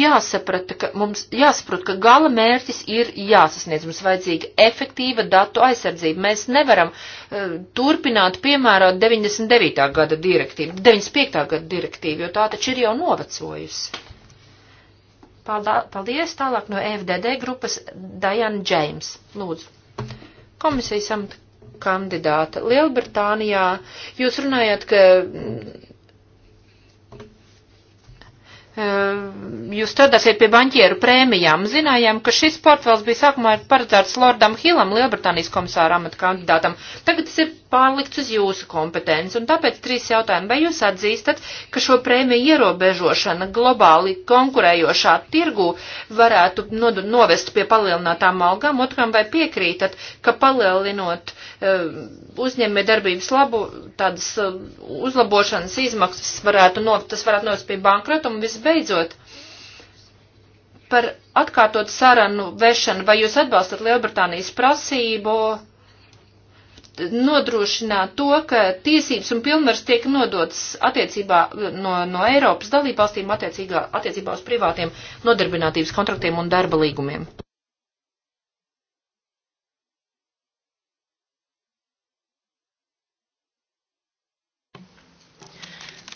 jāsaprata, ka mums jāsaprot, ka gala mērķis ir jāsasniedz. Mums vajadzīga efektīva datu aizsardzība. Mēs nevaram uh, turpināt piemērot 99. gada direktīvu, 95. gada direktīvu, jo tā taču ir jau novecojusi. Paldies tālāk no FDD grupas Diana James. Lūdzu. Komisijas amata kandidāta Lielbritānijā. Jūs runājat, ka Ehm, jūs strādāsiet pie banķieru prēmijām. Zinājām, ka šis portfels bija sākumā paredzēts Lordam Hillam, Lielbritānijas komisāra amata kandidātam. Tagad tas ir pārlikts uz jūsu kompetenci, un tāpēc trīs jautājumi. Vai jūs atzīstat, ka šo prēmiju ierobežošana globāli konkurējošā tirgu varētu novest pie palielinātām algām? Otram, vai piekrītat, ka palielinot ehm, uzņēmē darbības labu, tādas ehm, uzlabošanas izmaksas varētu novest, tas varētu novest pie bankrotuma? Visbēr visbeidzot, par atkārtot sarunu vešanu, vai jūs atbalstat Lielbritānijas prasību nodrošināt to, ka tiesības un pilnvars tiek nodotas attiecībā no, no Eiropas dalībvalstīm attiecībā uz privātiem nodarbinātības kontraktiem un darba līgumiem?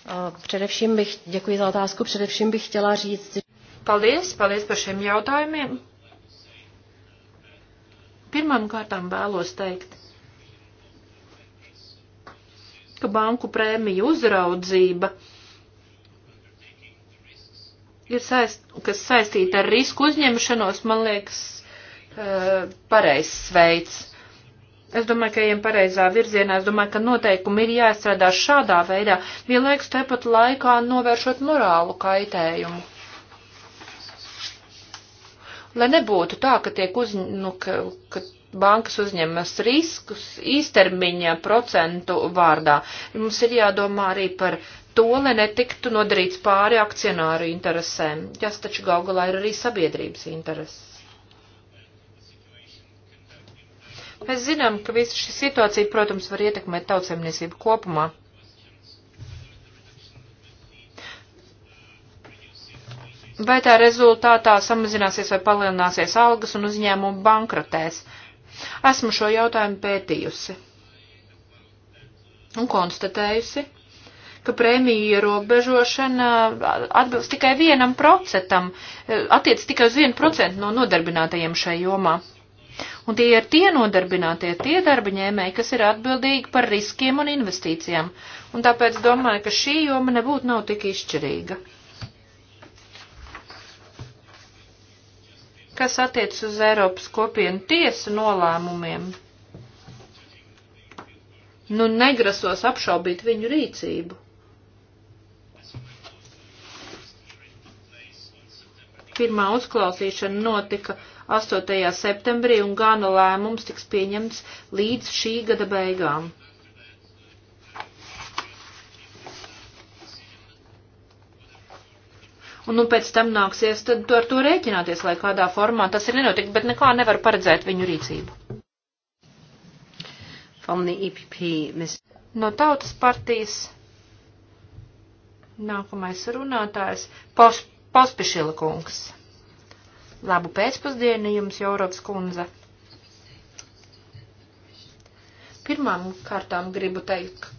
Eh, především bych, děkuji za otázku, především bych chtěla říct. Paldies, paldies par šiem jautājumiem. Pirmām kārtām vēlos teikt, ka banku prēmiju uzraudzība ir saist, kas saistīta ar risku uzņemšanos, man liekas, eh, pareizs veids. Es domāju, ka ejam pareizā virzienā. Es domāju, ka noteikumi ir jāizstrādā šādā veidā, vienlaikus tepat laikā novēršot morālu kaitējumu. Lai nebūtu tā, ka tiek uz, nu, ka, ka bankas uzņemas riskus īstermiņa procentu vārdā. Mums ir jādomā arī par to, lai netiktu nodarīts pāri akcionāru interesēm, kas taču galgalā ir arī sabiedrības intereses. Mēs zinām, ka visa šī situācija, protams, var ietekmēt tautsemniecību kopumā. Vai tā rezultātā samazināsies vai palielināsies algas un uzņēmumu bankrotēs? Esmu šo jautājumu pētījusi un konstatējusi, ka prēmiju ierobežošana atbilst tikai vienam procentam, attiec tikai uz vienu procentu no nodarbinātajiem šai jomā. Un tie ir tie nodarbinātie, tie darba ņēmēji, kas ir atbildīgi par riskiem un investīcijām. Un tāpēc domāju, ka šī joma nebūtu nav tik izšķirīga. Kas attiec uz Eiropas kopienu tiesu nolēmumiem? Nu, negrasos apšaubīt viņu rīcību. Pirmā uzklausīšana notika 8. septembrī un Gana lēmums tiks pieņemts līdz šī gada beigām. Un nu, pēc tam nāksies tad ar to rēķināties, lai kādā formā tas ir nenotikt, bet nekā nevar paredzēt viņu rīcību. From the EPP, Ms. No tautas partijas nākamais runātājs Pos, Pospišila kungs. Labu pēcpusdienu jums, Jaurops kundze. Pirmām kārtām gribu teikt,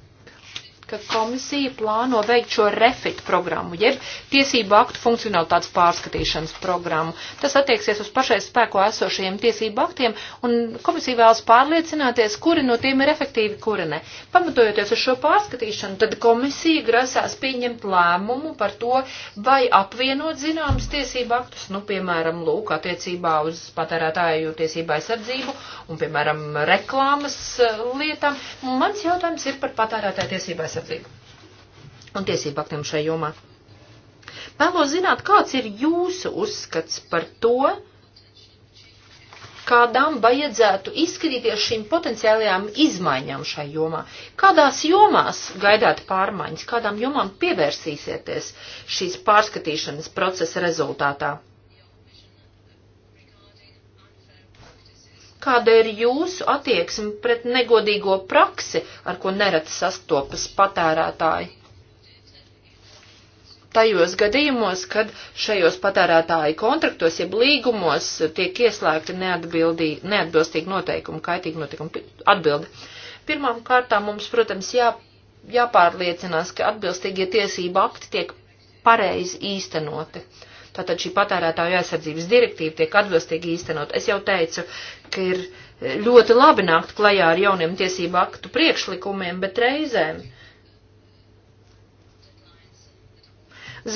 ka komisija plāno veikt šo refit programmu, jeb tiesību aktu funkcionalitātes pārskatīšanas programmu. Tas attieksies uz pašais spēko esošajiem tiesību aktiem, un komisija vēlas pārliecināties, kuri no tiem ir efektīvi, kuri ne. Pamatojoties uz šo pārskatīšanu, tad komisija grasās pieņemt lēmumu par to, vai apvienot zināmas tiesību aktus, nu, piemēram, lūk, attiecībā uz patērētāju tiesību aizsardzību un, piemēram, reklāmas eh, lietām. Mans jautājums ir par patērētāju tiesību aizsardzību aizsardzību un tiesību aktiem šai jomā. Vēlos zināt, kāds ir jūsu uzskats par to, kādām vajadzētu izskatīties šīm potenciālajām izmaiņām šai jomā. Kādās jomās gaidāt pārmaiņas, kādām jomām pievērsīsieties šīs pārskatīšanas procesa rezultātā? Kāda ir jūsu attieksme pret negodīgo praksi, ar ko nereti sastopas patērētāji? Tajos gadījumos, kad šajos patērētāju kontraktos, jeb līgumos tiek ieslēgti neatbilstīgi noteikumi, kaitīgi noteikumi atbildi. Pirmām kārtām mums, protams, jā, jāpārliecinās, ka atbilstīgie tiesība akti tiek pareizi īstenoti. Uh, Tātad šī patērētāju aizsardzības direktīva tiek atbilstīgi īstenot. Es jau teicu, ka ir ļoti labi nākt klajā ar jauniem tiesību aktu priekšlikumiem, bet reizēm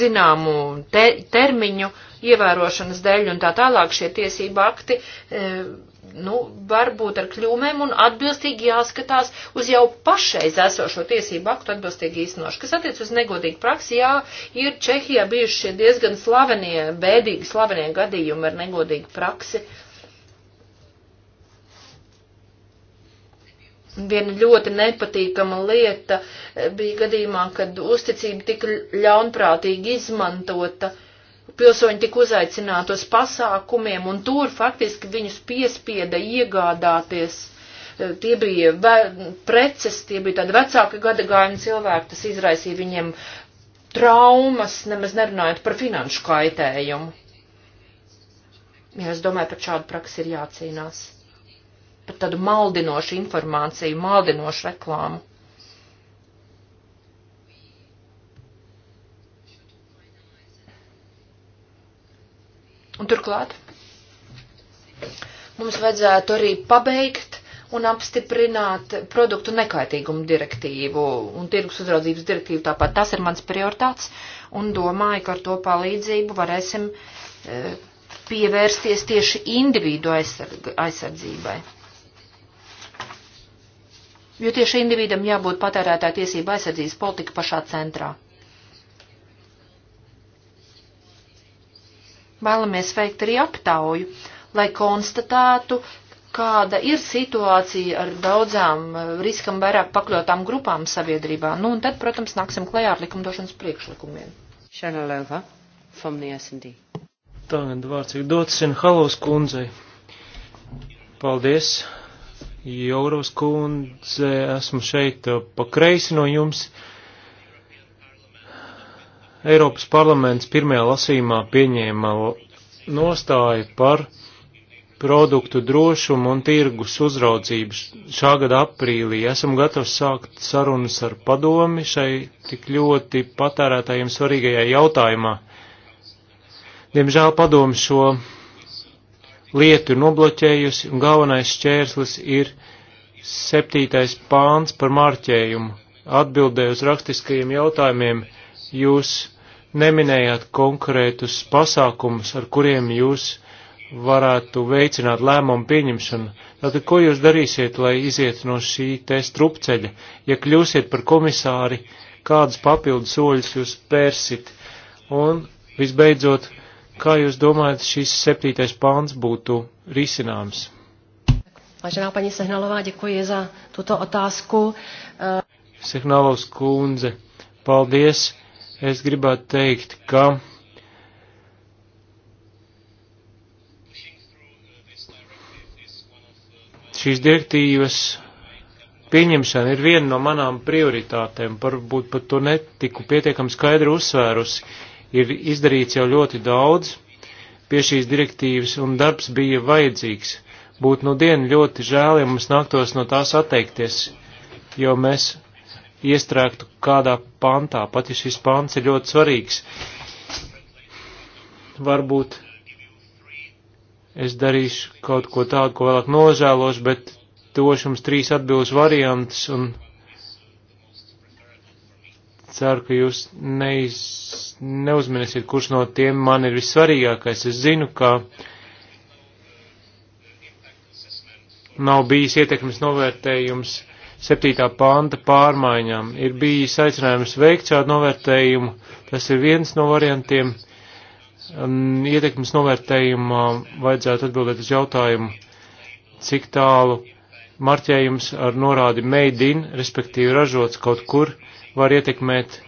zināmu te termiņu ievērošanas dēļ un tā tālāk šie tiesību akti. E, nu, varbūt ar kļūmēm un atbilstīgi jāskatās uz jau pašreiz esošo tiesību aktu atbilstīgi īstenošu. Kas attiec uz negodīgu praksi, jā, ir Čehijā bijuši šie diezgan slavenie, bēdīgi slavenie gadījumi ar negodīgu praksi. Viena ļoti nepatīkama lieta bija gadījumā, kad uzticība tika ļaunprātīgi izmantota. Uh, pilsoņi tika uzaicināti uz pasākumiem, un tur faktiski viņus piespieda iegādāties. E, tie bija ve, preces, tie bija tādi vecāki gadagājumi cilvēki, tas izraisīja viņiem traumas, nemaz nerunājot par finanšu kaitējumu. Jā, es domāju, par šādu praksi ir jācīnās. Par tādu maldinošu informāciju, maldinošu reklāmu. Un turklāt mums vajadzētu arī pabeigt un apstiprināt produktu nekaitīgumu direktīvu un tirgus uzraudzības direktīvu tāpat. Tas ir mans prioritāts un domāju, ka ar to palīdzību varēsim e, pievērsties tieši individu aizsarg aizsardzībai. Jo tieši individam jābūt patērētāja tiesība aizsardzības politika pašā centrā. Vēlamies veikt arī aptauju, lai konstatētu, kāda ir situācija ar daudzām eh, riskam vairāk pakļautām grupām sabiedrībā. Nu, un tad, protams, nāksim klajā ar likumdošanas priekšlikumiem. Šanalova, from the S&D. Tagad vārds ir dots Sinhalovs kundzei. Paldies, Jauros kundze, esmu šeit eh, pa kreisi no jums. Uh, Eiropas parlaments pirmajā lasījumā pieņēma nostāju par produktu drošumu un tirgus uzraudzību. Šā gada aprīlī esam gatavi sākt sarunas ar padomi šai tik ļoti patērētājiem svarīgajā jautājumā. Diemžēl padomi šo lietu ir nobloķējusi un galvenais šķērslis ir septītais pāns par mārķējumu. Atbildēju uz rakstiskajiem jautājumiem jūs neminējāt konkrētus pasākumus, ar kuriem jūs varētu veicināt lēmumu pieņemšanu. Tātad, ko jūs darīsiet, lai iziet no šī te strupceļa? Ja kļūsiet par komisāri, kādus papildu soļus jūs pērsit? Un, visbeidzot, kā jūs domājat, šis septītais pāns būtu risināms? Vážená paní Sehnalová, děkuji za tuto otázku. Sehnalovs kundze, paldies es gribētu teikt, ka šīs direktīvas pieņemšana ir viena no manām prioritātēm, varbūt pat to netiku pietiekami skaidri uzsvērusi. Ir izdarīts jau ļoti daudz pie šīs direktīvas, un darbs bija vajadzīgs. Būtu no nu dienu ļoti žēl, ja mums nāktos no tās atteikties, jo mēs iestrēgtu kādā pantā, pat ja šis pants ir ļoti svarīgs. Varbūt es darīšu kaut ko tādu, ko vēlāk nožēlošu, bet došu jums trīs atbildes variantus un ceru, ka jūs neiz, neuzminēsiet, kurš no tiem man ir vissvarīgākais. Es zinu, ka nav bijis ietekmes novērtējums 7. panta pārmaiņām. Ir bijis aicinājums veikt šādu novērtējumu. Tas ir viens no variantiem. Ietekmes novērtējumā vajadzētu atbildēt uz jautājumu, cik tālu marķējums ar norādi made in, respektīvi ražots kaut kur, var ietekmēt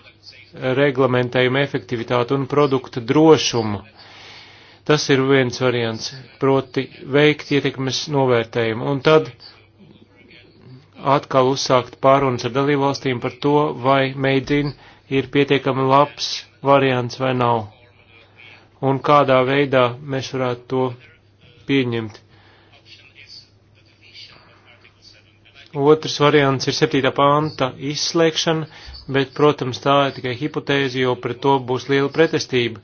reglamentējumu efektivitātu un produktu drošumu. Tas ir viens variants, proti veikt ietekmes novērtējumu. Un tad atkal uzsākt pārunas ar dalībvalstīm par to, vai meidin ir pietiekami labs variants vai nav. Un kādā veidā mēs varētu to pieņemt. Otrs variants ir 7. panta izslēgšana, bet, protams, tā ir tikai hipotēze, jo pret to būs liela pretestība.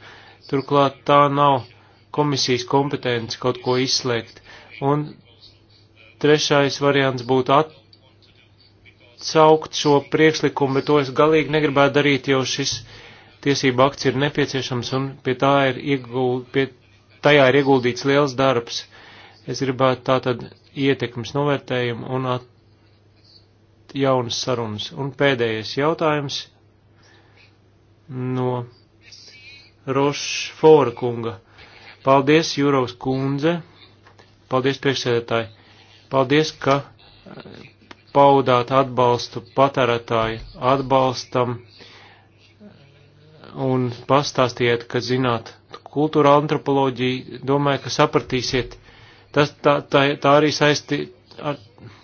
Turklāt tā nav komisijas kompetence kaut ko izslēgt. Un trešais variants būtu at atsaukt šo priekšlikumu, bet to es galīgi negribētu darīt, jo šis tiesība akts ir nepieciešams un pie tā ir, ieguld, pie, tajā ir ieguldīts liels darbs. Es gribētu tātad ietekmes novērtējumu un at, jaunas sarunas. Un pēdējais jautājums no Rošfora kunga. Paldies, Jūrovs kundze. Paldies, priekšsēdētāji. Paldies, ka paudāt atbalstu patērētāju atbalstam un pastāstiet, ka zināt kultūra antropoloģiju, domāju, ka sapratīsiet. Tas, tā, tā, tā arī saisti, ar,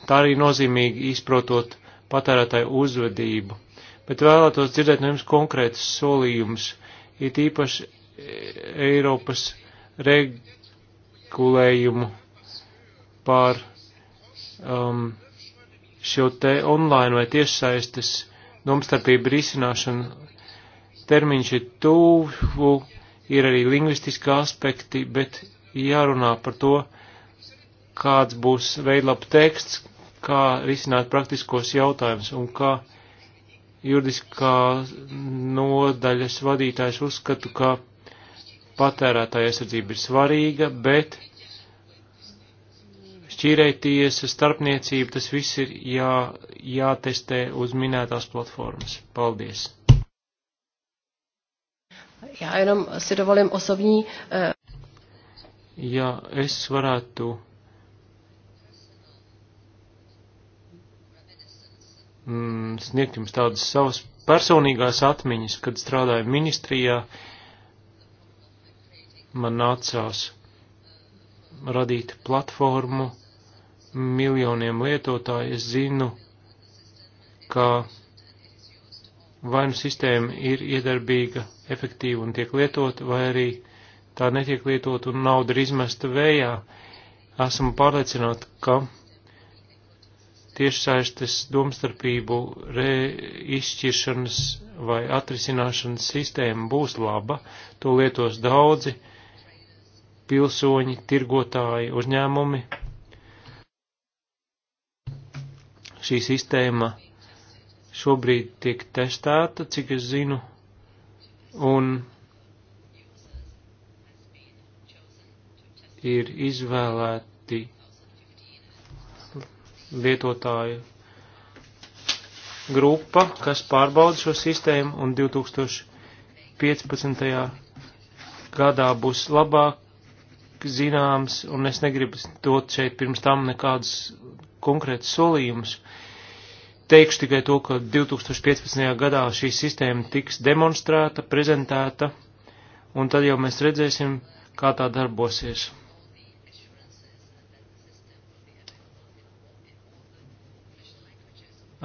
tā arī nozīmīgi izprotot patērētāju uzvedību. Bet vēlētos dzirdēt no jums konkrētus solījumus, it īpaši e, Eiropas regulējumu pār um, šo te online vai tiešsaistes domstarpību risināšanu termiņš ir tuvu, ir arī lingvistiski aspekti, bet jārunā par to, kāds būs veidlapa teksts, kā risināt praktiskos jautājumus un kā juridiskā nodaļas vadītājs uzskatu, ka patērētāja aizsardzība ir svarīga, bet šķīrētiesa, starpniecība, tas viss ir jā, jātestē uz minētās platformas. Paldies! Já jenom si dovolím osobní. Eh, ja es varētu mm, sniegt jums tādas savas personīgās atmiņas, kad strādāju ministrijā, man nācās radīt platformu miljoniem lietotāju, es zinu, ka vai nu sistēma ir iedarbīga, efektīva un tiek lietota, vai arī tā netiek lietota un nauda ir izmesta vējā. Esmu pārliecināta, ka tiešsaistes domstarpību reizšķiršanas vai atrisināšanas sistēma būs laba, to lietos daudzi pilsoņi, tirgotāji, uzņēmumi, šī sistēma šobrīd tiek testēta, cik es zinu, un ir izvēlēti lietotāju grupa, kas pārbauda šo sistēmu, un 2015. gadā būs labāk zināms, un es negribu dot šeit pirms tam nekādus konkrēts solījums. Teikšu tikai to, ka 2015. gadā šī sistēma tiks demonstrēta, prezentēta, un tad jau mēs redzēsim, kā tā darbosies.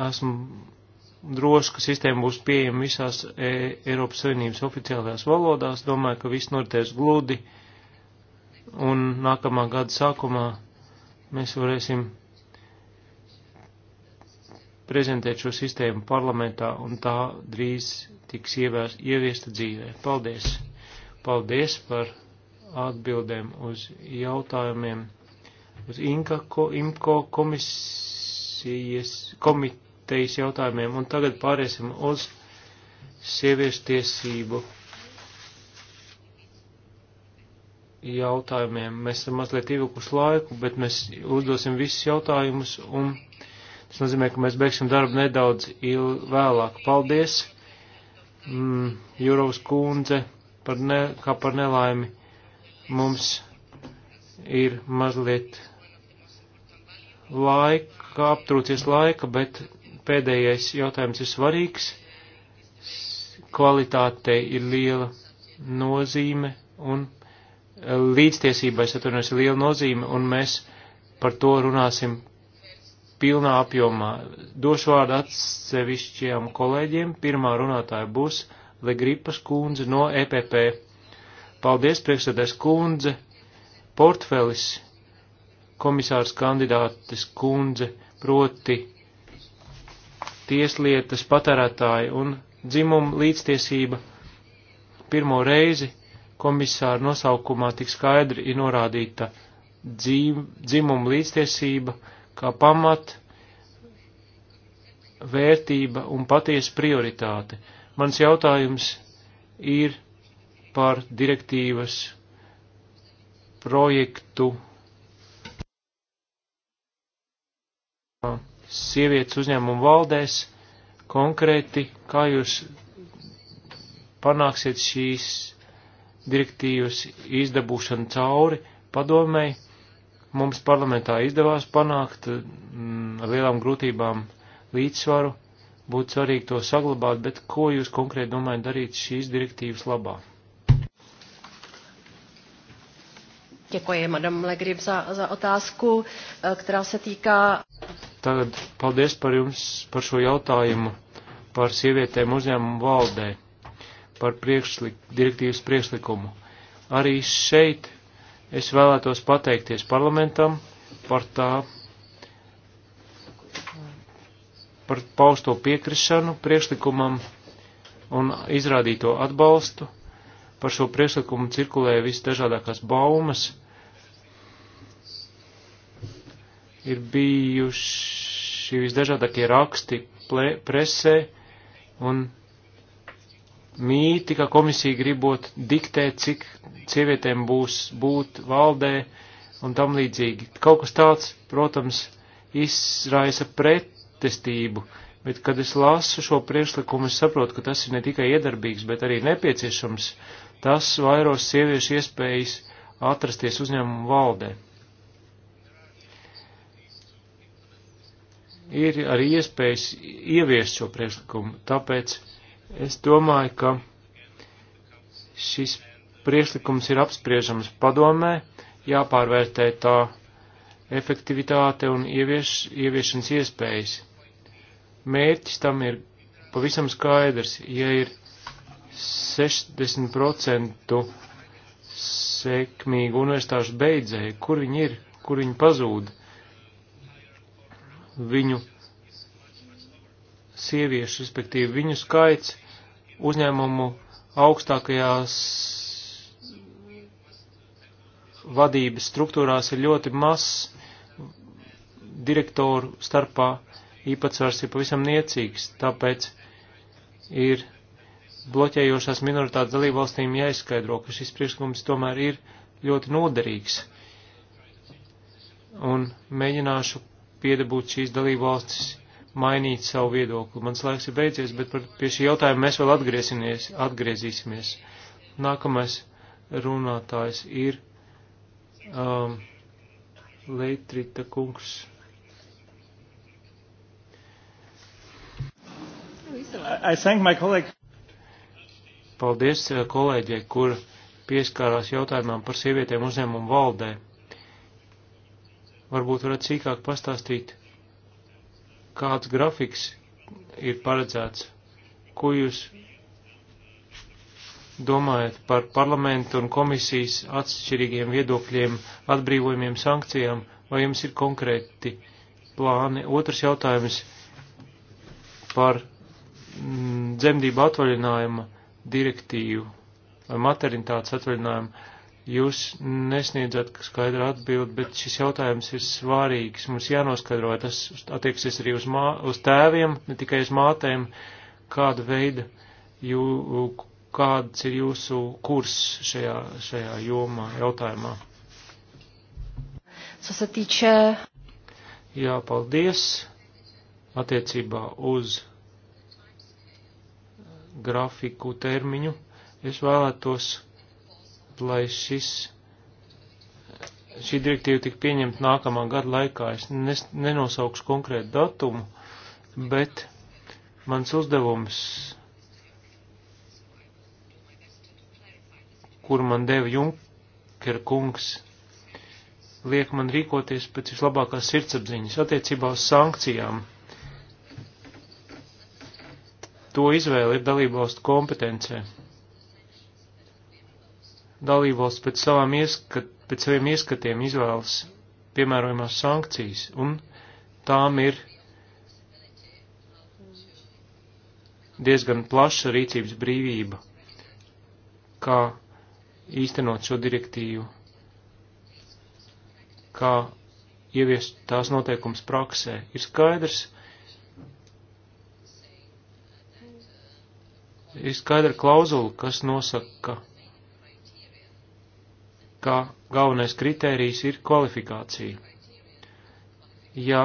Esmu drošs, ka sistēma būs pieejama visās e Eiropas Savienības oficiālajās valodās. Domāju, ka viss noritēs gludi, un nākamā gada sākumā mēs varēsim prezentēt šo sistēmu parlamentā, un tā drīz tiks ievērs, ieviesta dzīvē. Paldies! Paldies par atbildēm uz jautājumiem uz Inka, ko, IMKO komisijas, komitejas jautājumiem, un tagad pāriesim uz sieviešu tiesību jautājumiem. Mēs esam mazliet ievilkuši laiku, bet mēs uzdosim visus jautājumus un Tas nozīmē, ka mēs beigsim darbu nedaudz vēlāk. Paldies, mm, Jūrovs kundze, par ne, kā par nelaimi mums ir mazliet laika, aptrūcies laika, bet pēdējais jautājums ir svarīgs. Kvalitātei ir liela nozīme un līdztiesībai, es atvainojos, liela nozīme, un mēs par to runāsim pilnā apjomā. Došu vārdu atsevišķiem kolēģiem. Pirmā runātāja būs Legripas kundze no EPP. Paldies, priekšsēdēs kundze, portfelis, komisārs kandidātes kundze, proti tieslietas patērētāji un dzimuma līdztiesība. Pirmo reizi komisāra nosaukumā tik skaidri ir norādīta dzim, dzimuma līdztiesība kā pamat vērtība un patiesa prioritāte. Mans jautājums ir par direktīvas projektu sievietes uzņēmumu valdēs, konkrēti, kā jūs panāksiet šīs direktīvas izdabūšanu cauri padomēji mums parlamentā izdevās panākt mm, ar lielām grūtībām līdzsvaru, būtu svarīgi to saglabāt, bet ko jūs konkrēti domājat darīt šīs direktīvas labā? Děkuji, madam Legrib, za, za otázku, eh, která se týká. Tagad paldies par jums par šo jautājumu par sievietēm uzņēmumu valdē, par priekšlik, direktīvas priekšlikumu. Arī šeit Es vēlētos pateikties parlamentam par tā, par pausto piekrišanu priekšlikumam un izrādīto atbalstu. Par šo priekšlikumu cirkulēja visdažādākās baumas. Ir bijuši visdažādākie raksti plē, presē un mīti, ka komisija gribot diktēt, cik sievietēm būs būt valdē un tam līdzīgi. Kaut kas tāds, protams, izraisa pretestību, bet kad es lasu šo priekšlikumu, es saprotu, ka tas ir ne tikai iedarbīgs, bet arī nepieciešams. Tas vairos sieviešu iespējas atrasties uzņēmumu valdē. Ir arī iespējas ieviest šo priekšlikumu, tāpēc Es domāju, ka šis priekšlikums ir apspriežams padomē, jāpārvērtē tā efektivitāte un ievieš, ieviešanas iespējas. Mērķis tam ir pavisam skaidrs, ja ir 60% sekmīgu universitāšu beidzēju, kur viņi ir, kur viņi pazūd. Viņu sieviešu, respektīvi viņu skaits uzņēmumu augstākajās vadības struktūrās ir ļoti mazs, direktoru starpā īpatsvars ir pavisam niecīgs, tāpēc ir bloķējošās minoritātes dalībvalstīm jāizskaidro, ka šis priekšlikums tomēr ir ļoti noderīgs. Un mēģināšu piedabūt šīs dalībvalstis mainīt savu viedokli. Mans laiks ir beidzies, bet par, pie šī jautājuma mēs vēl atgriezīsimies. Nākamais runātājs ir um, Leitrita kungs. I, I thank my colleague. Paldies uh, kolēģei, kur pieskārās jautājumam par sievietēm uzņēmumu valdē. Varbūt varat sīkāk pastāstīt kāds grafiks ir paredzēts, ko jūs domājat par parlamentu un komisijas atšķirīgiem viedokļiem, atbrīvojumiem, sankcijām, vai jums ir konkrēti plāni? Otrs jautājums par mm, dzemdību atvaļinājuma direktīvu vai maternitātes atvaļinājumu. Jūs nesniedzat skaidru atbildi, bet šis jautājums ir svārīgs. Mums jānoskaidro, tas attieksies arī uz, mā, uz tēviem, ne tikai uz mātēm, kāda veida, jū, kāds ir jūsu kurs šajā, šajā jomā, jautājumā. Sasatīče. Jā, paldies. Attiecībā uz grafiku termiņu es vēlētos lai šis, šī direktīva tik pieņemta nākamā gada laikā. Es nes, nenosaukšu konkrētu datumu, bet mans uzdevums, kur man deva Junker kungs, liek man rīkoties pēc vislabākās sirdsapziņas attiecībā uz sankcijām. To izvēle ir dalībvalstu kompetencē dalībvalsts pēc, savām ieskat, pēc saviem ieskatiem izvēlas piemērojumās sankcijas, un tām ir diezgan plaša rīcības brīvība, kā īstenot šo direktīvu, kā ieviest tās noteikums praksē. Ir skaidrs, ir skaidra klauzula, kas nosaka, ka galvenais kritērijs ir kvalifikācija. Ja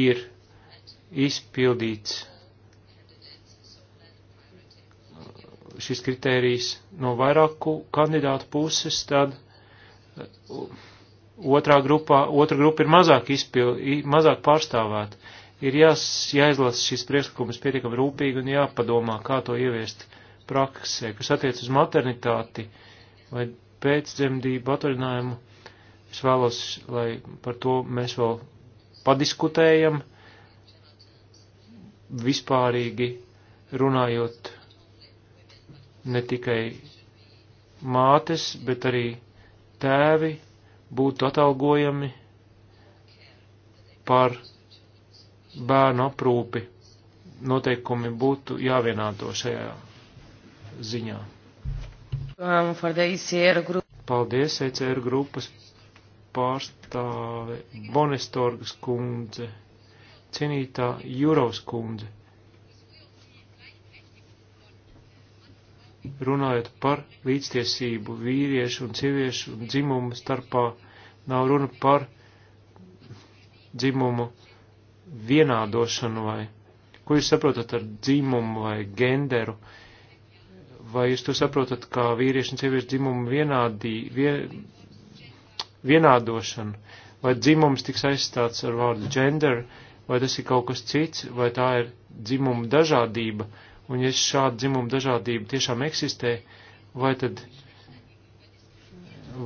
ir izpildīts šis kritērijs no vairāku kandidātu puses, tad uh, otrā grupā, otra grupa ir mazāk izpildi, mazāk pārstāvēta. Ir jās, jāizlasa šis priekšlikums pietiekami rūpīgi un jāpadomā, kā to ieviest praksē, kas attiec uz maternitāti vai pēcdzemdību atvaļinājumu. Es vēlos, lai par to mēs vēl padiskutējam, vispārīgi runājot ne tikai mātes, bet arī tēvi būtu atalgojami par bērnu aprūpi noteikumi būtu jāvienāto šajā ziņā. Um, e Paldies, ECR grupas pārstāve Bonestorgas kundze, cienītā Jurovs kundze. Runājot par līdztiesību vīriešu un sieviešu un dzimumu starpā, nav runa par dzimumu vienādošanu vai, ko jūs saprotat ar dzimumu vai genderu. Uh, vai jūs to saprotat kā vīriešu un sieviešu dzimumu vienādī, vien, vienādošanu, vai dzimums tiks aizstāts ar vārdu gender, vai tas ir kaut kas cits, vai tā ir dzimuma dažādība, un ja šāda dzimuma dažādība tiešām eksistē, vai tad,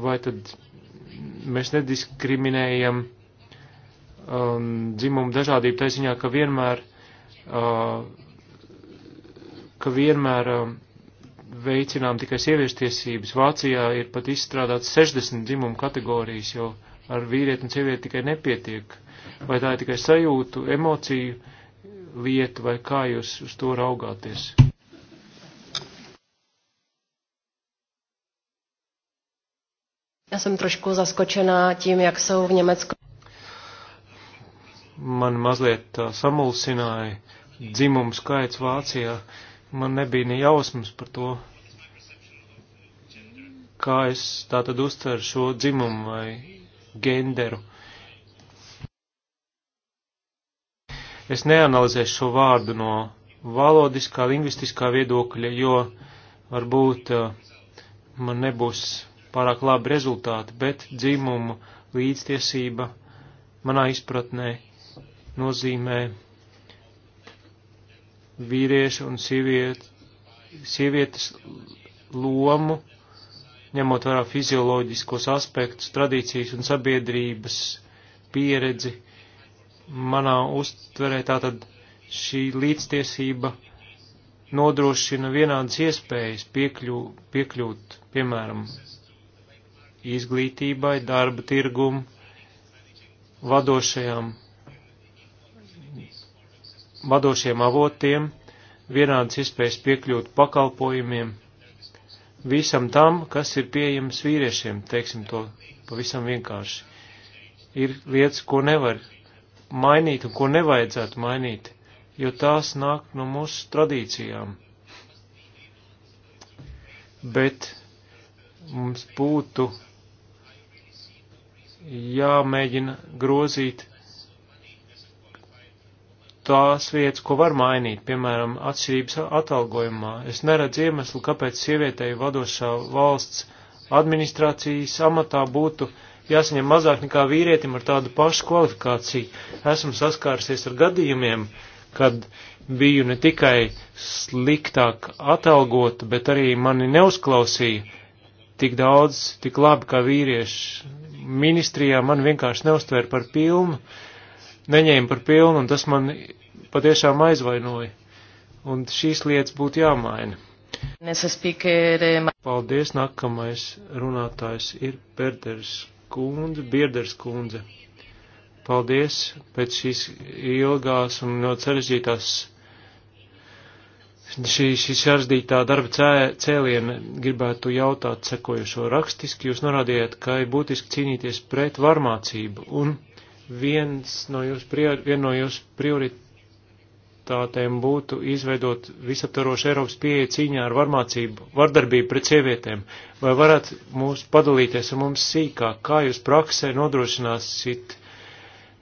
vai tad mēs nediskriminējam um, dzimumu dažādību taisiņā, ka vienmēr, uh, ka vienmēr um, veicinām tikai sieviešu tiesības. Vācijā ir pat izstrādāts 60 dzimumu kategorijas, jo ar vīrieti un sievieti tikai nepietiek. Vai tā ir tikai sajūtu, emociju lieta, vai kā jūs uz to raugāties? Já jsem trošku zaskočená tím, jak jsou v Německu. Man mazliet uh, samulsināja dzimumu skaits Vācijā. Uh, man nebija ne jausmas par to, kā es tātad uztveru šo dzimumu vai genderu. Es neanalizēšu šo vārdu no valodiskā, lingvistiskā viedokļa, jo varbūt uh, man nebūs pārāk labi rezultāti, bet dzimumu līdztiesība manā izpratnē nozīmē vīriešu un sieviet, sievietes lomu, ņemot vērā fizioloģiskos aspektus, tradīcijas un sabiedrības pieredzi. Manā uztverē tātad šī līdztiesība nodrošina vienādas iespējas piekļū, piekļūt, piemēram, izglītībai, darba tirgumu, vadošajām vadošiem avotiem, vienādas iespējas piekļūt pakalpojumiem, visam tam, kas ir pieejams vīriešiem, teiksim to pavisam vienkārši. Ir lietas, ko nevar mainīt un ko nevajadzētu mainīt, jo tās nāk no mūsu tradīcijām. Bet mums būtu jāmēģina grozīt tās vietas, ko var mainīt, piemēram, atšķirības atalgojumā. Es neredzu iemeslu, kāpēc sievietei vadošā valsts administrācijas amatā būtu jāsaņem mazāk nekā vīrietim ar tādu pašu kvalifikāciju. Esmu saskārusies ar gadījumiem, kad biju ne tikai sliktāk atalgota, bet arī mani neuzklausīja tik daudz, tik labi kā vīrieši. Ministrijā man vienkārši neuztvēra par pilnu, neņēma par pilnu, un tas man patiešām aizvainoja. Un šīs lietas būtu jāmaina. Paldies, nākamais runātājs ir Berders kundze, Bierders kundze. Paldies pēc šīs ilgās un ļoti sarežģītās šī, šī sarzdītā darba cē, cēliena gribētu jautāt sekojušo rakstiski. Jūs norādījāt, ka ir būtiski cīnīties pret varmācību, un viens no jūsu, prior, vien no jūsu prioritātēm būtu izveidot visaptarošu Eiropas pieeja cīņā ar varmācību, vardarbību pret sievietēm. Vai varat mūs padalīties ar mums sīkāk, kā jūs praksē nodrošināsit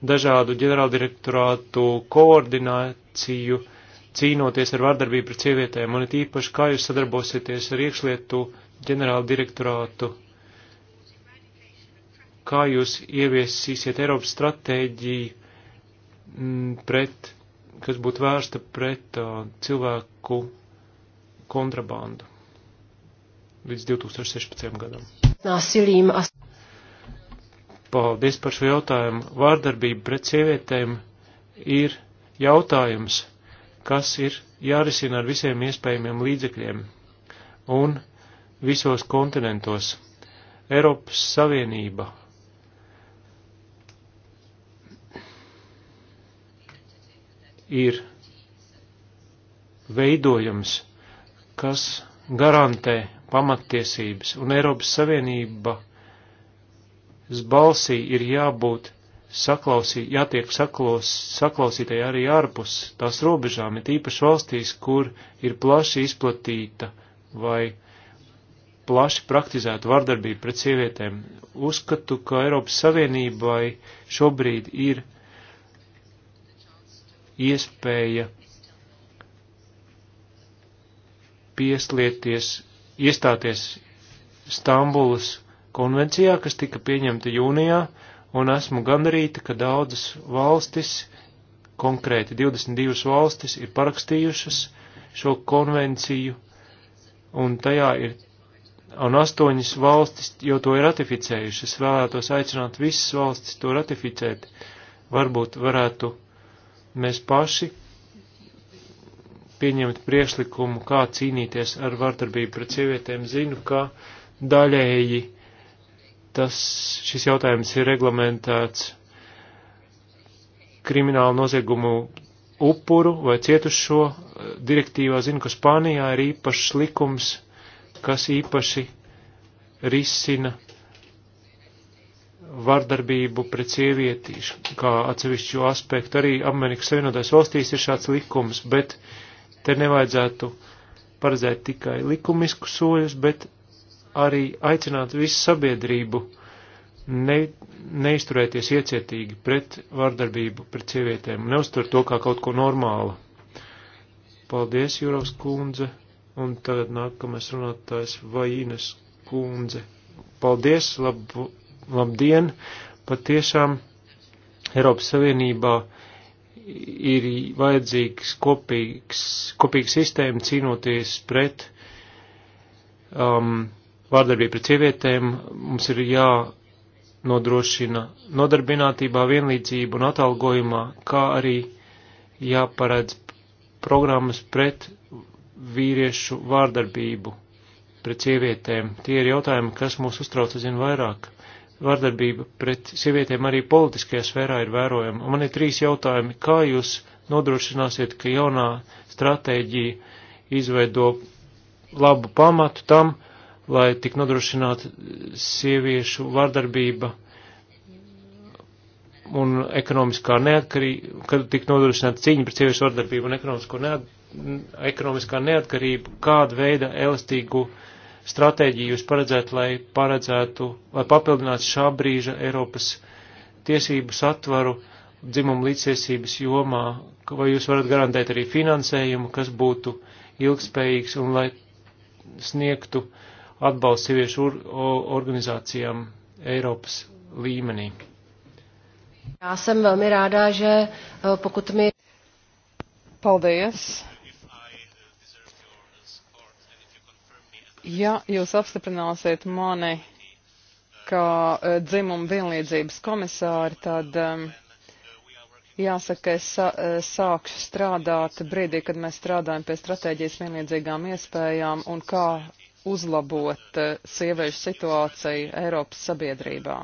dažādu ģenerāldirektorātu koordināciju cīnoties ar vardarbību pret sievietēm, un it īpaši kā jūs sadarbosieties ar iekšlietu ģenerāldirektorātu kā jūs ieviesīsiet Eiropas stratēģiju mm, pret, kas būtu vērsta pret uh, cilvēku kontrabandu līdz 2016. gadam. Nāsilīm. Paldies par šo jautājumu. Vārdarbība pret sievietēm ir jautājums, kas ir jārisina ar visiem iespējamiem līdzekļiem un visos kontinentos. Eiropas Savienība ir veidojums, kas garantē pamattiesības, un Eiropas Savienība balsī ir jābūt saklausī, jātiek saklaus, saklausītai arī ārpus tās robežām, ir īpaši valstīs, kur ir plaši izplatīta vai plaši praktizēta vardarbība pret sievietēm. Uzskatu, ka Eiropas Savienībai šobrīd ir iespēja pieslieties, iestāties Stambulas konvencijā, kas tika pieņemta jūnijā, un esmu gandarīta, ka daudzas valstis, konkrēti 22 valstis, ir parakstījušas šo konvenciju, un tajā ir, un astoņas valstis jau to ir ratificējušas. Vēlētos aicināt visas valstis to ratificēt. Varbūt varētu mēs paši pieņemt priekšlikumu, kā cīnīties ar vardarbību pret sievietēm. Zinu, ka daļēji tas, šis jautājums ir reglamentēts kriminālu noziegumu upuru vai cietušo eh, direktīvā. Zinu, ka Spānijā ir īpašs likums, kas īpaši risina vardarbību pret sievietīšu, kā atsevišķu aspektu. Arī Amerikas Savienotās valstīs ir šāds likums, bet te nevajadzētu paredzēt tikai likumisku soļus, bet arī aicināt visu sabiedrību ne, neizturēties iecietīgi pret vardarbību pret sievietēm, neuztur to kā kaut ko normālu. Paldies, Jūrovs kundze, un tagad nākamais runātājs Vaīnas kundze. Paldies, labu labdien, patiešām Eiropas Savienībā ir vajadzīgs kopīgs, kopīgs sistēma cīnoties pret um, vārdarbību pret sievietēm. Mums ir jānodrošina nodarbinātībā, vienlīdzība un atalgojumā, kā arī jāparedz programmas pret vīriešu vārdarbību pret sievietēm. Tie ir jautājumi, kas mūs uztrauc, zinu, vairāk vardarbība pret sievietēm arī politiskajā sfērā ir vērojama. Man ir trīs jautājumi. Kā jūs nodrošināsiet, ka jaunā stratēģija izveido labu pamatu tam, lai tik nodrošinātu sieviešu vardarbība un ekonomiskā neatkarība, kad tik nodrošināta cīņa pret sieviešu vardarbību un ekonomisko neatkarību, ekonomiskā neatkarība, kāda veida elastīgu uh, stratēģiju jūs paredzētu, lai paredzētu, lai papildinātu šā brīža Eiropas tiesību satvaru dzimumu līdztiesības jomā, vai jūs varat garantēt arī finansējumu, kas būtu ilgspējīgs un lai sniegtu atbalstu sieviešu organizācijām Eiropas līmenī. Já jsem velmi ráda, že eh, pokud mi... Paldies! Ja jūs apstiprināsiet mani kā e, dzimuma vienlīdzības komisāri, tad um, jāsaka, es sa e, sākšu strādāt brīdī, kad mēs strādājam pie stratēģijas vienlīdzīgām iespējām un kā uzlabot e, sieviešu situāciju Eiropas sabiedrībā.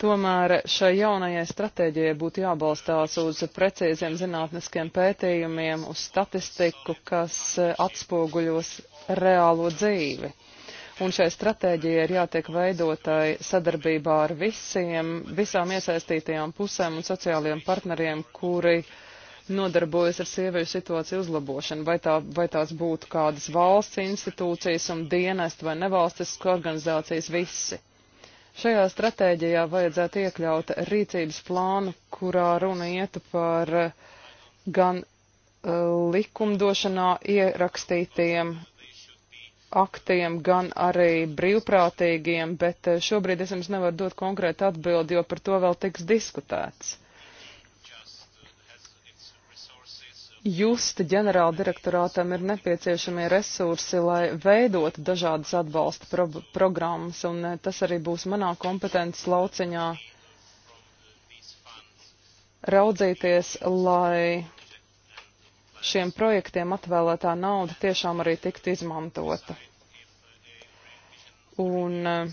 Tomēr šai jaunajai stratēģijai būtu jābalstās uz precīziem zinātniskiem pētījumiem, uz statistiku, kas atspoguļos reālo dzīvi. Un šai stratēģijai ir jātiek veidotai sadarbībā ar visiem, visām iesaistītajām pusēm un sociālajiem partneriem, kuri nodarbojas ar sieviešu situāciju uzlabošanu, vai, tā, vai tās būtu kādas valsts institūcijas un dienest vai nevalstiskas organizācijas visi Šajā stratēģijā vajadzētu iekļaut rīcības plānu, kurā runa ietu par eh, gan eh, likumdošanā ierakstītiem aktiem, gan arī brīvprātīgiem, bet eh, šobrīd es jums nevaru dot konkrētu atbildi, jo par to vēl tiks diskutēts. Justa ģenerāla direktorātam ir nepieciešamie resursi, lai veidotu dažādas atbalsta pro programmas, un eh, tas arī būs manā kompetences lauciņā raudzīties, lai šiem projektiem atvēlētā nauda tiešām arī tiktu izmantota. Un, eh,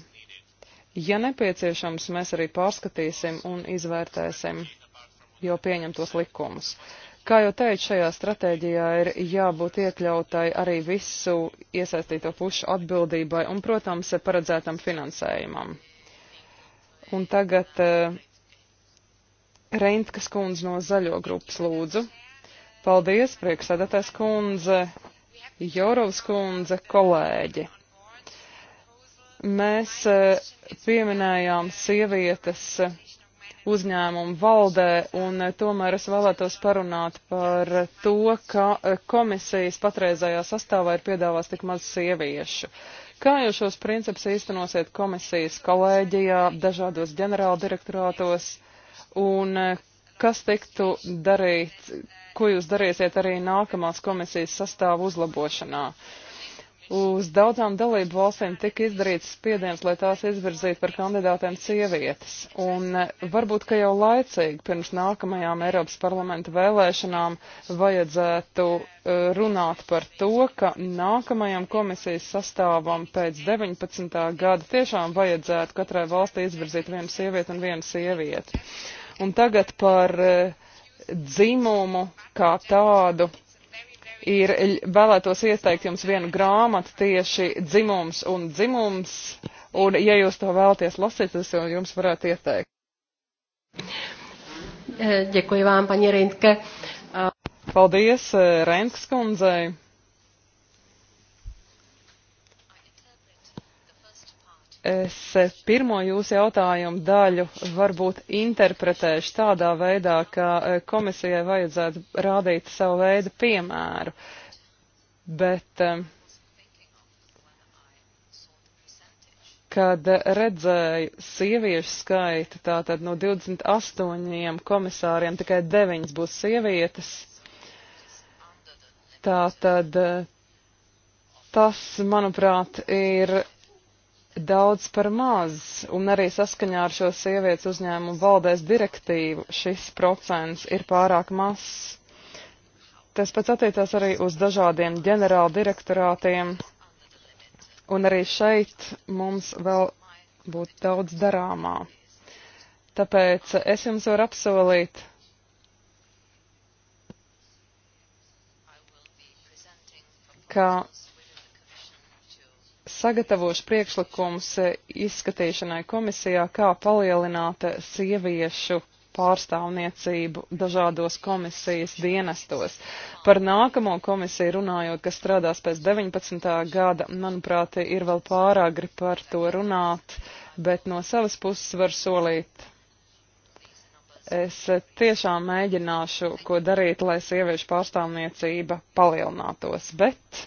ja nepieciešams, mēs arī pārskatīsim un izvērtēsim jau pieņemtos likumus. Uh, Kā jau teicu, šajā stratēģijā ir jābūt iekļautai arī visu iesaistīto pušu atbildībai un, protams, paredzētam finansējumam. Un tagad eh, Reintkas kundze no zaļo grupas lūdzu. Paldies, priekšsēdētājs kundze, Jorovs kundze, kolēģi. Mēs eh, pieminējām sievietes uzņēmumu valdē, un eh, tomēr es vēlētos parunāt par to, ka eh, komisijas patreizējā sastāvā ir piedāvās tik maz sieviešu. Kā jūs šos principus īstenosiet komisijas kolēģijā, dažādos ģenerāla direktorātos, un eh, kas tiktu darīt, ko jūs darīsiet arī nākamās komisijas sastāvu uzlabošanā? Uh, uz daudzām dalību valstīm tika izdarīts spiediens, lai tās izvirzītu par kandidātēm sievietes. Un eh, varbūt, ka jau laicīgi pirms nākamajām Eiropas parlamenta vēlēšanām vajadzētu eh, runāt par to, ka nākamajam komisijas sastāvam pēc 19. gada tiešām vajadzētu katrai valstī izvirzīt vienu sievieti un vienu sievieti. Un tagad par eh, dzimumu kā tādu ir vēlētos ieteikt jums vienu grāmatu tieši dzimums un dzimums, un ja jūs to vēlaties lasīt, es jums varētu ieteikt. Ďakujem eh, vám, pani Rintke. Eh, Paldies, eh, Rentskundzei. es pirmo jūsu jautājumu daļu varbūt interpretēšu tādā veidā, ka e, komisijai vajadzētu rādīt savu veidu piemēru. Bet, e, kad redzēju sieviešu skaitu, tātad no 28 komisāriem tikai 9 būs sievietes, tātad e, tas, manuprāt, ir daudz par maz, un arī saskaņā ar šo sievietes uzņēmumu valdēs direktīvu šis procents ir pārāk mazs. Tas pats attiecās arī uz dažādiem ģenerāla direktorātiem, un arī šeit mums vēl būtu daudz darāmā. Tāpēc es jums varu apsolīt, ka sagatavošu priekšlikumus eh, izskatīšanai komisijā, kā palielināt eh, sieviešu pārstāvniecību dažādos komisijas dienestos. Par nākamo komisiju runājot, kas strādās pēc 19. gada, manuprāt, ir vēl pāragri par to runāt, bet no savas puses var solīt Es tiešām mēģināšu, ko darīt, lai sieviešu pārstāvniecība palielinātos, bet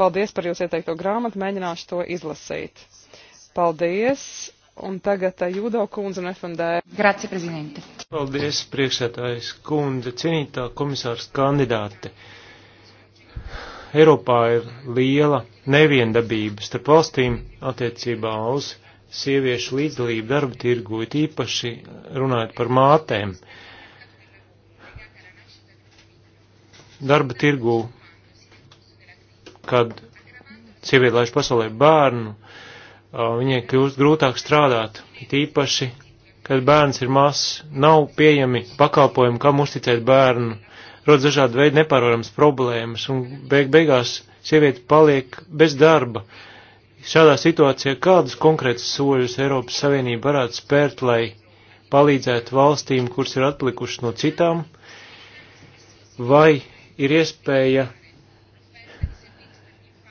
paldies par jūsu ieteikto grāmatu, mēģināšu to izlasīt. Paldies, un tagad eh, Judo kundze un FMD. Grazie, prezidente. Paldies, priekšsētājs kundze, cienītā komisārs kandidāte. Eiropā ir liela neviendabība starp valstīm attiecībā uz sieviešu līdzdalību darba tirgu, it īpaši runājot par mātēm. Darba tirgu, kad sievieti laiž pasaulē bērnu, viņai kļūst grūtāk strādāt, it īpaši, kad bērns ir mazs, nav pieejami pakalpojumi, kam uzticēt bērnu, rod dažādi veidi nepārvarams problēmas, un beig beigās sieviete paliek bez darba. Uh, Šādā situācijā kādus konkrētus soļus Eiropas Savienība varētu spērt, lai palīdzētu valstīm, kuras ir atlikušas no citām, vai ir iespēja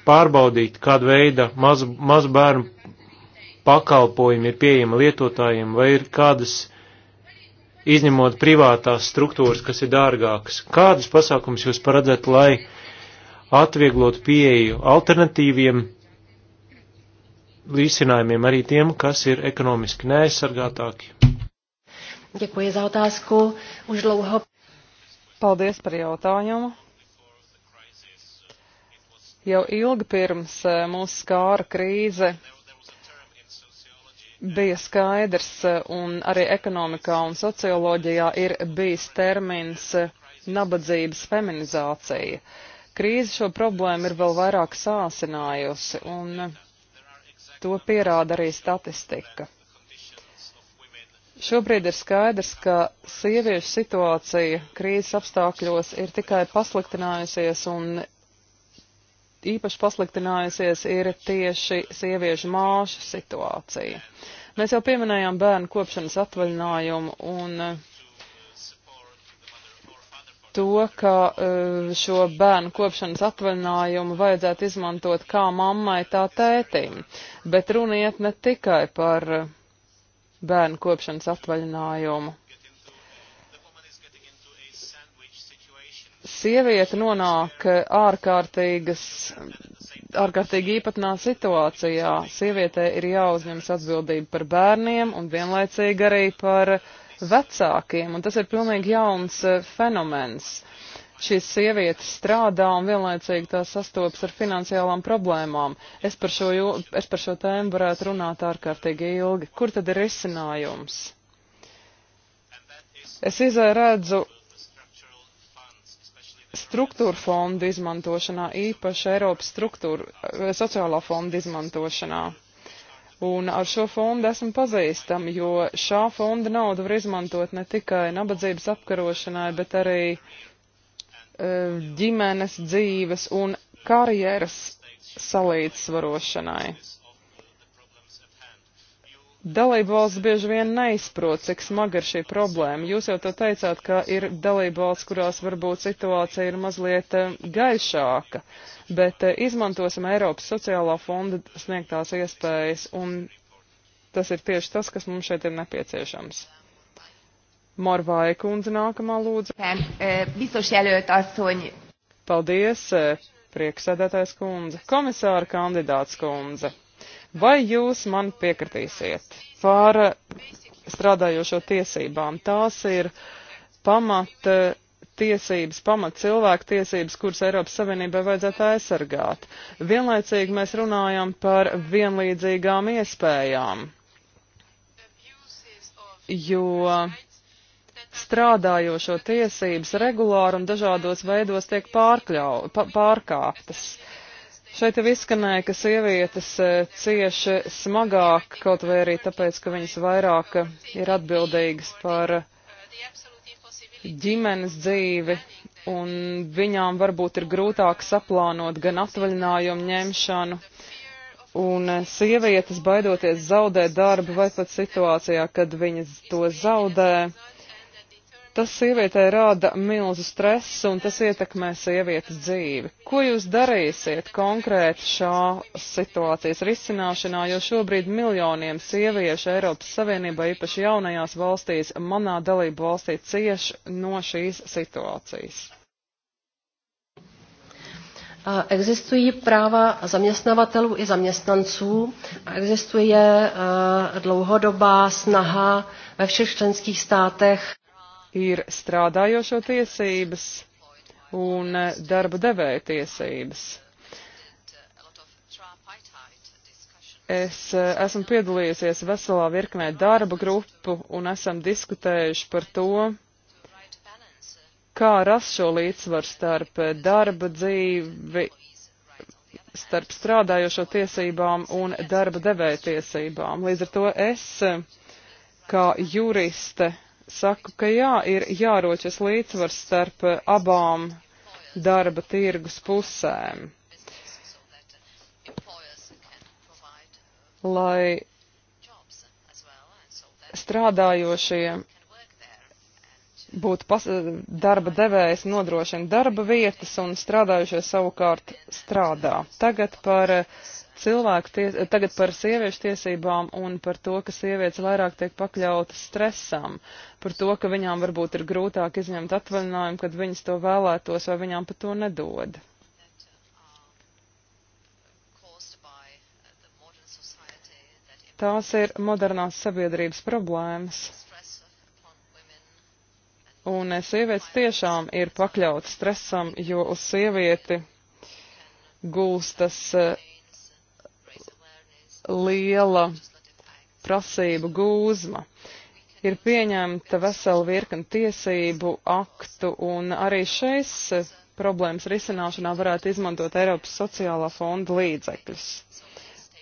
pārbaudīt, kāda veida mazu, mazu bērnu pakalpojumi ir pieejami lietotājiem, vai ir kādas, izņemot privātās struktūras, kas ir dārgākas. Kādas pasākums jūs paredzat, lai atvieglotu pieeju alternatīviem risinājumiem arī tiem, kas ir ekonomiski neaizsargātāki? Děkuji za otázku. Už dlouho. Paldies par jautājumu. Jau ilgi pirms eh, mūsu skāra krīze bija skaidrs, eh, un arī ekonomikā un socioloģijā ir bijis termins eh, nabadzības feminizācija. Krīze šo problēmu ir vēl vairāk sāsinājusi, un to pierāda arī statistika. Šobrīd ir skaidrs, ka sieviešu situācija krīzes apstākļos ir tikai pasliktinājusies un īpaši pasliktinājusies ir tieši sieviešu māšu situācija. Mēs jau pieminējām bērnu kopšanas atvaļinājumu un to, ka eh, šo bērnu kopšanas atvaļinājumu vajadzētu izmantot kā mammai, tā tētim. Bet runa iet ne tikai par eh, bērnu kopšanas atvaļinājumu. Sieviete nonāk eh, ārkārtīgas, ārkārtīgi īpatnā situācijā. Sievietē ir jāuzņemas atbildība par bērniem un vienlaicīgi arī par uh, vecākiem, un tas ir pilnīgi jauns eh, fenomens. Šīs sievietes strādā un vienlaicīgi tās sastopas ar finansiālām problēmām. Es par šo, jo, es par šo tēmu varētu runāt ārkārtīgi ilgi. Kur tad ir risinājums? Es izredzu struktūra fonda izmantošanā, īpaši Eiropas struktūra, eh, sociālā fonda izmantošanā. Un ar šo fondu esmu pazīstama, jo šā fonda naudu var izmantot ne tikai nabadzības apkarošanai, bet arī e, ģimenes dzīves un karjeras salīdzvarošanai. Dalībvalsts bieži vien neizprot, cik smaga ir šī problēma. Jūs jau to teicāt, ka ir dalībvalsts, kurās varbūt situācija ir mazliet eh, gaišāka, bet eh, izmantosim Eiropas sociālā fonda sniegtās iespējas, un tas ir tieši tas, kas mums šeit ir nepieciešams. Marvāja kundze nākamā lūdzu. Eh, biztos jelölt asszony. Paldies, prieksēdētājs kundze. Komisāra kandidāts kundze. Vai jūs man piekritīsiet par strādājošo tiesībām? Tās ir pamat tiesības, pamat cilvēku tiesības, kuras Eiropas Savienībai vajadzētu aizsargāt. Vienlaicīgi mēs runājam par vienlīdzīgām iespējām, jo strādājošo tiesības regulāri un dažādos veidos tiek pārkļau, pārkāptas. Uh, Šeit jau izskanēja, ka sievietes e, cieši smagāk, kaut vai arī tāpēc, ka viņas vairāk ir atbildīgas par ģimenes dzīvi, un viņām varbūt ir grūtāk saplānot gan atvaļinājumu ņemšanu, un e, sievietes baidoties zaudēt darbu vai pat situācijā, kad viņas to zaudē. Uh, Tas sievietē rada milzu stresu un tas ietekmē sievietes dzīvi. Ko jūs darīsiet konkrēti šā situācijas risināšanā, jo šobrīd miljoniem sieviešu Eiropas Savienībā, īpaši jaunajās valstīs, manā dalību valstī cieš no šīs situācijas? Existují práva zaměstnavatelů i zaměstnanců a existuje dlouhodobá snaha ve všech členských státech ir strādājošo tiesības un darba devēja tiesības. Es eh, esmu piedalījusies veselā virknē darba grupu un esam diskutējuši par to, kā rast šo līdzsvaru starp darba dzīvi, starp strādājošo tiesībām un darba devēja tiesībām. Līdz ar to es, eh, kā juriste, saku, ka jā, ir jāroķas līdzsvars starp eh, abām darba tirgus pusēm, lai strādājošie būtu pas, darba devējs nodrošina darba vietas un strādājušie savukārt strādā. Tagad par cilvēku ties, tagad par sieviešu tiesībām un par to, ka sievietes vairāk tiek pakļautas stresam, par to, ka viņām varbūt ir grūtāk izņemt atvaļinājumu, kad viņas to vēlētos vai viņām pat to nedod. Tās ir modernās sabiedrības problēmas. Un sievietes tiešām ir pakļautas stresam, jo uz sievieti gulstas uh, liela prasību gūzma. Ir pieņemta vesela virkna tiesību aktu, un arī šais eh, problēmas risināšanā varētu izmantot Eiropas sociālā fonda līdzekļus.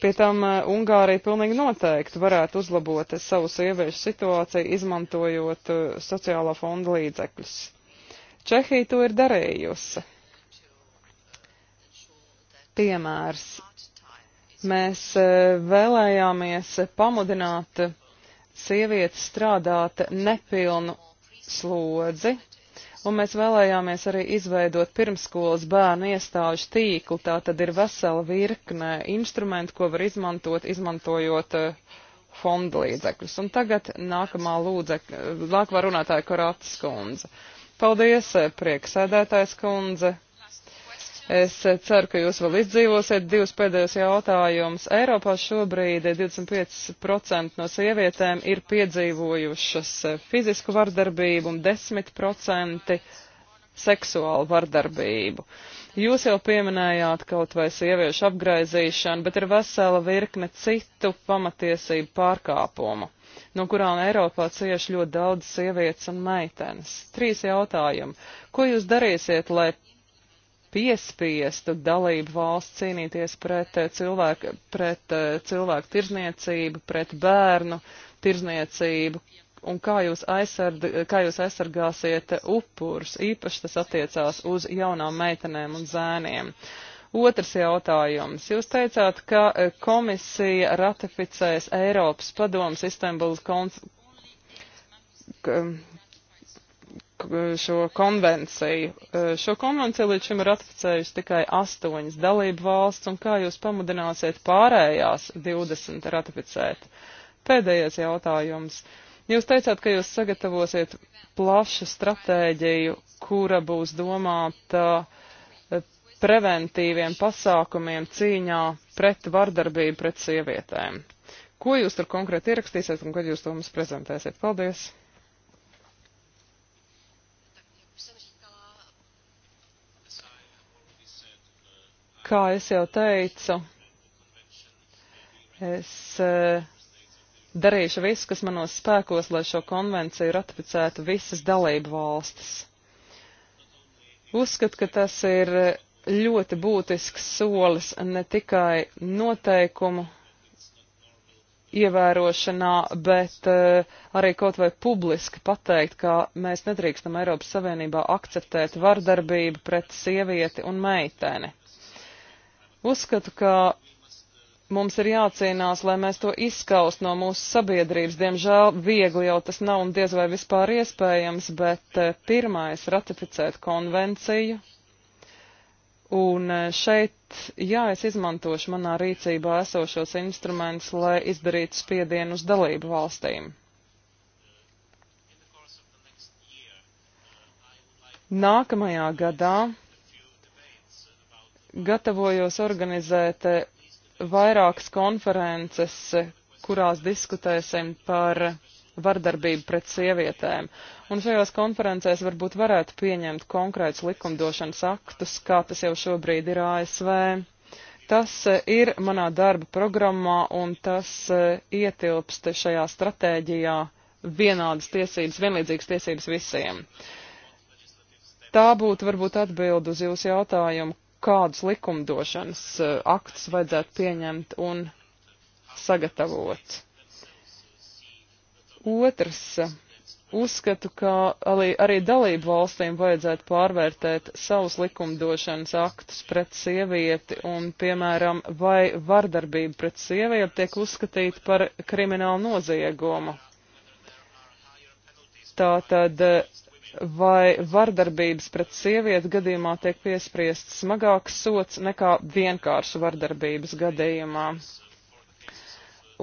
Pie tam eh, Ungārija pilnīgi noteikti varētu uzlabot savu sieviešu situāciju, izmantojot eh, sociālā fonda līdzekļus. Čehija to ir darījusi. Piemērs Mēs e, vēlējāmies pamudināt sievietes strādāt nepilnu slodzi, un mēs vēlējāmies arī izveidot pirmskolas bērnu iestāžu tīklu. Tā tad ir vesela virkne instrumentu, ko var izmantot, izmantojot e, fonda līdzekļus. Un tagad nākamā lūdzekļa, e, nākamā runātāja Korātas kundze. Paldies, prieksēdētājs kundze, Es ceru, ka jūs vēl izdzīvosiet divus pēdējos jautājumus. Eiropā šobrīd 25% no sievietēm ir piedzīvojušas fizisku vardarbību un 10% seksuālu vardarbību. Jūs jau pieminējāt kaut vai sieviešu apgraizīšanu, bet ir vesela virkne citu pamatiesību pārkāpumu, no kurām Eiropā cieši ļoti daudz sievietes un meitenes. Trīs jautājumi. Ko jūs darīsiet, lai piespiestu dalību valsts cīnīties pret eh, cilvēku, pret eh, cilvēku tirzniecību, pret bērnu tirzniecību, un kā jūs, aizsarg, kā jūs aizsargāsiet upurus, īpaši tas attiecās uz jaunām meitenēm un zēniem. Otrs jautājums. Jūs teicāt, ka eh, komisija ratificēs Eiropas padomas Istanbuls konf šo konvenciju. Šo konvenciju līdz šim ir ratificējusi tikai astoņas dalību valsts, un kā jūs pamudināsiet pārējās 20 ratificēt? Pēdējais jautājums. Jūs teicāt, ka jūs sagatavosiet plašu stratēģiju, kura būs domāta preventīviem pasākumiem cīņā pret vardarbību pret sievietēm. Ko jūs tur konkrēti ierakstīsiet un kad jūs to mums prezentēsiet? Paldies! Kā es jau teicu, es e, darīšu visu, kas manos spēkos, lai šo konvenciju ratificētu visas dalību valstis. Uzskatu, ka tas ir ļoti būtisks solis ne tikai noteikumu ievērošanā, bet uh, arī kaut vai publiski pateikt, ka mēs nedrīkstam Eiropas Savienībā akceptēt vardarbību pret sievieti un meiteni. Uzskatu, ka mums ir jācīnās, lai mēs to izskaust no mūsu sabiedrības. Diemžēl viegli jau tas nav un diez vai vispār iespējams, bet eh, pirmais ratificēt konvenciju. Un eh, šeit, jā, es izmantošu manā rīcībā esošos instrumentus, lai izdarītu spiedienu uz dalību valstīm. Nākamajā gadā gatavojos organizēt eh, vairākas konferences, kurās diskutēsim par vardarbību pret sievietēm. Un šajās konferencēs varbūt varētu pieņemt konkrēts likumdošanas aktus, kā tas jau šobrīd ir ASV. Tas eh, ir manā darba programmā un tas eh, ietilpst šajā stratēģijā vienādas tiesības, vienlīdzīgas tiesības visiem. Tā būtu varbūt atbild uz jūsu jautājumu, kādus likumdošanas eh, aktus vajadzētu pieņemt un sagatavot. Otrs. Eh, uzskatu, ka arī, arī dalību valstīm vajadzētu pārvērtēt savus likumdošanas aktus pret sievieti un, piemēram, vai vardarbība pret sievieti tiek uzskatīta par kriminālu noziegumu. Tātad eh, vai vardarbības pret sievieti gadījumā tiek piespriests smagāks sots nekā vienkārši vardarbības gadījumā.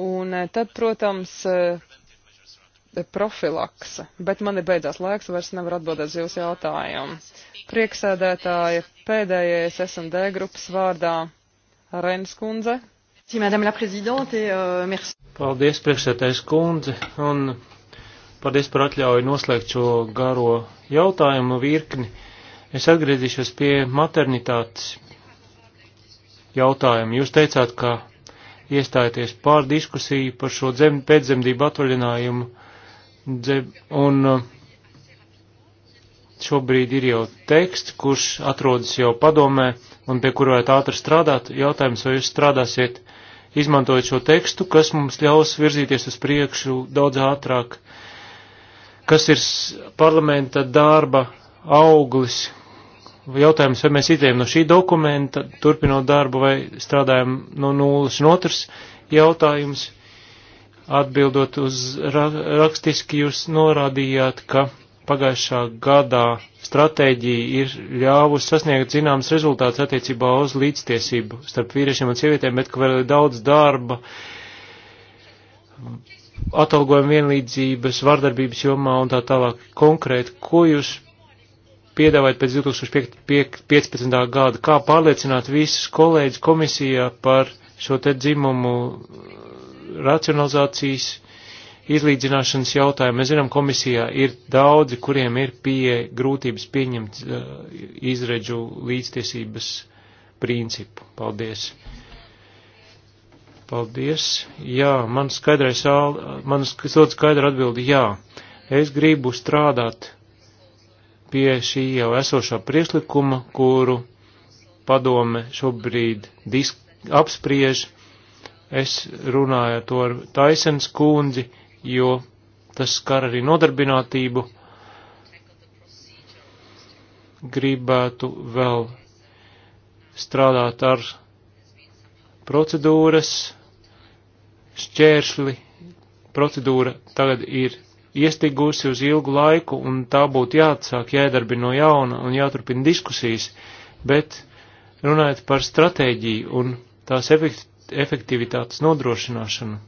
Un eh, tad, protams, eh, profilakse, bet man ir beidzās laiks, vairs nevar atbildēt uz jūsu jautājumu. Prieksēdētāja pēdējais SMD grupas vārdā Rens Kundze. Euh, Paldies, priekšsētais kundze, un Paldies par atļauju noslēgt šo garo jautājumu virkni. Es atgriezīšos pie maternitātes jautājumu. Jūs teicāt, ka iestājaties pār diskusiju par šo dzem, pēcdzemdību atvaļinājumu, dzem, un uh, šobrīd ir jau teksts, kurš atrodas jau padomē, un pie kura vajag ātri strādāt. Jautājums, vai jūs strādāsiet, izmantojot šo tekstu, kas mums ļaus virzīties uz priekšu daudz ātrāk. Uh, kas ir parlamenta darba auglis. Jautājums, vai mēs itējam no šī dokumenta, turpinot darbu, vai strādājam no nulles. Un otrs jautājums, atbildot uz ra rakstiski, jūs norādījāt, ka pagājušā gadā stratēģija ir ļāvusi sasniegt zināmas rezultātus attiecībā uz līdztiesību starp vīriešiem un sievietēm, bet ka vēl ir daudz darba atalgojuma vienlīdzības, vardarbības jomā un tā tālāk. Konkrēti, ko jūs piedāvājat pēc 2015. gada? Kā pārliecināt visus kolēģis komisijā par šo te dzimumu uh, racionalizācijas izlīdzināšanas jautājumu? Mēs zinām, komisijā ir daudzi, kuriem ir pie grūtības pieņemt uh, izredzu līdztiesības principu. Paldies! Paldies. Jā, man skaidrais, man sot skaidra atbildi jā. Es gribu strādāt pie šī jau esošā priekšlikuma, kuru padome šobrīd disk, apspriež. Es runāju to ar Taisens kundzi, jo tas skar arī nodarbinātību. Gribētu vēl strādāt ar procedūras šķēršļi procedūra tagad ir iestigusi uz ilgu laiku, un tā būtu jāatsāk jēdarbi no jauna un jāturpina diskusijas, bet runājot par stratēģiju un tās efektivitātes nodrošināšanu.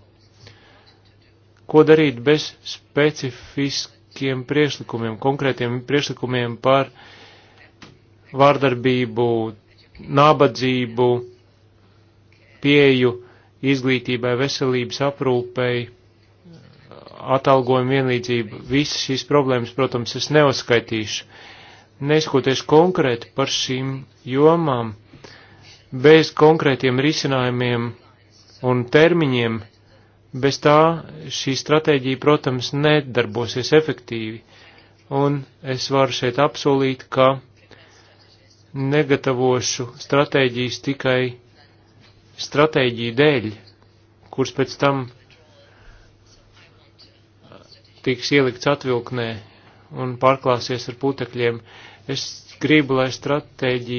Ko darīt bez specifiskiem priešlikumiem, konkrētiem priešlikumiem par vārdarbību, nabadzību, pieju, izglītībai, veselības aprūpei, atalgojumu vienlīdzību. Visas šīs problēmas, protams, es neuzskaitīšu. Neskatoties konkrēti par šīm jomām, bez konkrētiem risinājumiem un termiņiem, bez tā šī stratēģija, protams, nedarbosies efektīvi. Un es varu šeit apsolīt, ka negatavošu stratēģijas tikai stratēģiju dēļ, kuras pēc tam tiks ielikts atvilknē un pārklāsies ar putekļiem. Es gribu, lai stratēģija